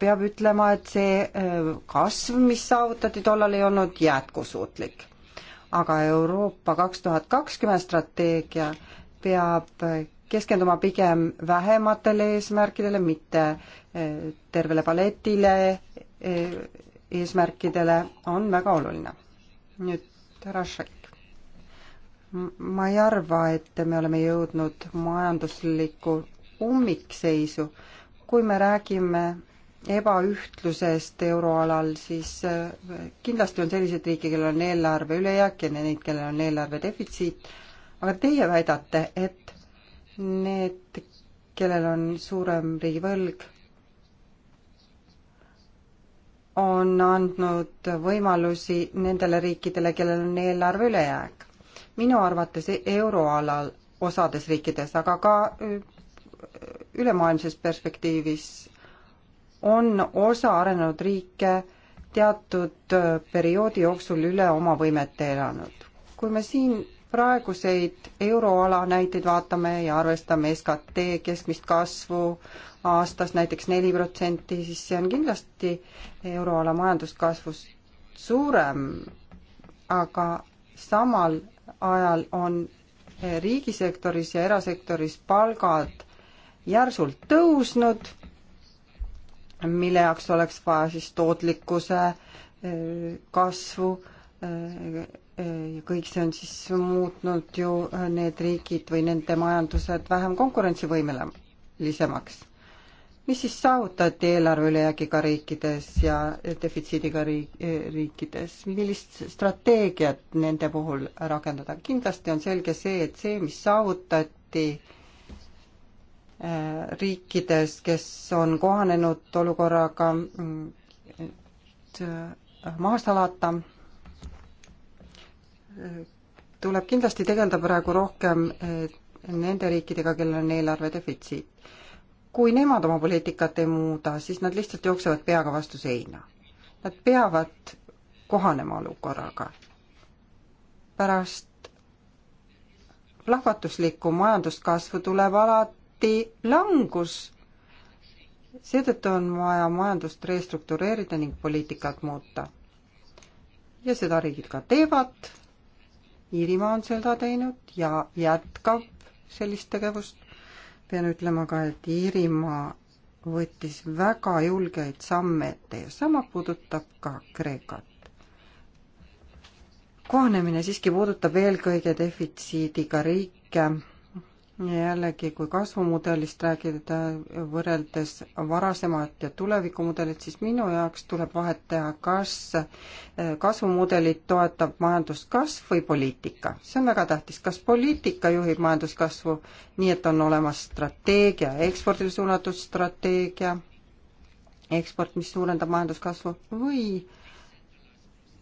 [SPEAKER 2] peab ütlema, et see äh, kasv, mis saavutati tollal, ei olnud jätkusuutlik. aga Euroopa kaks tuhat kakskümmend strateegia peab äh, keskenduma pigem vähematele eesmärkidele, mitte äh, tervele paletile eesmärkidele, on väga oluline. nüüd härra Šek. ma ei arva, et me oleme jõudnud majanduslikku ummikseisu, kui me räägime ebaühtlusest euroalal, siis äh, kindlasti on selliseid riike, kellel on eelarve ülejääk ja neid, kellel on eelarve defitsiit, aga teie väidate, et need, kellel on suurem riigivõlg, on andnud võimalusi nendele riikidele, kellel on eelarve ülejääk. minu arvates e-, euroalal osades riikides, aga ka äh, ülemaailmses perspektiivis on osa arenenud riike teatud äh, perioodi jooksul üle oma võimete elanud. kui me siin praeguseid euroala näiteid vaatame ja arvestame SKT keskmist kasvu aastas näiteks neli protsenti, siis see on kindlasti euroala majanduskasvust suurem, aga samal ajal on äh, riigisektoris ja erasektoris palgad järsult tõusnud mille jaoks oleks vaja siis tootlikkuse eh, kasvu ja eh, eh, kõik see on siis muutnud ju need riigid või nende majandused vähem konkurentsivõimelisemaks. mis siis saavutati eelarve ülejäägiga riikides ja defitsiidiga riik, riikides, millist strateegiat nende puhul rakendada? kindlasti on selge see, et see, mis saavutati, Äh, riikides, kes on kohanenud olukorraga, et äh, maast alata, tuleb kindlasti tegeleda praegu rohkem äh, nende riikidega, kellel on eelarve defitsiit. kui nemad oma poliitikat ei muuda, siis nad lihtsalt jooksevad peaga vastu seina. Nad peavad kohanema olukorraga. pärast plahvatuslikku majanduskasvu tuleb ala, protsenti langus. seetõttu on vaja majandust restruktureerida ning poliitikat muuta. ja seda riigid ka teevad. Iirimaa on seda teinud ja jätkab sellist tegevust. pean ütlema ka, et Iirimaa võttis väga julgeid samme ette ja sama puudutab ka Kreekat kohanemine siiski puudutab eelkõige defitsiidiga riike jällegi, kui kasvumudelist rääkida, võrreldes varasemat ja tulevikumudelit, siis minu jaoks tuleb vahet teha, kas eh, kasvumudelit toetab majanduskasv või poliitika. see on väga tähtis, kas poliitika juhib majanduskasvu nii, et on olemas strateegia, ekspordile suunatud strateegia, eksport, mis suurendab majanduskasvu, või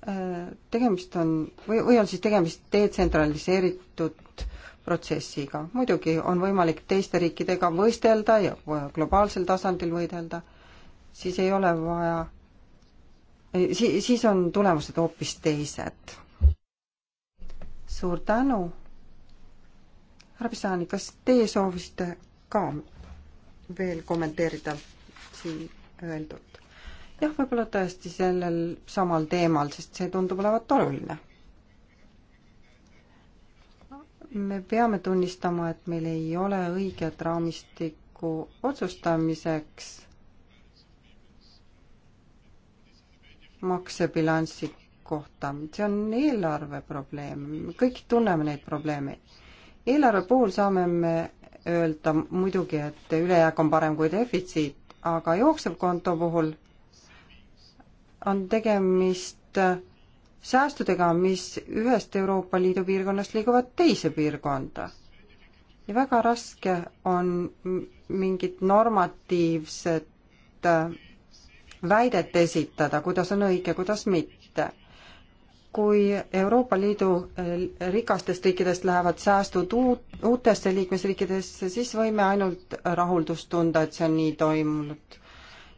[SPEAKER 2] eh, tegemist on, või, või on siis tegemist detsentraliseeritud protsessiga. muidugi on võimalik teiste riikidega võistelda ja globaalsel tasandil võidelda, siis ei ole vaja, si-, siis on tulemused hoopis teised. suur tänu! härra Pisani, kas teie soovisite ka veel kommenteerida siin öeldut? jah, võib-olla tõesti sellel samal teemal, sest see tundub olevat oluline me peame tunnistama, et meil ei ole õiget raamistikku otsustamiseks maksebilansi kohta, see on eelarve probleem, me kõik tunneme neid probleeme. eelarve puhul saame me öelda muidugi, et ülejääk on parem kui defitsiit, aga jooksevkonto puhul on tegemist äh, säästudega, mis ühest Euroopa Liidu piirkonnast liiguvad teise piirkonda. ja väga raske on mingit normatiivset äh, väidet esitada, kuidas on õige, kuidas mitte. kui Euroopa Liidu äh, rikastest riikidest lähevad säästud uut, uutesse liikmesriikidesse, siis võime ainult rahuldust tunda, et see on nii toimunud.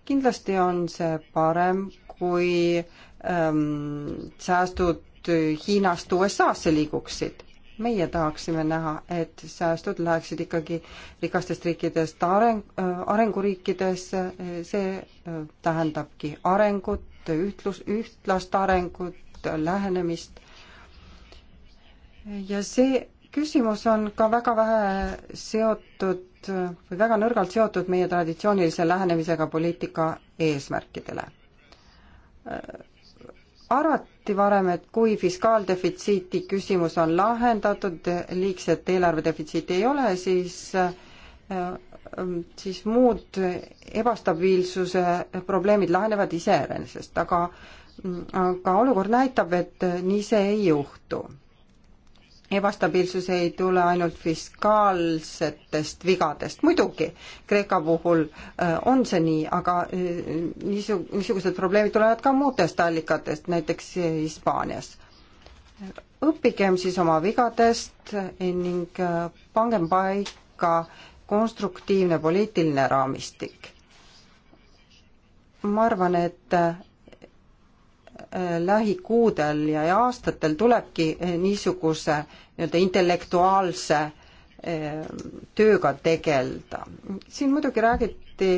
[SPEAKER 2] kindlasti on see parem, kui ähm, säästud Hiinast USA-sse liiguksid. meie tahaksime näha, et säästud läheksid ikkagi rikastest riikidest areng äh,, arenguriikidesse, see äh, tähendabki arengut, ühtlus, ühtlast arengut, lähenemist ja see küsimus on ka väga vähe seotud või väga nõrgalt seotud meie traditsioonilise lähenemisega poliitika eesmärkidele. Äh, alati varem, et kui fiskaaldefitsiiti küsimus on lahendatud, liigset eelarvedefitsiiti ei ole, siis äh, siis muud ebastabiilsuse probleemid lahenevad iseenesest, aga aga olukord näitab, et nii see ei juhtu ebastabiilsus ei tule ainult fiskaalsetest vigadest, muidugi Kreeka puhul äh, on see nii, aga äh, niisu-, niisugused probleemid tulevad ka muutest allikatest, näiteks äh, Hispaanias. õppigem siis oma vigadest ning pangem paika konstruktiivne poliitiline raamistik. ma arvan, et Äh, lähikuudel ja aastatel tulebki äh, niisuguse nii-öelda intellektuaalse äh, tööga tegeleda. siin muidugi räägiti,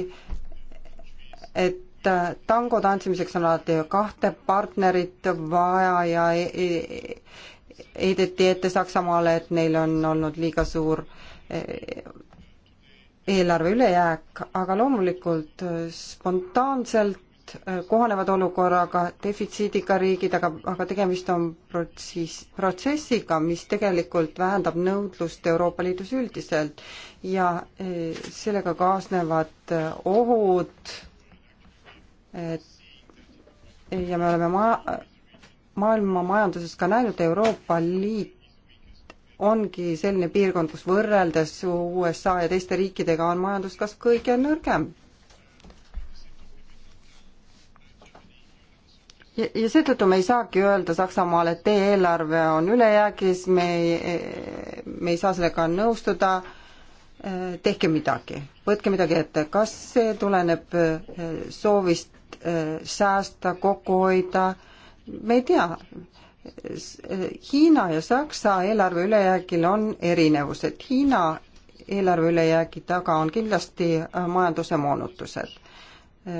[SPEAKER 2] et tango tantsimiseks on alati kahte partnerit vaja ja e, e, heideti ette Saksamaale, et neil on olnud liiga suur eelarve ülejääk, aga loomulikult spontaanselt riigid äh, kohanevad olukorraga, defitsiidiga riigid, aga, aga tegemist on protsess, protsessiga, mis tegelikult vähendab nõudlust Euroopa Liidus üldiselt ja äh, sellega kaasnevad äh, ohud, et ja me oleme ma-, maailma majanduses ka näinud, Euroopa Liit ongi selline piirkond, kus võrreldes USA ja teiste riikidega on majanduskasv kõige nõrgem ja, ja seetõttu me ei saagi öelda Saksamaale, et teie eelarve on ülejäägis, me ei, me ei saa sellega nõustuda, tehke midagi, võtke midagi ette, kas see tuleneb eh, soovist eh, säästa, kokku hoida, me ei tea. Hiina ja Saksa eelarve ülejäägil on erinevused, Hiina eelarve ülejäägi taga on kindlasti eh, majanduse moonutused.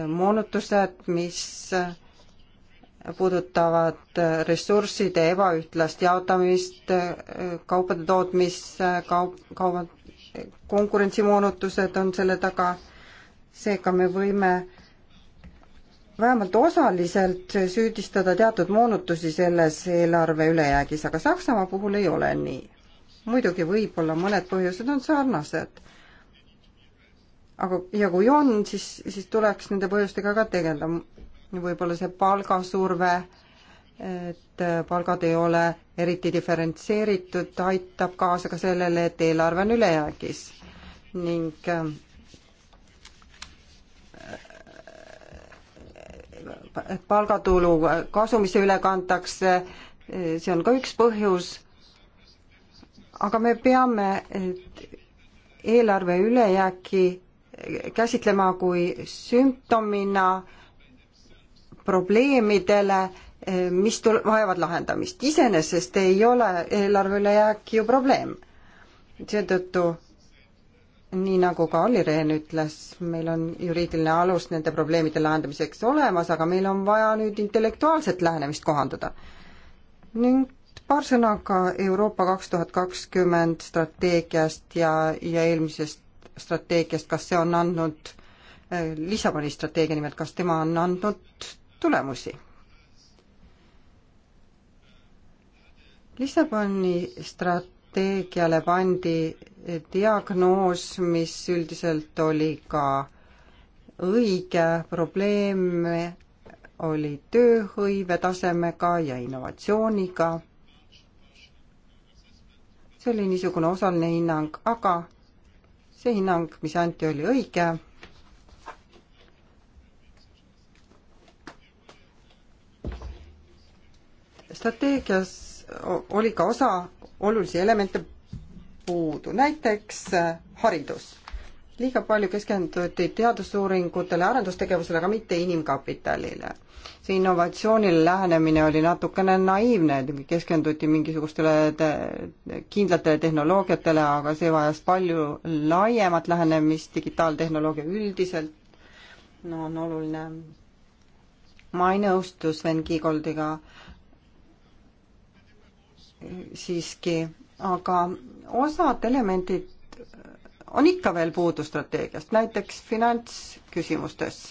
[SPEAKER 2] moonutused, mis äh, puudutavad ressursside ebaühtlast jaotamist, kaupade tootmist, kaup, kaubad, konkurentsimoonutused on selle taga, seega me võime vähemalt osaliselt süüdistada teatud moonutusi selles eelarve ülejäägis, aga Saksamaa puhul ei ole nii. muidugi võib-olla mõned põhjused on sarnased. aga, ja kui on, siis, siis tuleks nende põhjustega ka tegeleda võib-olla see palgasurve, et äh, palgad ei ole eriti diferentseeritud, aitab kaasa ka sellele, et eelarve on ülejäägis ning äh, äh, palgatulu kasumisse üle kantakse, see on ka üks põhjus, aga me peame eelarve ülejääki käsitlema kui sümptomina äh, probleemidele, eh, mis tul-, vajavad lahendamist. iseenesest ei ole eelarve ülejääk ju probleem. seetõttu nii nagu ka Olli Rehn ütles, meil on juriidiline alus nende probleemide lahendamiseks olemas, aga meil on vaja nüüd intellektuaalset lähenemist kohandada. ning paar sõna ka Euroopa kaks tuhat kakskümmend strateegiast ja, ja eelmisest strateegiast, kas see on andnud eh, Lissaboni strateegia nimelt, kas tema on andnud tulemusi. Lissaboni strateegiale pandi diagnoos, mis üldiselt oli ka õige, probleeme oli tööhõive tasemega ja innovatsiooniga. see oli niisugune osaline hinnang, aga see hinnang, mis anti, oli õige strateegias oli ka osa olulisi elemente puudu, näiteks äh, haridus. liiga palju keskenduti teadusuuringutele, arendustegevusele, aga mitte inimkapitalile. see innovatsioonile lähenemine oli natukene naiivne, keskenduti mingisugustele te kindlatele tehnoloogiatele, aga see vajas palju laiemat lähenemist, digitaaltehnoloogia üldiselt no, on oluline. ma ei nõustu Sven Kiigoldiga äh, siiski, aga osad elemendid on ikka veel puudu strateegiast, näiteks finantsküsimustes.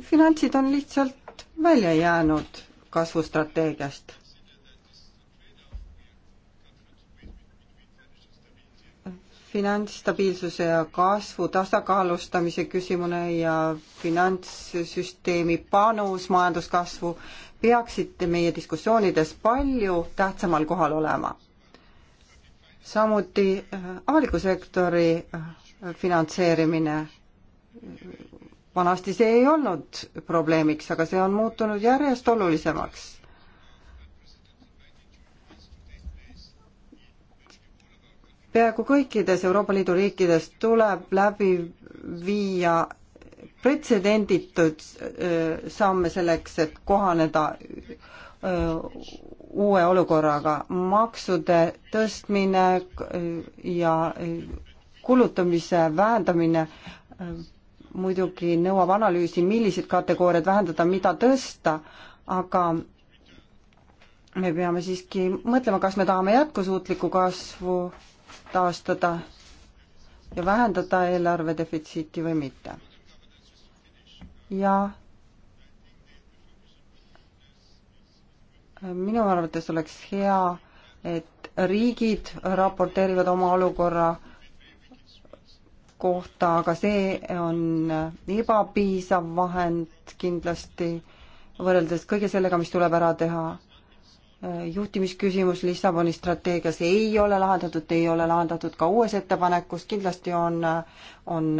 [SPEAKER 2] finantsid on lihtsalt välja jäänud kasvustrateegiast. finantsstabiilsuse ja kasvu tasakaalustamise küsimune ja finantssüsteemi panus majanduskasvu, peaksite meie diskussioonides palju tähtsamal kohal olema. samuti äh, avaliku sektori äh, finantseerimine. vanasti see ei olnud probleemiks, aga see on muutunud järjest olulisemaks. peaaegu kõikides Euroopa Liidu riikides tuleb läbi viia pretsedenditud samme selleks, et kohaneda uue olukorraga. maksude tõstmine ja kulutamise vähendamine muidugi nõuab analüüsi, millised kategooriad vähendada, mida tõsta, aga me peame siiski mõtlema, kas me tahame jätkusuutlikku kasvu taastada ja vähendada eelarve defitsiiti või mitte ja minu arvates oleks hea, et riigid raporteerivad oma olukorra kohta, aga see on ebapiisav vahend kindlasti võrreldes kõige sellega, mis tuleb ära teha. juhtimisküsimus Lissaboni strateegias ei ole lahendatud, ei ole lahendatud ka uues ettepanekus, kindlasti on, on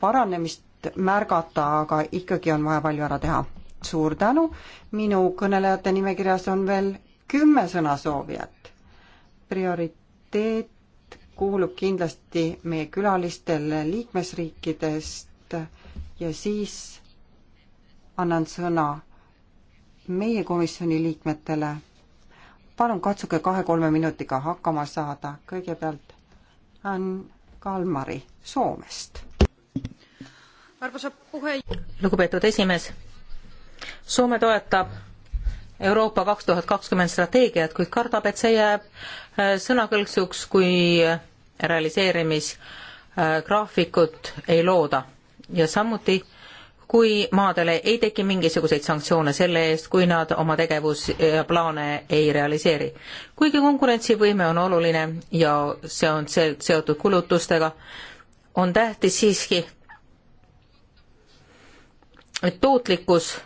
[SPEAKER 2] paranemist et märgata, aga ikkagi on vaja palju ära teha. suur tänu, minu kõnelejate nimekirjas on veel kümme sõnasoovijat. prioriteet kuulub kindlasti meie külalistele liikmesriikidest ja siis annan sõna meie komisjoni liikmetele. palun katsuge kahe-kolme minutiga hakkama saada. kõigepealt on Kalmari Soomest lugupeetud esimees,
[SPEAKER 3] Soome toetab Euroopa kaks tuhat kakskümmend strateegiat, kuid kardab, et see jääb äh, sõnakõlksuks, kui realiseerimisgraafikut äh, ei looda ja samuti kui maadele ei teki mingisuguseid sanktsioone selle eest, kui nad oma tegevus ja plaane ei realiseeri. kuigi konkurentsivõime on oluline ja see on seotud kulutustega, on tähtis siiski tootlikkus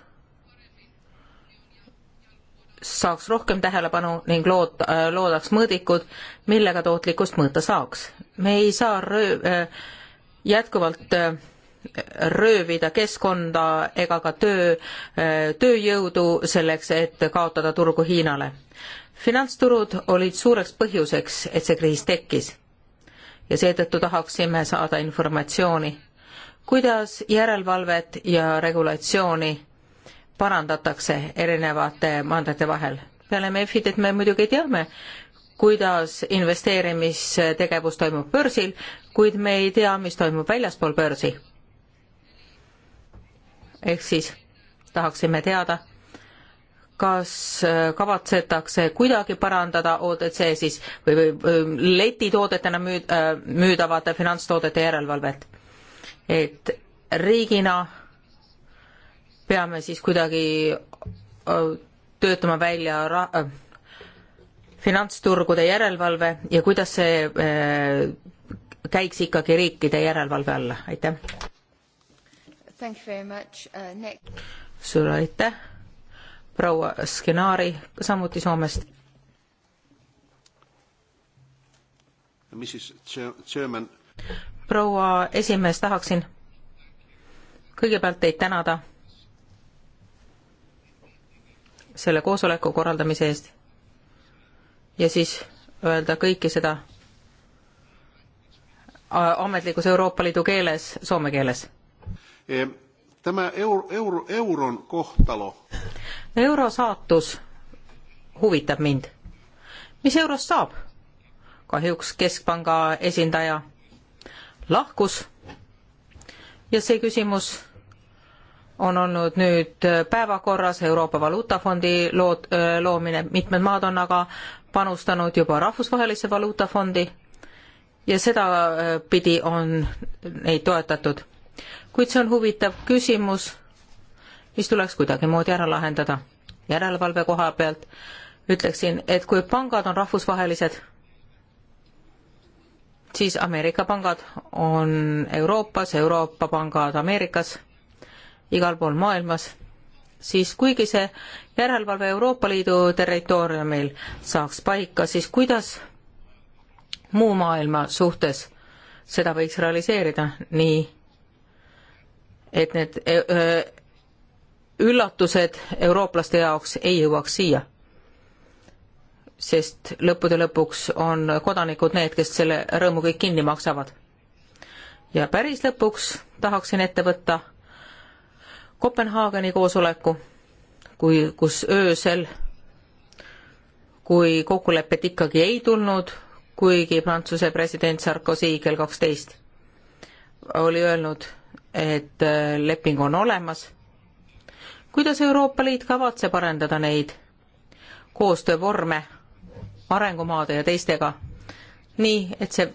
[SPEAKER 3] saaks rohkem tähelepanu ning lood, äh, loodaks mõõdikud, millega tootlikkust mõõta saaks. me ei saa röö-, äh, jätkuvalt äh, röövida keskkonda ega ka töö, tööjõudu selleks, et kaotada turgu Hiinale. finantsturud olid suureks põhjuseks, et see kriis tekkis. ja seetõttu tahaksime saada informatsiooni kuidas järelevalvet ja regulatsiooni parandatakse erinevate maandete vahel. peale MEF-idit me muidugi teame, kuidas investeerimistegevus toimub börsil, kuid me ei tea, mis toimub väljaspool börsi. ehk siis tahaksime teada, kas äh, kavatsetakse kuidagi parandada OTC siis või, või äh, leti toodetena müü-, äh, müüdavate finantstoodete järelevalvet et riigina peame siis kuidagi töötama välja ra-, finantsturgude järelevalve ja kuidas see käiks ikkagi riikide järelevalve alla, aitäh.
[SPEAKER 1] Uh,
[SPEAKER 3] suur aitäh, proua Skenaari, samuti Soomest proua esimees, tahaksin kõigepealt teid tänada selle koosoleku korraldamise eest ja siis öelda kõike seda
[SPEAKER 1] ametlikus
[SPEAKER 3] Euroopa Liidu keeles, soome keeles.
[SPEAKER 1] E, tämä euro, euro, euron kohtalo.
[SPEAKER 3] Euro saatus huvitab mind. mis eurost saab? kahjuks keskpanga esindaja lahkus ja see küsimus on olnud nüüd päevakorras Euroopa Valuutafondi lood, loomine, mitmed maad on aga panustanud juba Rahvusvahelisse Valuutafondi ja sedapidi on neid toetatud. kuid see on huvitav küsimus, mis tuleks kuidagimoodi ära lahendada. järelevalve koha pealt ütleksin, et kui pangad on rahvusvahelised siis Ameerika pangad on Euroopas, Euroopa pangad Ameerikas, igal pool maailmas, siis kuigi see järelevalve Euroopa Liidu territooriumil saaks paika, siis kuidas muu maailma suhtes seda võiks realiseerida nii, et need äh, äh, üllatused eurooplaste jaoks ei jõuaks siia sest lõppude lõpuks on kodanikud need, kes selle rõõmu kõik kinni maksavad. ja päris lõpuks tahaksin ette võtta Kopenhaageni koosoleku, kui, kus öösel, kui kokkulepet ikkagi ei tulnud, kuigi Prantsuse president Sarkozy kell kaksteist oli öelnud, et äh, leping on olemas. kuidas Euroopa Liit kavatseb arendada neid koostöövorme arengumaade ja teistega, nii et see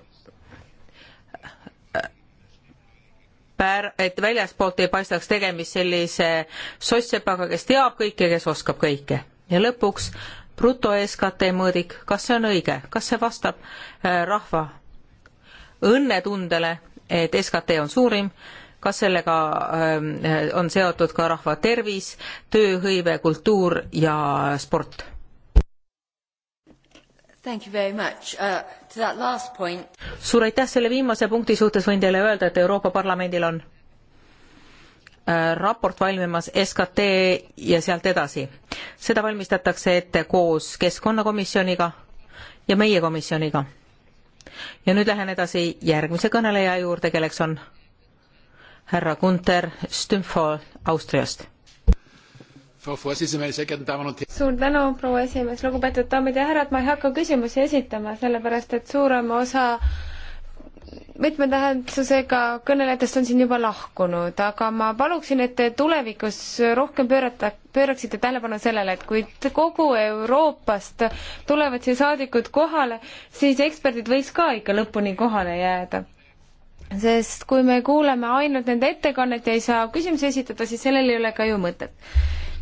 [SPEAKER 3] pär-, et väljaspoolt ei paistaks tegemist sellise sossepaga, kes teab kõike, kes oskab kõike. ja lõpuks bruto SKT mõõdik, kas see on õige, kas see vastab äh, rahva õnnetundele, et SKT on suurim, kas sellega ähm, äh, on seotud ka rahva tervis, tööhõive, kultuur ja sport?
[SPEAKER 4] Uh,
[SPEAKER 3] suur aitäh selle viimase punkti suhtes võin teile öelda, et Euroopa Parlamendil on äh, raport valmimas SKT ja sealt edasi. seda valmistatakse ette koos Keskkonnakomisjoniga ja meie komisjoniga. ja nüüd lähen edasi järgmise kõneleja juurde, kelleks on härra Gunter Stümfo Austriast
[SPEAKER 4] suur tänu, proua esimees, lugupeetud daamid ja härrad, ma ei hakka küsimusi esitama, sellepärast et suurem osa mitmetähendusega kõnelejatest on siin juba lahkunud, aga ma paluksin, et te tulevikus rohkem pöörata, pööraksite tähelepanu sellele, et kui kogu Euroopast tulevad siia saadikud kohale, siis eksperdid võiks ka ikka lõpuni kohale jääda. sest kui me kuuleme ainult nende ettekannet ja ei saa küsimusi esitada, siis sellel ei ole ka ju mõtet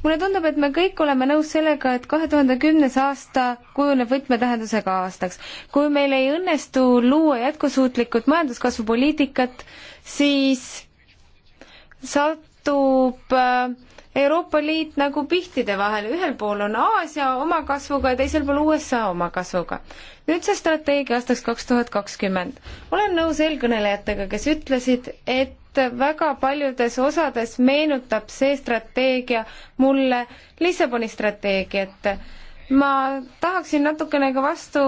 [SPEAKER 4] mulle tundub, et me kõik oleme nõus sellega, et kahe tuhande kümnes aasta kujuneb võtmetähendusega aastaks. kui meil ei õnnestu luua jätkusuutlikut majanduskasvupoliitikat, siis satub äh, Euroopa Liit nagu pihtide vahele, ühel pool on Aasia oma kasvuga ja teisel pool USA oma kasvuga. nüüd see strateegia aastaks kaks tuhat kakskümmend. olen nõus eelkõnelejatega, kes ütlesid, et väga paljudes osades meenutab see strateegia mulle Lissaboni strateegiat. ma tahaksin natukene ka vastu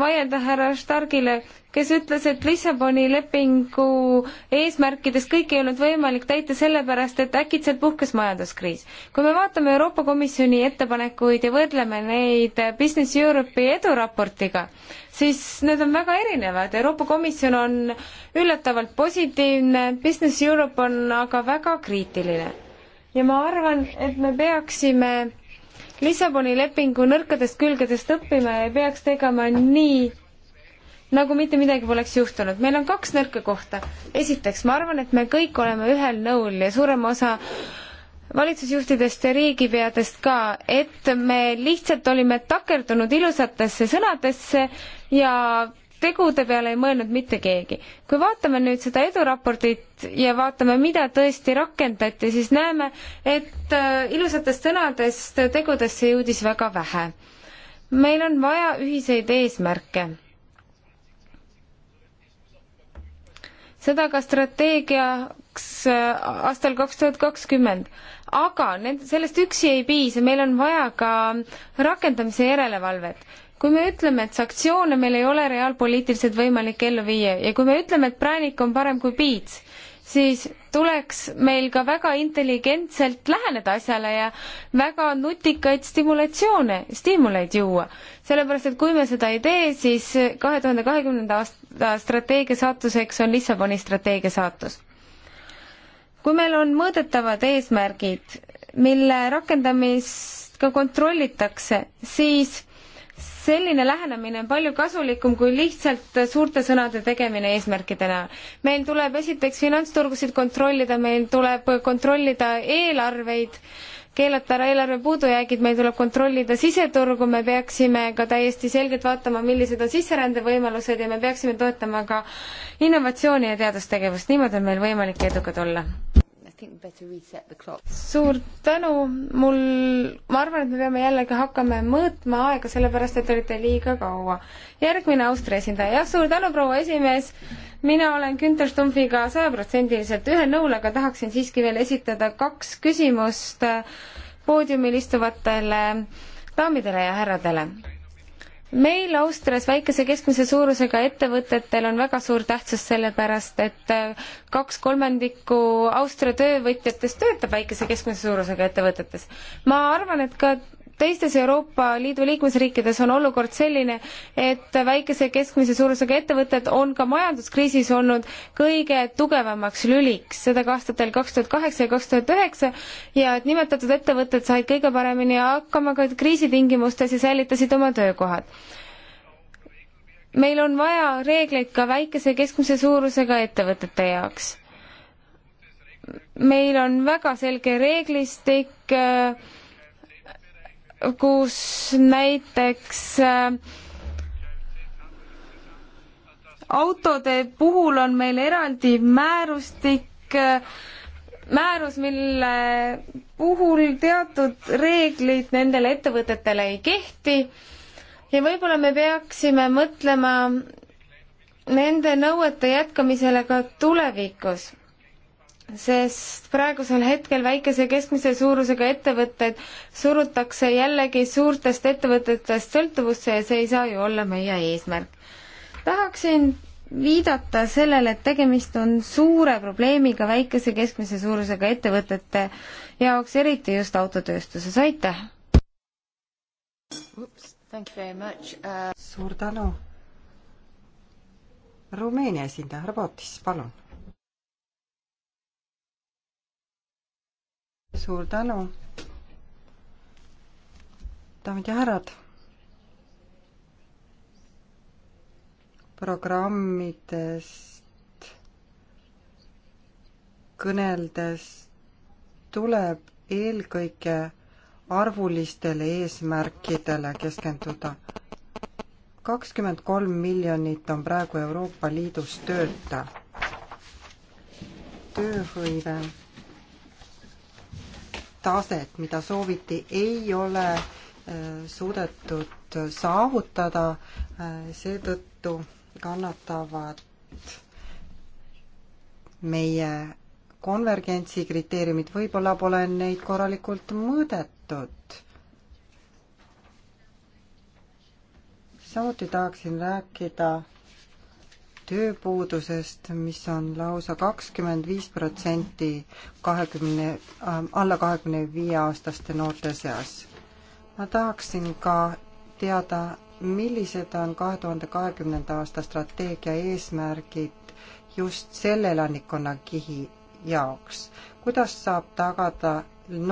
[SPEAKER 4] vaielda härra Stargile, kes ütles, et Lissaboni lepingu eesmärkides kõike ei olnud võimalik täita sellepärast, et äkitselt puhkes majanduskriis. kui me vaatame Euroopa Komisjoni ettepanekuid ja võrdleme neid Business Europe'i eduraportiga, siis need on väga erinevad, Euroopa Komisjon on üllatavalt positiivne, Business Europe on aga väga kriitiline. ja ma arvan, et me peaksime Lissaboni lepingu nõrkadest külgedest õppima ja ei peaks tegema nii, nagu mitte midagi poleks juhtunud. meil on kaks nõrka kohta. esiteks, ma arvan, et me kõik oleme ühel nõul ja suurem osa valitsusjuhtidest ja riigipeadest ka, et me lihtsalt olime takerdunud ilusatesse sõnadesse ja tegude peale ei mõelnud mitte keegi. kui vaatame nüüd seda eduraportit ja vaatame, mida tõesti rakendati, siis näeme, et äh, ilusatest sõnadest äh, tegudesse jõudis väga vähe. meil on vaja ühiseid eesmärke seda ka strateegiaks äh, aastal kaks tuhat kakskümmend. aga need, sellest üksi ei piisa, meil on vaja ka rakendamise järelevalvet kui me ütleme, et sanktsioone meil ei ole reaalpoliitiliselt võimalik ellu viia ja kui me ütleme, et präänik on parem kui piits, siis tuleks meil ka väga intelligentselt läheneda asjale ja väga nutikaid stimulatsioone, stiimuleid juua. sellepärast, et kui me seda ei tee, siis kahe tuhande kahekümnenda aasta strateegia saatuseks on Lissaboni strateegia saatus. kui meil on mõõdetavad eesmärgid, mille rakendamist ka kontrollitakse, siis selline lähenemine on palju kasulikum kui lihtsalt suurte sõnade tegemine eesmärkide näol. meil tuleb esiteks finantsturgusid kontrollida, meil tuleb kontrollida eelarveid, keelata ära eelarve puudujäägid, meil tuleb kontrollida siseturgu, me peaksime ka täiesti selgelt vaatama, millised on sisserändevõimalused ja me peaksime toetama ka innovatsiooni ja teadustegevust, niimoodi on meil võimalik edukad olla suur tänu, mul, ma arvan, et me peame jällegi hakkame mõõtma aega, sellepärast et olite liiga kaua. järgmine Austria esindaja, jah, suur tänu, proua esimees, mina olen Günter Stumpfiga sajaprotsendiliselt ühel nõul, aga tahaksin siiski veel esitada kaks küsimust äh, poodiumil istuvatele daamidele ja härradele meil Austrias väikese keskmise suurusega ettevõtetel on väga suur tähtsus sellepärast, et äh, kaks kolmandikku Austria töövõtjatest töötab väikese keskmise suurusega ettevõtetes. ma arvan, et ka teistes Euroopa Liidu liikmesriikides on olukord selline, et väikese keskmise suurusega ettevõtted on ka majanduskriisis olnud kõige tugevamaks lüliks, seda ka aastatel kaks tuhat kaheksa ja kaks tuhat üheksa, ja et nimetatud ettevõtted said kõige paremini hakkama ka kriisitingimustes ja säilitasid oma töökohad meil on vaja reegleid ka väikese keskmise suurusega ettevõtete jaoks. meil on väga selge reeglistik äh, kus näiteks äh, autode puhul on meil eraldi määrustik, äh, määrus, mille puhul teatud reeglid nendele ettevõtetele ei kehti ja võib-olla me peaksime mõtlema nende nõuete jätkamisele ka tulevikus sest praegusel hetkel väikese ja keskmise suurusega ettevõtted surutakse jällegi suurtest ettevõtetest sõltuvusse ja see ei saa ju olla meie eesmärk. tahaksin viidata sellele, et tegemist on suure probleemiga väikese keskmise suurusega ettevõtete jaoks, eriti just autotööstuses, aitäh!
[SPEAKER 2] Uh, suur tänu! Rumeenia esindaja, härra Pootis, palun! suur tänu. daamid ja härrad. programmidest kõneldes tuleb eelkõige arvulistele eesmärkidele keskenduda. kakskümmend kolm miljonit on praegu Euroopa Liidus tööta. tööhõive taset, mida sooviti, ei ole äh, suudetud saavutada, äh, seetõttu kannatavad meie konvergentsi kriteeriumid, võib-olla pole neid korralikult mõõdetud. samuti tahaksin rääkida tööpuudusest, mis on lausa kakskümmend viis protsenti kahekümne, äh, alla kahekümne viie aastaste noorte seas. ma tahaksin ka teada, millised on kahe tuhande kahekümnenda aasta strateegia eesmärgid just selle elanikkonnakihi jaoks. kuidas saab tagada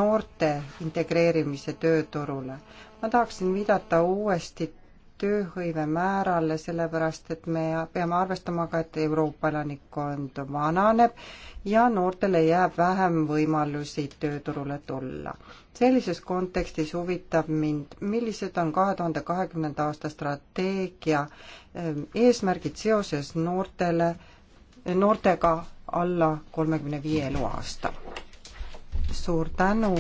[SPEAKER 2] noorte integreerimise tööturule? ma tahaksin viidata uuesti tööhõive määrale, sellepärast et me peame arvestama ka, et Euroopa elanikkond vananeb ja noortele jääb vähem võimalusi tööturule tulla. sellises kontekstis huvitab mind, millised on kahe tuhande kahekümnenda aasta strateegia ehm, eesmärgid seoses noortele, noortega alla kolmekümne viie eluaasta. suur tänu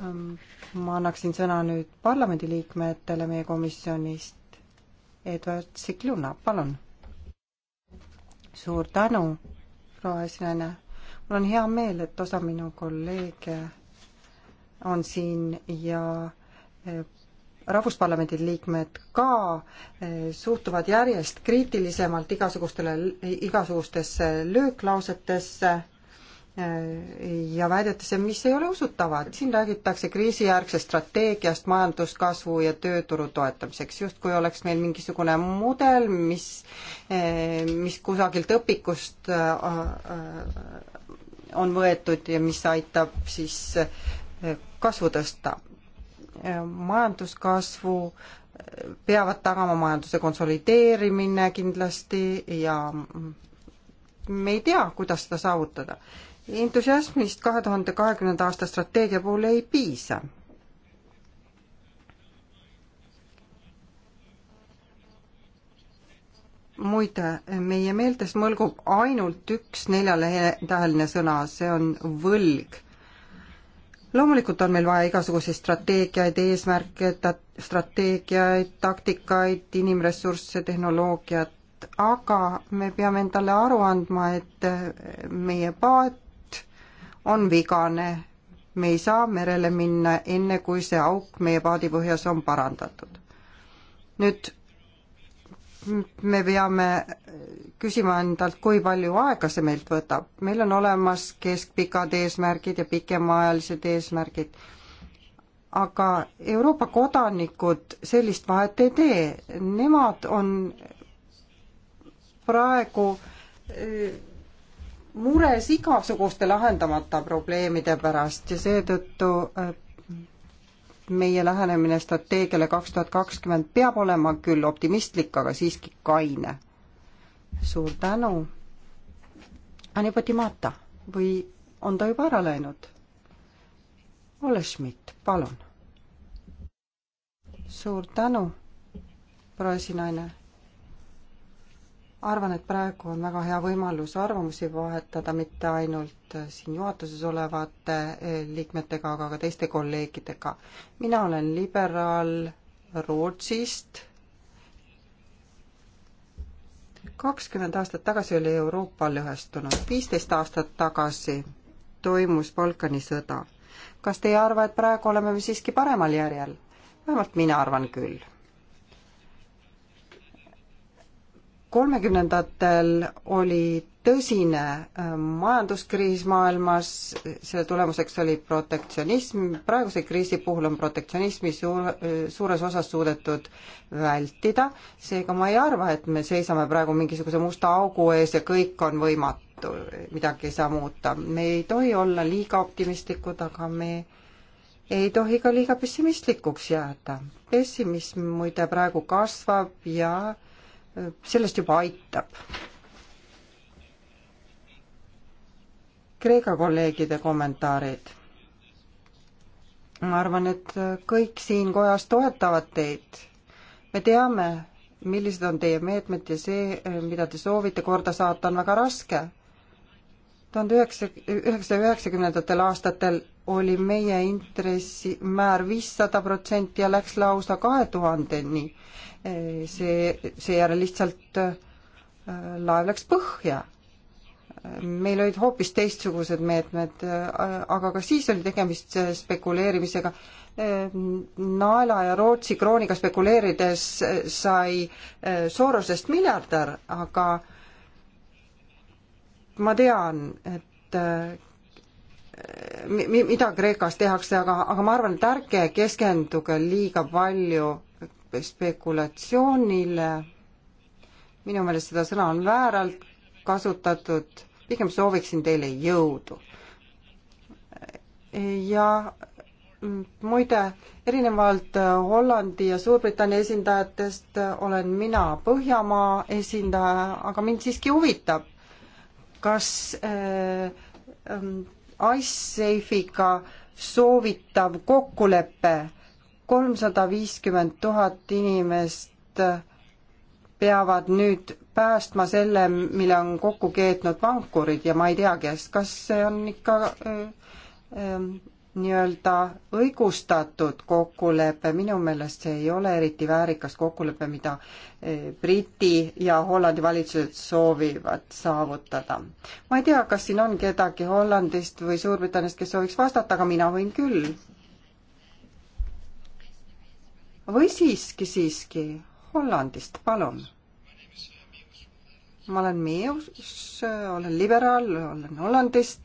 [SPEAKER 2] um, ma annaksin sõna nüüd parlamendiliikmetele meie komisjonist. Edward Sikluna, palun. suur tänu, proua esinaine. mul on hea meel, et osa minu kolleege on siin ja eh, rahvusparlamendi liikmed ka eh, suhtuvad järjest kriitilisemalt igasugustele, igasugustesse lööklausetesse ja väidetesse, mis ei ole usutavad. siin räägitakse kriisijärgsest strateegiast majanduskasvu ja tööturu toetamiseks, justkui oleks meil mingisugune mudel, mis, mis kusagilt õpikust äh, äh, on võetud ja mis aitab siis äh, kasvu tõsta. majanduskasvu peavad tagama majanduse konsolideerimine kindlasti ja mm, me ei tea, kuidas seda saavutada entusiasmist kahe tuhande kahekümnenda aasta strateegia puhul ei piisa. muide, meie meeltes mõlgub ainult üks neljatäheline sõna, see on võlg. loomulikult on meil vaja igasuguseid strateegiaid, eesmärke, strateegiaid, taktikaid, inimressursse, tehnoloogiat, aga me peame endale aru andma, et meie paat on vigane. me ei saa merele minna enne, kui see auk meie paadipõhjas on parandatud. nüüd me peame küsima endalt, kui palju aega see meilt võtab. meil on olemas keskpikad eesmärgid ja pikemaajalised eesmärgid, aga Euroopa kodanikud sellist vahet ei tee, nemad on praegu mures igasuguste lahendamata probleemide pärast ja seetõttu äh, meie lähenemine strateegiale kaks tuhat kakskümmend peab olema küll optimistlik, aga siiski kaine. suur tänu. Anipotimata või on ta juba ära läinud? Olle Schmidt, palun. suur tänu, proesinaine arvan, et praegu on väga hea võimalus arvamusi vahetada mitte ainult äh, siin juhatuses olevate äh, liikmetega, aga ka teiste kolleegidega. mina olen liberaal Rootsist. kakskümmend aastat tagasi oli Euroopa lõhestunud, viisteist aastat tagasi toimus Balkani sõda. kas te ei arva, et praegu oleme me siiski paremal järjel? vähemalt mina arvan küll kolmekümnendatel oli tõsine äh, majanduskriis maailmas, selle tulemuseks oli protektsionism, praeguse kriisi puhul on protektsionismi suur, suures osas suudetud vältida, seega ma ei arva, et me seisame praegu mingisuguse musta augu ees ja kõik on võimatu, midagi ei saa muuta. me ei tohi olla liiga optimistlikud, aga me ei tohi ka liiga pessimistlikuks jääda. pessimism muide praegu kasvab ja äh, sellest juba aitab. Kreeka kolleegide kommentaarid. ma arvan, et kõik siin kojas toetavad teid. me teame, millised on teie meetmed ja see, mida te soovite korda saata, on väga raske. tuhande üheksa, üheksasaja üheksakümnendatel aastatel oli meie intressimäär viissada protsenti ja läks lausa kahe tuhandeni see, seejärel lihtsalt äh, laev läks põhja. meil olid hoopis teistsugused meetmed, äh, aga ka siis oli tegemist äh, spekuleerimisega. naela ja Rootsi krooniga spekuleerides sai Sorosest miljardär, aga ma tean, et mida Kreekas tehakse, aga, aga ma arvan, et ärge keskenduge liiga palju spekulatsioonile. minu meelest seda sõna on vääralt kasutatud, pigem sooviksin teile jõudu. ja mm, muide, erinevalt äh, Hollandi ja Suurbritannia esindajatest olen mina Põhjamaa esindaja, aga mind siiski huvitab, kas äh, äh, mm, IceSafe'iga soovitav kokkulepe äh, kolmsada viiskümmend tuhat inimest peavad nüüd päästma selle, mille on kokku keetnud vankurid ja ma ei tea, kes, kas see on ikka äh, äh, nii-öelda õigustatud kokkulepe, minu meelest see ei ole eriti väärikas kokkulepe, mida Briti ja Hollandi valitsused soovivad saavutada. ma ei tea, kas siin on kedagi Hollandist või Suurbritanniast, kes sooviks vastata, aga mina võin küll või siiski, siiski Hollandist, palun. ma olen Mius, olen liberaal, olen Hollandist.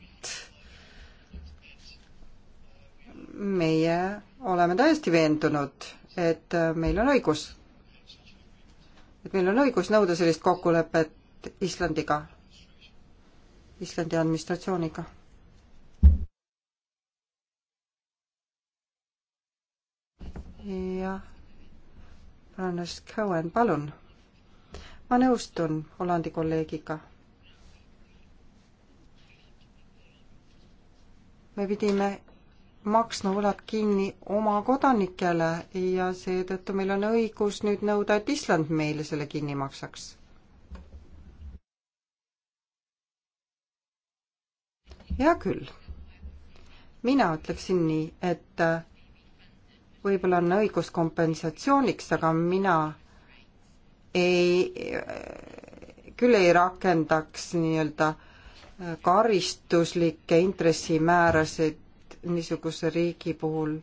[SPEAKER 2] meie oleme täiesti veendunud, et meil on õigus. et meil on õigus nõuda sellist kokkulepet Islandiga, Islandi administratsiooniga ja Rannes Cohen, palun. ma nõustun Hollandi kolleegiga. me pidime maksma võlad kinni oma kodanikele ja seetõttu meil on õigus nüüd nõuda, et Island meile selle kinni maksaks. hea küll. mina ütleksin nii, et võib-olla on õigus kompensatsiooniks, aga mina ei, küll ei rakendaks nii-öelda äh, karistuslikke intressimäärasid niisuguse riigi puhul.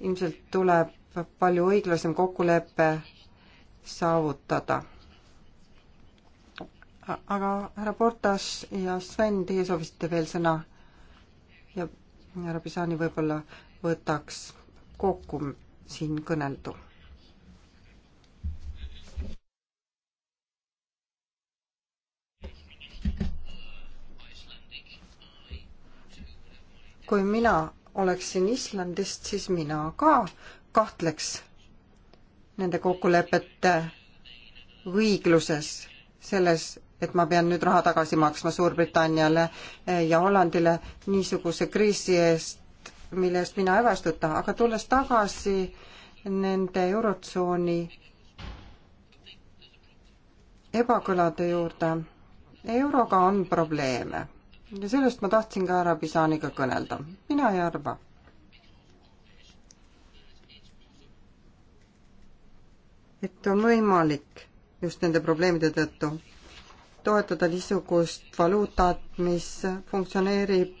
[SPEAKER 2] ilmselt tuleb palju õiglasem kokkulepe saavutada. aga härra Portas ja Sven, teie soovisite veel sõna ja härra Pisani võib-olla võtaks kokku siin kõneldu. kui mina oleksin Islandist, siis mina ka kahtleks nende kokkulepete õigluses, selles, et ma pean nüüd raha tagasi maksma Suurbritanniale ja Hollandile niisuguse kriisi eest, millest mina ei vastuta, aga tulles tagasi nende Eurotsooni ebakõlade juurde, euroga on probleeme ja sellest ma tahtsin ka härra Pisaniga kõnelda, mina ei arva et on võimalik just nende probleemide tõttu toetada niisugust valuutat, mis funktsioneerib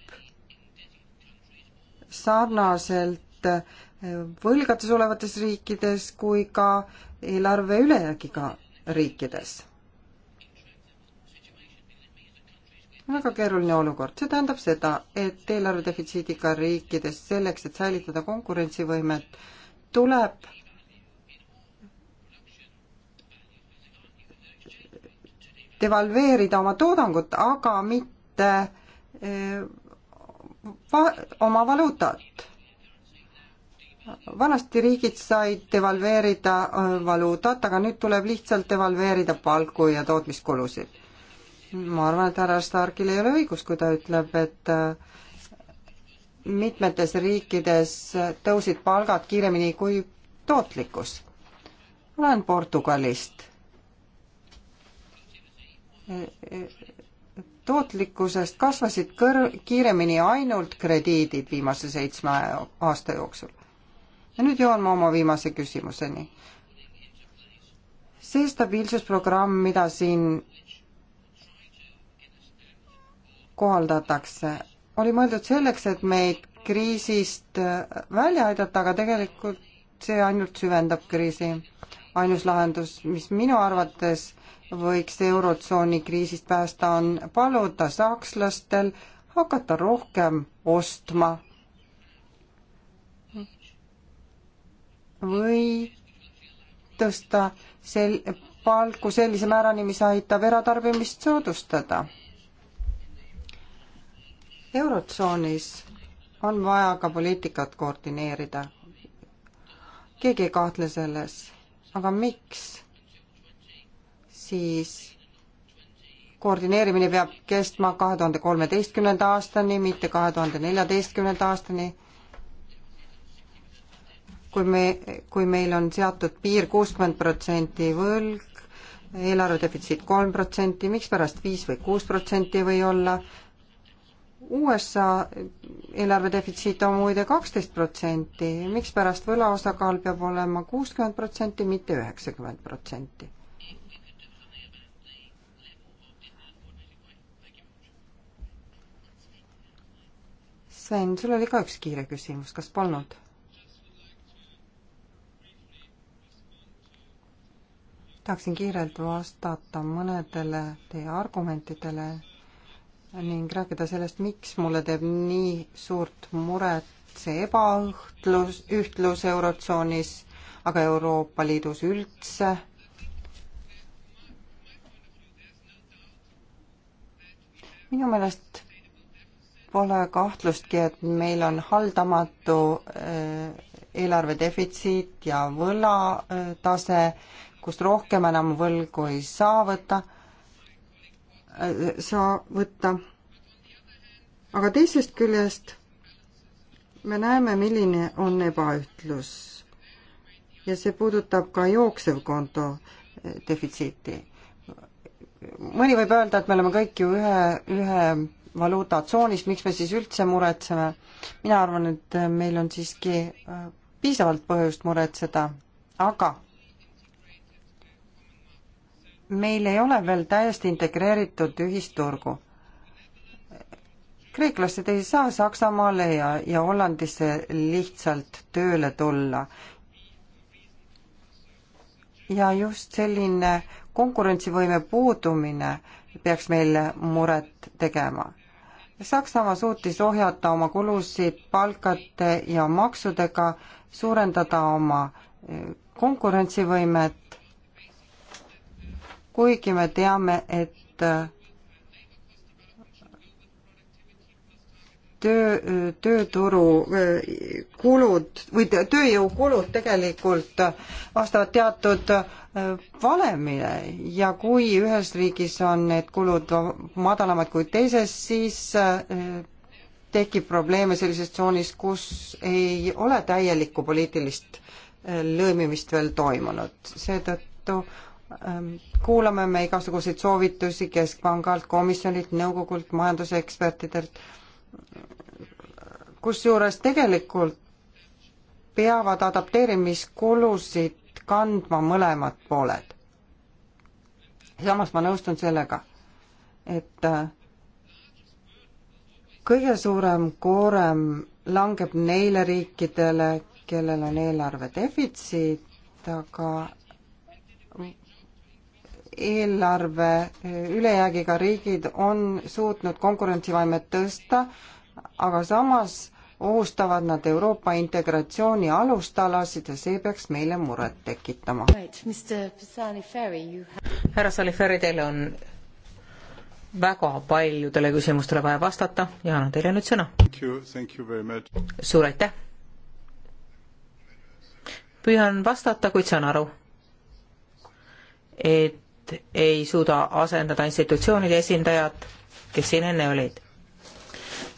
[SPEAKER 2] sarnaselt eh, võlgades olevates riikides kui ka eelarve ülejäägiga riikides. väga keeruline olukord, see tähendab seda, et eelarve defitsiidiga riikides selleks, et säilitada konkurentsivõimet, tuleb devalveerida oma toodangut, aga mitte eh, va-, oma valuutat. vanasti riigid said devalveerida äh, valuutat, aga nüüd tuleb lihtsalt devalveerida palku ja tootmiskulusid. ma arvan, et härra Starkil ei ole õigus, kui ta ütleb, et äh, mitmetes riikides tõusid palgad kiiremini kui tootlikkus. olen Portugalist äh, tootlikkusest kasvasid kõr-, kiiremini ainult krediidid viimase seitsme aasta jooksul. ja nüüd jõuan ma oma viimase küsimuseni. see stabiilsusprogramm, mida siin kohaldatakse, oli mõeldud selleks, et meid kriisist välja aidata, aga tegelikult see ainult süvendab kriisi. ainus lahendus, mis minu arvates võiks Eurotsooni kriisist päästa, on paluda sakslastel hakata rohkem ostma või tõsta sel-, palku sellise määrani, mis aitab eratarbimist soodustada. Eurotsoonis on vaja ka poliitikat koordineerida. keegi ei kahtle selles. aga miks? siis koordineerimine peab kestma kahe tuhande kolmeteistkümnenda aastani, mitte kahe tuhande neljateistkümnenda aastani. kui me, kui meil on seatud piir kuuskümmend protsenti võlg, eelarve defitsiit kolm protsenti, mikspärast viis või kuus protsenti või olla, USA eelarve defitsiit on muide kaksteist protsenti, mikspärast võla osakaal peab olema kuuskümmend protsenti, mitte üheksakümmend protsenti? Sven, sul oli ka üks kiire küsimus, kas polnud? tahaksin kiirelt vastata mõnedele teie argumentidele ning rääkida sellest, miks mulle teeb nii suurt muret see ebaõhtlus, ühtlus Eurotsoonis, aga Euroopa Liidus üldse minu meelest Pole kahtlustki, et meil on haldamatu äh, eelarve defitsiit ja võlatase, äh, kust rohkem enam võlgu ei saa võtta, äh, saa võtta. aga teisest küljest me näeme, milline on ebaühtlus ja see puudutab ka jooksevkonto defitsiiti mõni võib öelda, et me oleme kõik ju ühe, ühe valuutatsoonis, miks me siis üldse muretseme? mina arvan, et meil on siiski äh, piisavalt põhjust muretseda, aga meil ei ole veel täiesti integreeritud ühisturgu. kreeklased ei saa Saksamaale ja, ja Hollandisse lihtsalt tööle tulla. ja just selline konkurentsivõime puudumine peaks meile muret tegema. Saksamaa suutis ohjata oma kulusid palkade ja maksudega, suurendada oma e, konkurentsivõimet, kuigi me teame, et töö, tööturu e, kulud või tööjõukulud tegelikult vastavad teatud Äh, valemile ja kui ühes riigis on need kulud madalamad kui teises, siis äh, tekib probleeme sellises tsoonis, kus ei ole täielikku poliitilist äh, lõimimist veel toimunud. seetõttu ähm, kuulame me igasuguseid soovitusi Keskpangalt, komisjonilt, nõukogult, majandusekspertidelt, kusjuures tegelikult peavad adapteerimiskulusid kandma mõlemad pooled. samas ma nõustun sellega, et äh, kõige suurem koorem langeb neile riikidele, kellel on eelarve defitsiit, aga eelarve äh, ülejäägiga riigid on suutnud konkurentsivaimet tõsta, aga samas ohustavad nad Euroopa integratsiooni alustalasid ja see peaks meile muret tekitama. härra Saliferri, teil on
[SPEAKER 3] väga paljudele küsimustele vaja vastata ja annan teile nüüd sõna. suur aitäh! püüan vastata, kuid saan aru, et ei suuda asendada institutsioonide esindajat, kes siin enne olid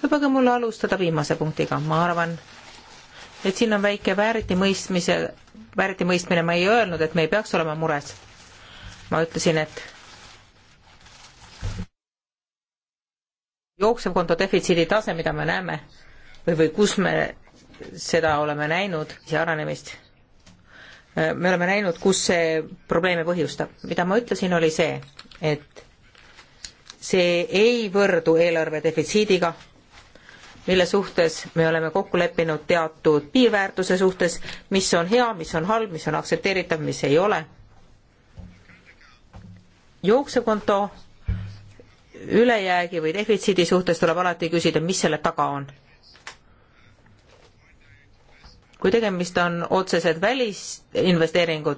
[SPEAKER 3] lubage mul alustada viimase punktiga, ma arvan, et siin on väike vääritimõistmise, vääritimõistmine, ma ei öelnud, et me ei peaks olema mures. ma ütlesin, et jooksevkonto defitsiidi tase, mida me näeme või, või kus me seda oleme näinud, see arenemist, me oleme näinud, kus see probleeme põhjustab. mida ma ütlesin, oli see, et see ei võrdu eelarve defitsiidiga mille suhtes me oleme kokku leppinud teatud piirväärtuse suhtes, mis on hea, mis on halb, mis on aktsepteeritav, mis ei ole. jooksekonto ülejäägi või defitsiidi suhtes tuleb alati küsida, mis selle taga on kui tegemist on otsesed välisinvesteeringud,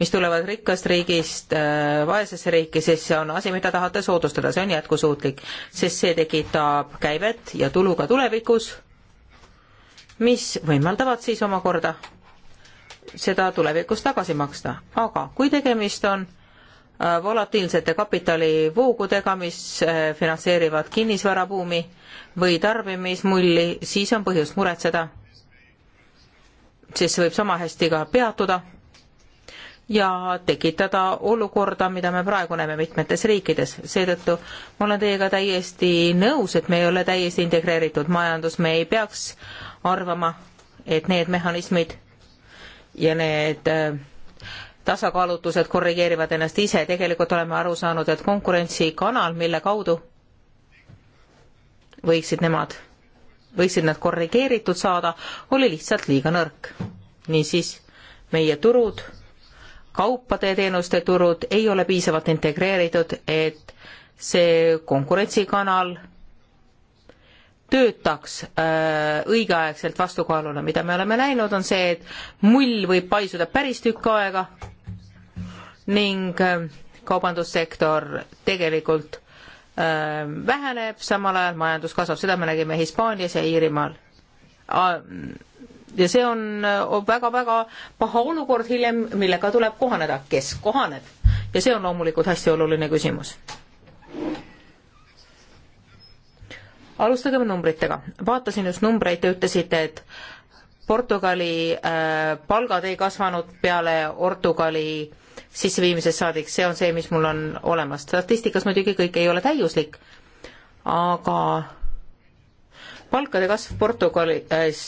[SPEAKER 3] mis tulevad rikkast riigist äh, vaesesse riiki, siis see on asi, mida tahate soodustada, see on jätkusuutlik, sest see tekitab käivet ja tulu ka tulevikus, mis võimaldavad siis omakorda seda tulevikus tagasi maksta, aga kui tegemist on äh, volatiilsete kapitalivoogudega, mis äh, finantseerivad kinnisvarabuumi või tarbimismulli, siis on põhjust muretseda siis see võib sama hästi ka peatuda ja tekitada olukorda, mida me praegu näeme mitmetes riikides. seetõttu ma olen teiega täiesti nõus, et me ei ole täiesti integreeritud majandus, me ei peaks arvama, et need mehhanismid ja need äh, tasakaalutused korrigeerivad ennast ise, tegelikult oleme aru saanud, et konkurentsikanal, mille kaudu võiksid nemad võisid nad korrigeeritud saada, oli lihtsalt liiga nõrk. niisiis, meie turud, kaupade ja teenuste turud ei ole piisavalt integreeritud, et see konkurentsikanal töötaks äh, õigeaegselt vastukaalule, mida me oleme näinud, on see, et mull võib paisuda päris tükk aega ning äh, kaubandussektor tegelikult Äh, väheneb, samal ajal majandus kasvab, seda me nägime Hispaanias ja Iirimaal. ja see on väga-väga äh, paha olukord hiljem, millega tuleb kohaneda, kes kohaneb. ja see on loomulikult hästi oluline küsimus. alustagem numbritega. vaatasin just numbreid, te ütlesite, et Portugali äh, palgad ei kasvanud peale Portugali äh, sisseviimisest saadik, see on see, mis mul on olemas. statistikas muidugi kõik ei ole täiuslik, aga palkade kasv Portugalis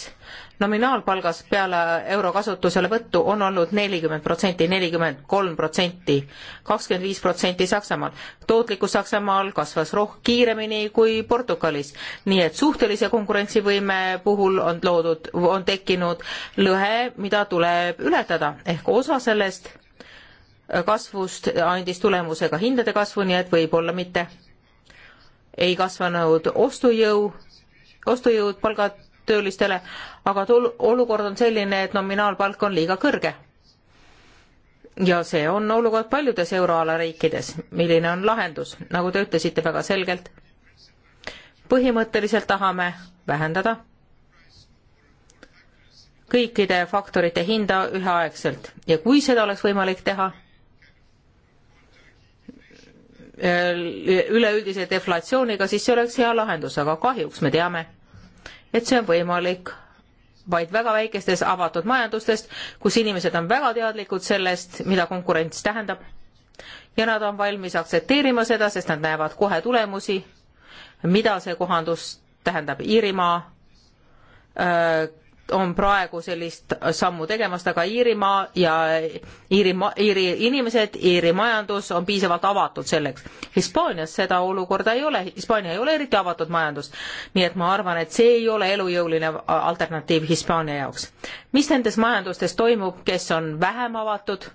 [SPEAKER 3] nominaalpalgas peale euro kasutuselevõttu on olnud nelikümmend protsenti, nelikümmend kolm protsenti, kakskümmend viis protsenti Saksamaal. tootlikkus Saksamaal kasvas roh-, kiiremini kui Portugalis. nii et suhtelise konkurentsivõime puhul on loodud, on tekkinud lõhe, mida tuleb ületada, ehk osa sellest kasvust andis tulemuse ka hindade kasvu, nii et võib-olla mitte ei kasvanud ostujõu, ostujõud palgatöölistele, aga tol-, olukord on selline, et nominaalpalk on liiga kõrge. ja see on olukord paljudes euroala riikides. milline on lahendus, nagu te ütlesite väga selgelt? põhimõtteliselt tahame vähendada kõikide faktorite hinda üheaegselt ja kui seda oleks võimalik teha, Äh, üleüldise deflatsiooniga, siis see oleks hea lahendus, aga kahjuks me teame, et see on võimalik vaid väga väikestes avatud majandustest, kus inimesed on väga teadlikud sellest, mida konkurents tähendab. ja nad on valmis aktsepteerima seda, sest nad näevad kohe tulemusi, mida see kohandus tähendab Iirimaa äh, on praegu sellist sammu tegemas, aga Iirimaa ja Iirimaa, Iiri inimesed, Iiri majandus on piisavalt avatud selleks. Hispaanias seda olukorda ei ole, Hispaania ei ole eriti avatud majandus. nii et ma arvan, et see ei ole elujõuline alternatiiv Hispaania jaoks. mis nendes majandustes toimub, kes on vähem avatud,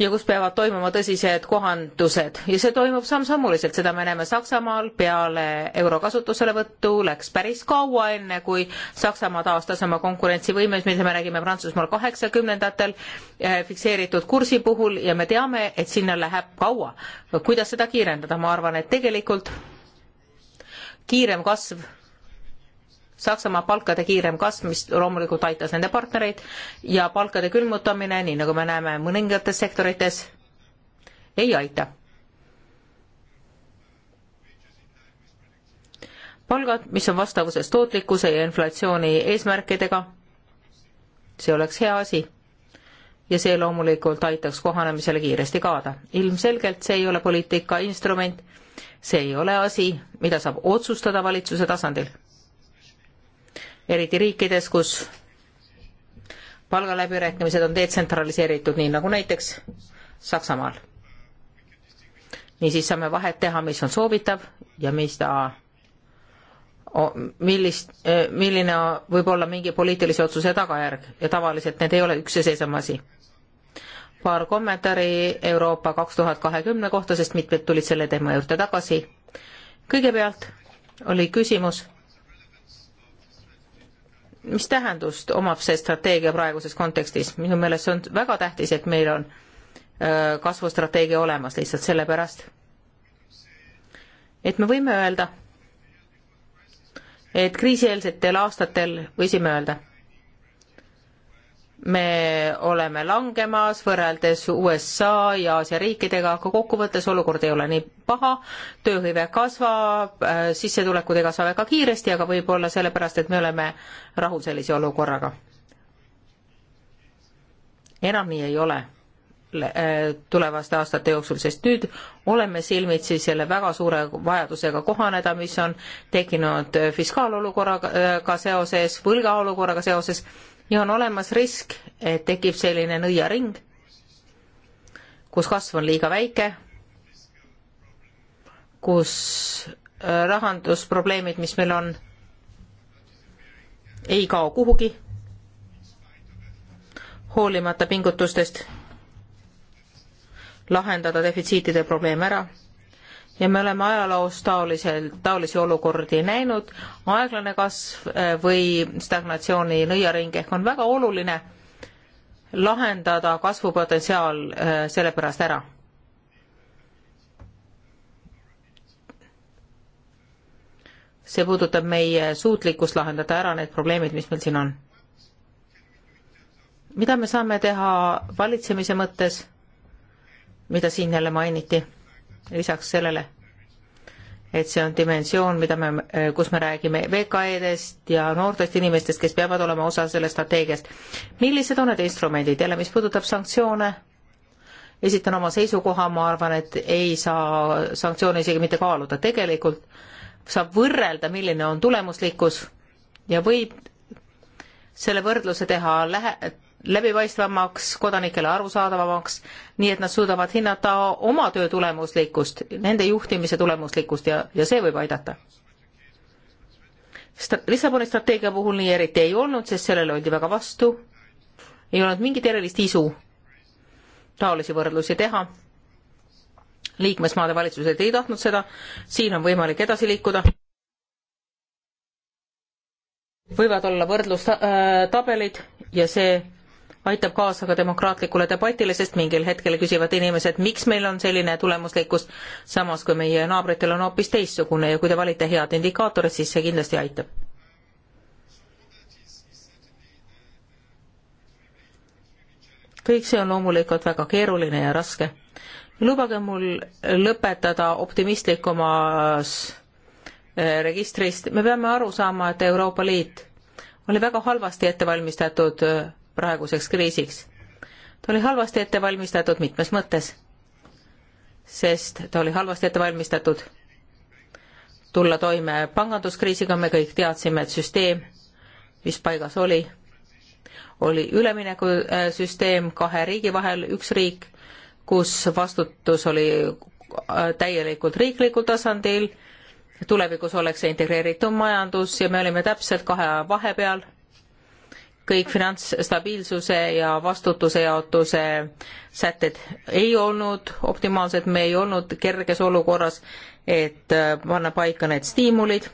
[SPEAKER 3] ja kus peavad toimuma tõsised kohandused ja see toimub samm-sammuliselt, seda me näeme Saksamaal peale euro kasutuselevõttu läks päris kaua, enne kui Saksamaa taastas oma konkurentsivõimes, mida me nägime Prantsusmaal kaheksakümnendatel eh, fikseeritud kursi puhul ja me teame, et sinna läheb kaua. kuidas seda kiirendada, ma arvan, et tegelikult kiirem kasv Saksamaa palkade kiirem kasv, mis loomulikult aitas nende partnereid ja palkade külmutamine, nii nagu me näeme mõningates sektorites, ei aita. palgad, mis on vastavuses tootlikkuse ja inflatsiooni eesmärkidega, see oleks hea asi ja see loomulikult aitaks kohanemisele kiiresti kaada. ilmselgelt see ei ole poliitika instrument, see ei ole asi, mida saab otsustada valitsuse tasandil eriti riikides, kus palgaläbirääkimised on detsentraliseeritud, nii nagu näiteks Saksamaal. niisiis saame vahet teha, mis on soovitav ja mis ta, millist, e, milline võib olla mingi poliitilise otsuse tagajärg ja tavaliselt need ei ole üks ja seesama asi. paar kommentaari Euroopa kaks tuhat kahekümne kohta, sest mitmed tulid selle teema juurde tagasi. kõigepealt oli küsimus mis tähendust omab see strateegia praeguses kontekstis? minu meelest see on väga tähtis, et meil on äh, kasvustrateegia olemas lihtsalt sellepärast, et me võime öelda, et kriisieelsetel aastatel võisime öelda, me oleme langemas võrreldes USA ja Aasia riikidega, aga kokkuvõttes olukord ei ole nii paha, tööhõive kasvab, äh, sissetulekud ei kasva väga kiiresti, aga võib-olla sellepärast, et me oleme rahul sellise olukorraga. enam nii ei ole äh, tulevaste aastate jooksul, sest nüüd oleme silmitsi selle väga suure vajadusega kohaneda, mis on tekkinud äh, fiskaalolukorraga seoses, võlgaolukorraga seoses ja on olemas risk, et tekib selline nõiaring, kus kasv on liiga väike, kus äh, rahandusprobleemid, mis meil on, ei kao kuhugi, hoolimata pingutustest lahendada defitsiitide probleem ära ja me oleme ajaloos taoliselt, taolisi olukordi näinud, aeglane kasv eh, või stagnatsiooni nõiaring ehk on väga oluline lahendada kasvupotentsiaal eh, sellepärast ära. see puudutab meie suutlikkust lahendada ära need probleemid, mis meil siin on. mida me saame teha valitsemise mõttes, mida siin jälle mainiti lisaks sellele, et see on dimensioon, mida me, kus me räägime VKE-dest ja noortest inimestest, kes peavad olema osa sellest strateegiast. millised on need instrumendid, jälle mis puudutab sanktsioone, esitan oma seisukoha, ma arvan, et ei saa sanktsioone isegi mitte kaaluda, tegelikult saab võrrelda, milline on tulemuslikkus ja võib selle võrdluse teha lähe-, läbipaistvamaks, kodanikele arusaadavamaks, nii et nad suudavad hinnata oma töö tulemuslikkust, nende juhtimise tulemuslikkust ja, ja see võib aidata. St-, Lissaboni strateegia puhul nii eriti ei olnud, sest sellele oldi väga vastu, ei olnud mingit erilist isu taolisi võrdlusi teha, liikmesmaade valitsused ei tahtnud seda, siin on võimalik edasi liikuda võivad olla võrdlustabelid äh, ja see aitab kaasa ka demokraatlikule debatile, sest mingil hetkel küsivad inimesed, miks meil on selline tulemuslikkus, samas kui meie naabritel on hoopis teistsugune ja kui te valite head indikaatorid, siis see kindlasti aitab. kõik see on loomulikult väga keeruline ja raske. lubage mul lõpetada optimistlikumas eh, registrist, me peame aru saama, et Euroopa Liit oli väga halvasti ette valmistatud eh, praeguseks kriisiks. ta oli halvasti ette valmistatud mitmes mõttes, sest ta oli halvasti ette valmistatud tulla toime panganduskriisiga, me kõik teadsime, et süsteem, mis paigas oli, oli üleminekusüsteem äh, kahe riigi vahel, üks riik, kus vastutus oli äh, täielikult riiklikul tasandil, tulevikus oleks see integreeritud majandus ja me olime täpselt kahe vahepeal kõik finantsstabiilsuse ja vastutuse jaotuse sätted ei olnud optimaalsed, me ei olnud kerges olukorras, et äh, panna paika need stiimulid,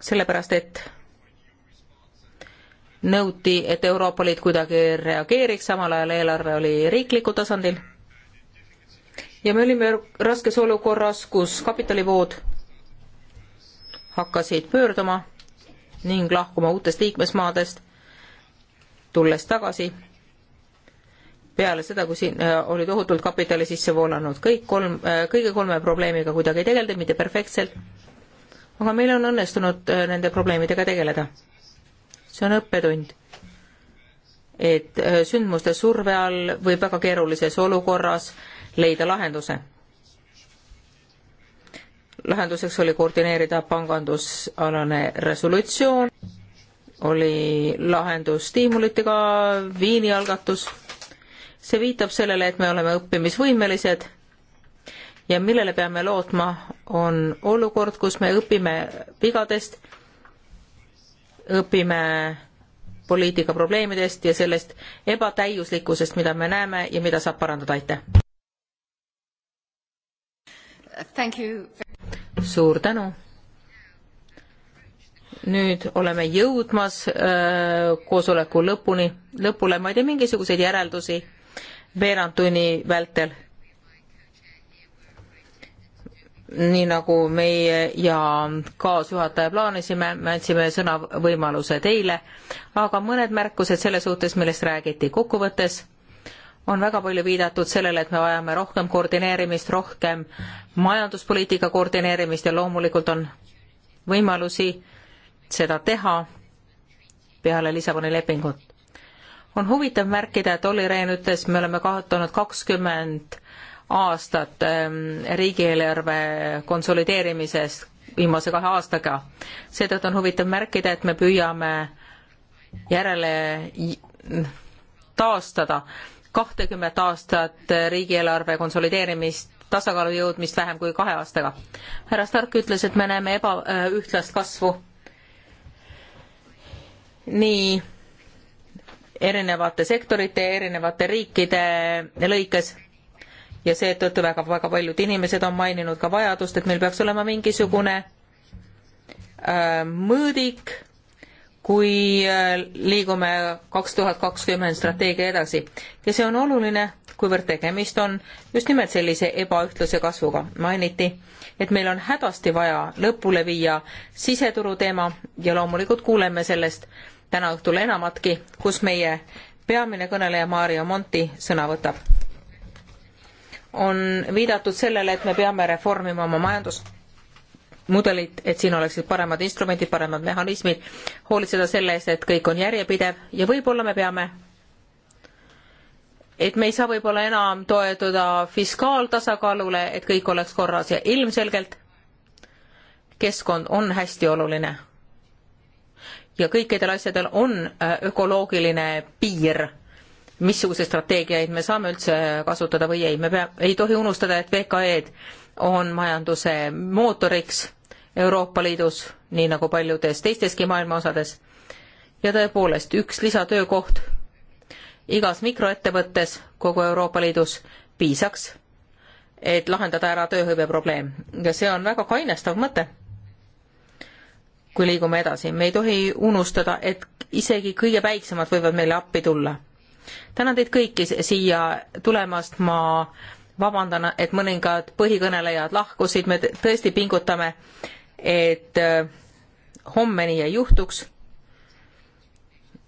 [SPEAKER 3] sellepärast et nõuti, et Euroopa Liit kuidagi reageeriks, samal ajal eelarve oli riiklikul tasandil. ja me olime raskes olukorras, kus kapitalivood hakkasid pöörduma ning lahkuma uutest liikmesmaadest, tulles tagasi peale seda, kui siin äh, oli tohutult kapitali sisse voolanud. kõik kolm, äh, kõige kolme probleemiga kuidagi ei tegelda, mitte perfektselt, aga meil on õnnestunud äh, nende probleemidega tegeleda. see on õppetund. et sündmuste surve all võib väga keerulises olukorras leida lahenduse lahenduseks oli koordineerida pangandusalane resolutsioon, oli lahendus stiimulitega, Viini algatus, see viitab sellele, et me oleme õppimisvõimelised ja millele peame lootma, on olukord, kus me õpime vigadest, õpime poliitika probleemidest ja sellest ebatäiuslikkusest, mida me näeme ja mida saab parandada, aitäh! suur tänu. nüüd oleme jõudmas öö, äh, koosoleku lõpuni, lõpule, ma ei tee mingisuguseid järeldusi veerand tunni vältel. nii nagu meie ja kaasjuhataja plaanisime, me andsime sõnavõimaluse teile, aga mõned märkused selle suhtes, millest räägiti kokkuvõttes on väga palju viidatud sellele, et me vajame rohkem koordineerimist, rohkem majanduspoliitika koordineerimist ja loomulikult on võimalusi seda teha peale Lissaboni lepingut. on huvitav märkida, et Olli Rehn ütles, me oleme kaotanud kakskümmend aastat ähm, riigieelarve konsolideerimisest viimase kahe aastaga. seetõttu on huvitav märkida, et me püüame järele taastada kahtekümmet aastat riigieelarve konsolideerimist tasakaalu jõudmist vähem kui kahe aastaga. härra Stark ütles, et me näeme ebaühtlast äh, kasvu nii erinevate sektorite ja erinevate riikide lõikes ja seetõttu väga, väga paljud inimesed on maininud ka vajadust, et meil peaks olema mingisugune äh, mõõdik kui äh, liigume kaks tuhat kakskümmend strateegia edasi ja see on oluline, kuivõrd tegemist on just nimelt sellise ebaühtluse kasvuga. mainiti, et meil on hädasti vaja lõpule viia siseturu teema ja loomulikult kuuleme sellest täna õhtul enamatki, kus meie peamine kõneleja Maarja Monti sõna võtab. on viidatud sellele, et me peame reformima oma majandust mudelit, et siin oleksid paremad instrumendid, paremad mehhanismid, hoolitseda selle eest, et kõik on järjepidev ja võib-olla me peame, et me ei saa võib-olla enam toetuda fiskaaltasakaalule, et kõik oleks korras ja ilmselgelt keskkond on hästi oluline. ja kõikidel asjadel on äh, ökoloogiline piir missuguseid strateegiaid me saame üldse kasutada või ei, me pea, ei tohi unustada, et VKE-d on majanduse mootoriks Euroopa Liidus, nii nagu paljudes teisteski maailma osades. ja tõepoolest, üks lisatöökoht igas mikroettevõttes kogu Euroopa Liidus piisaks, et lahendada ära tööhõive probleem ja see on väga kainestav mõte, kui liigume edasi. me ei tohi unustada, et isegi kõige väiksemad võivad meile appi tulla. tänan teid kõiki siia tulemast, ma vabandan, et mõningad põhikõnelejad lahkusid, me tõesti pingutame et äh, homme nii ei juhtuks.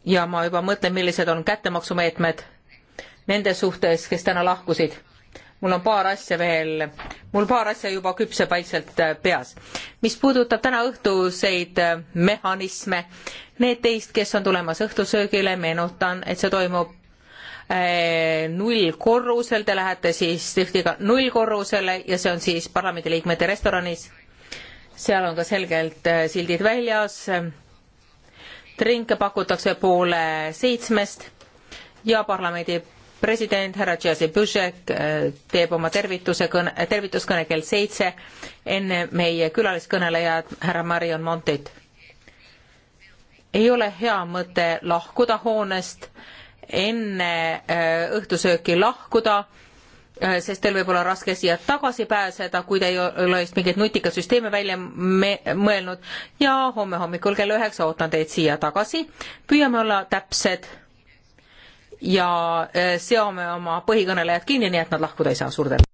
[SPEAKER 3] ja ma juba mõtlen, millised on kättemaksumeetmed nende suhtes, kes täna lahkusid. mul on paar asja veel, mul paar asja juba küpsepaitselt äh, peas. mis puudutab täna õhtuseid äh, mehhanisme, need teist, kes on tulemas õhtusöögile, meenutan, et see toimub nullkorrusel, te lähete siis tihti ka nullkorrusele ja see on siis parlamendiliikmete restoranis seal on ka selgelt äh, sildid väljas. drinke pakutakse poole seitsmest ja parlamendi president härra Jerzy Buzek äh, teeb oma tervituse kõne, äh, tervituskõne kell seitse enne meie külaliskõnelejat härra Marion Montit. ei ole hea mõte lahkuda hoonest enne õhtusööki lahkuda Äh, sest teil võib olla raske siia tagasi pääseda, kui te ei ole just mingeid nutikaid süsteeme välja mõelnud ja homme hommikul kell üheksa ootan teid siia tagasi. püüame olla täpsed ja äh, seome oma põhikõnelejad kinni, nii et nad lahkuda ei saa. suur tänu!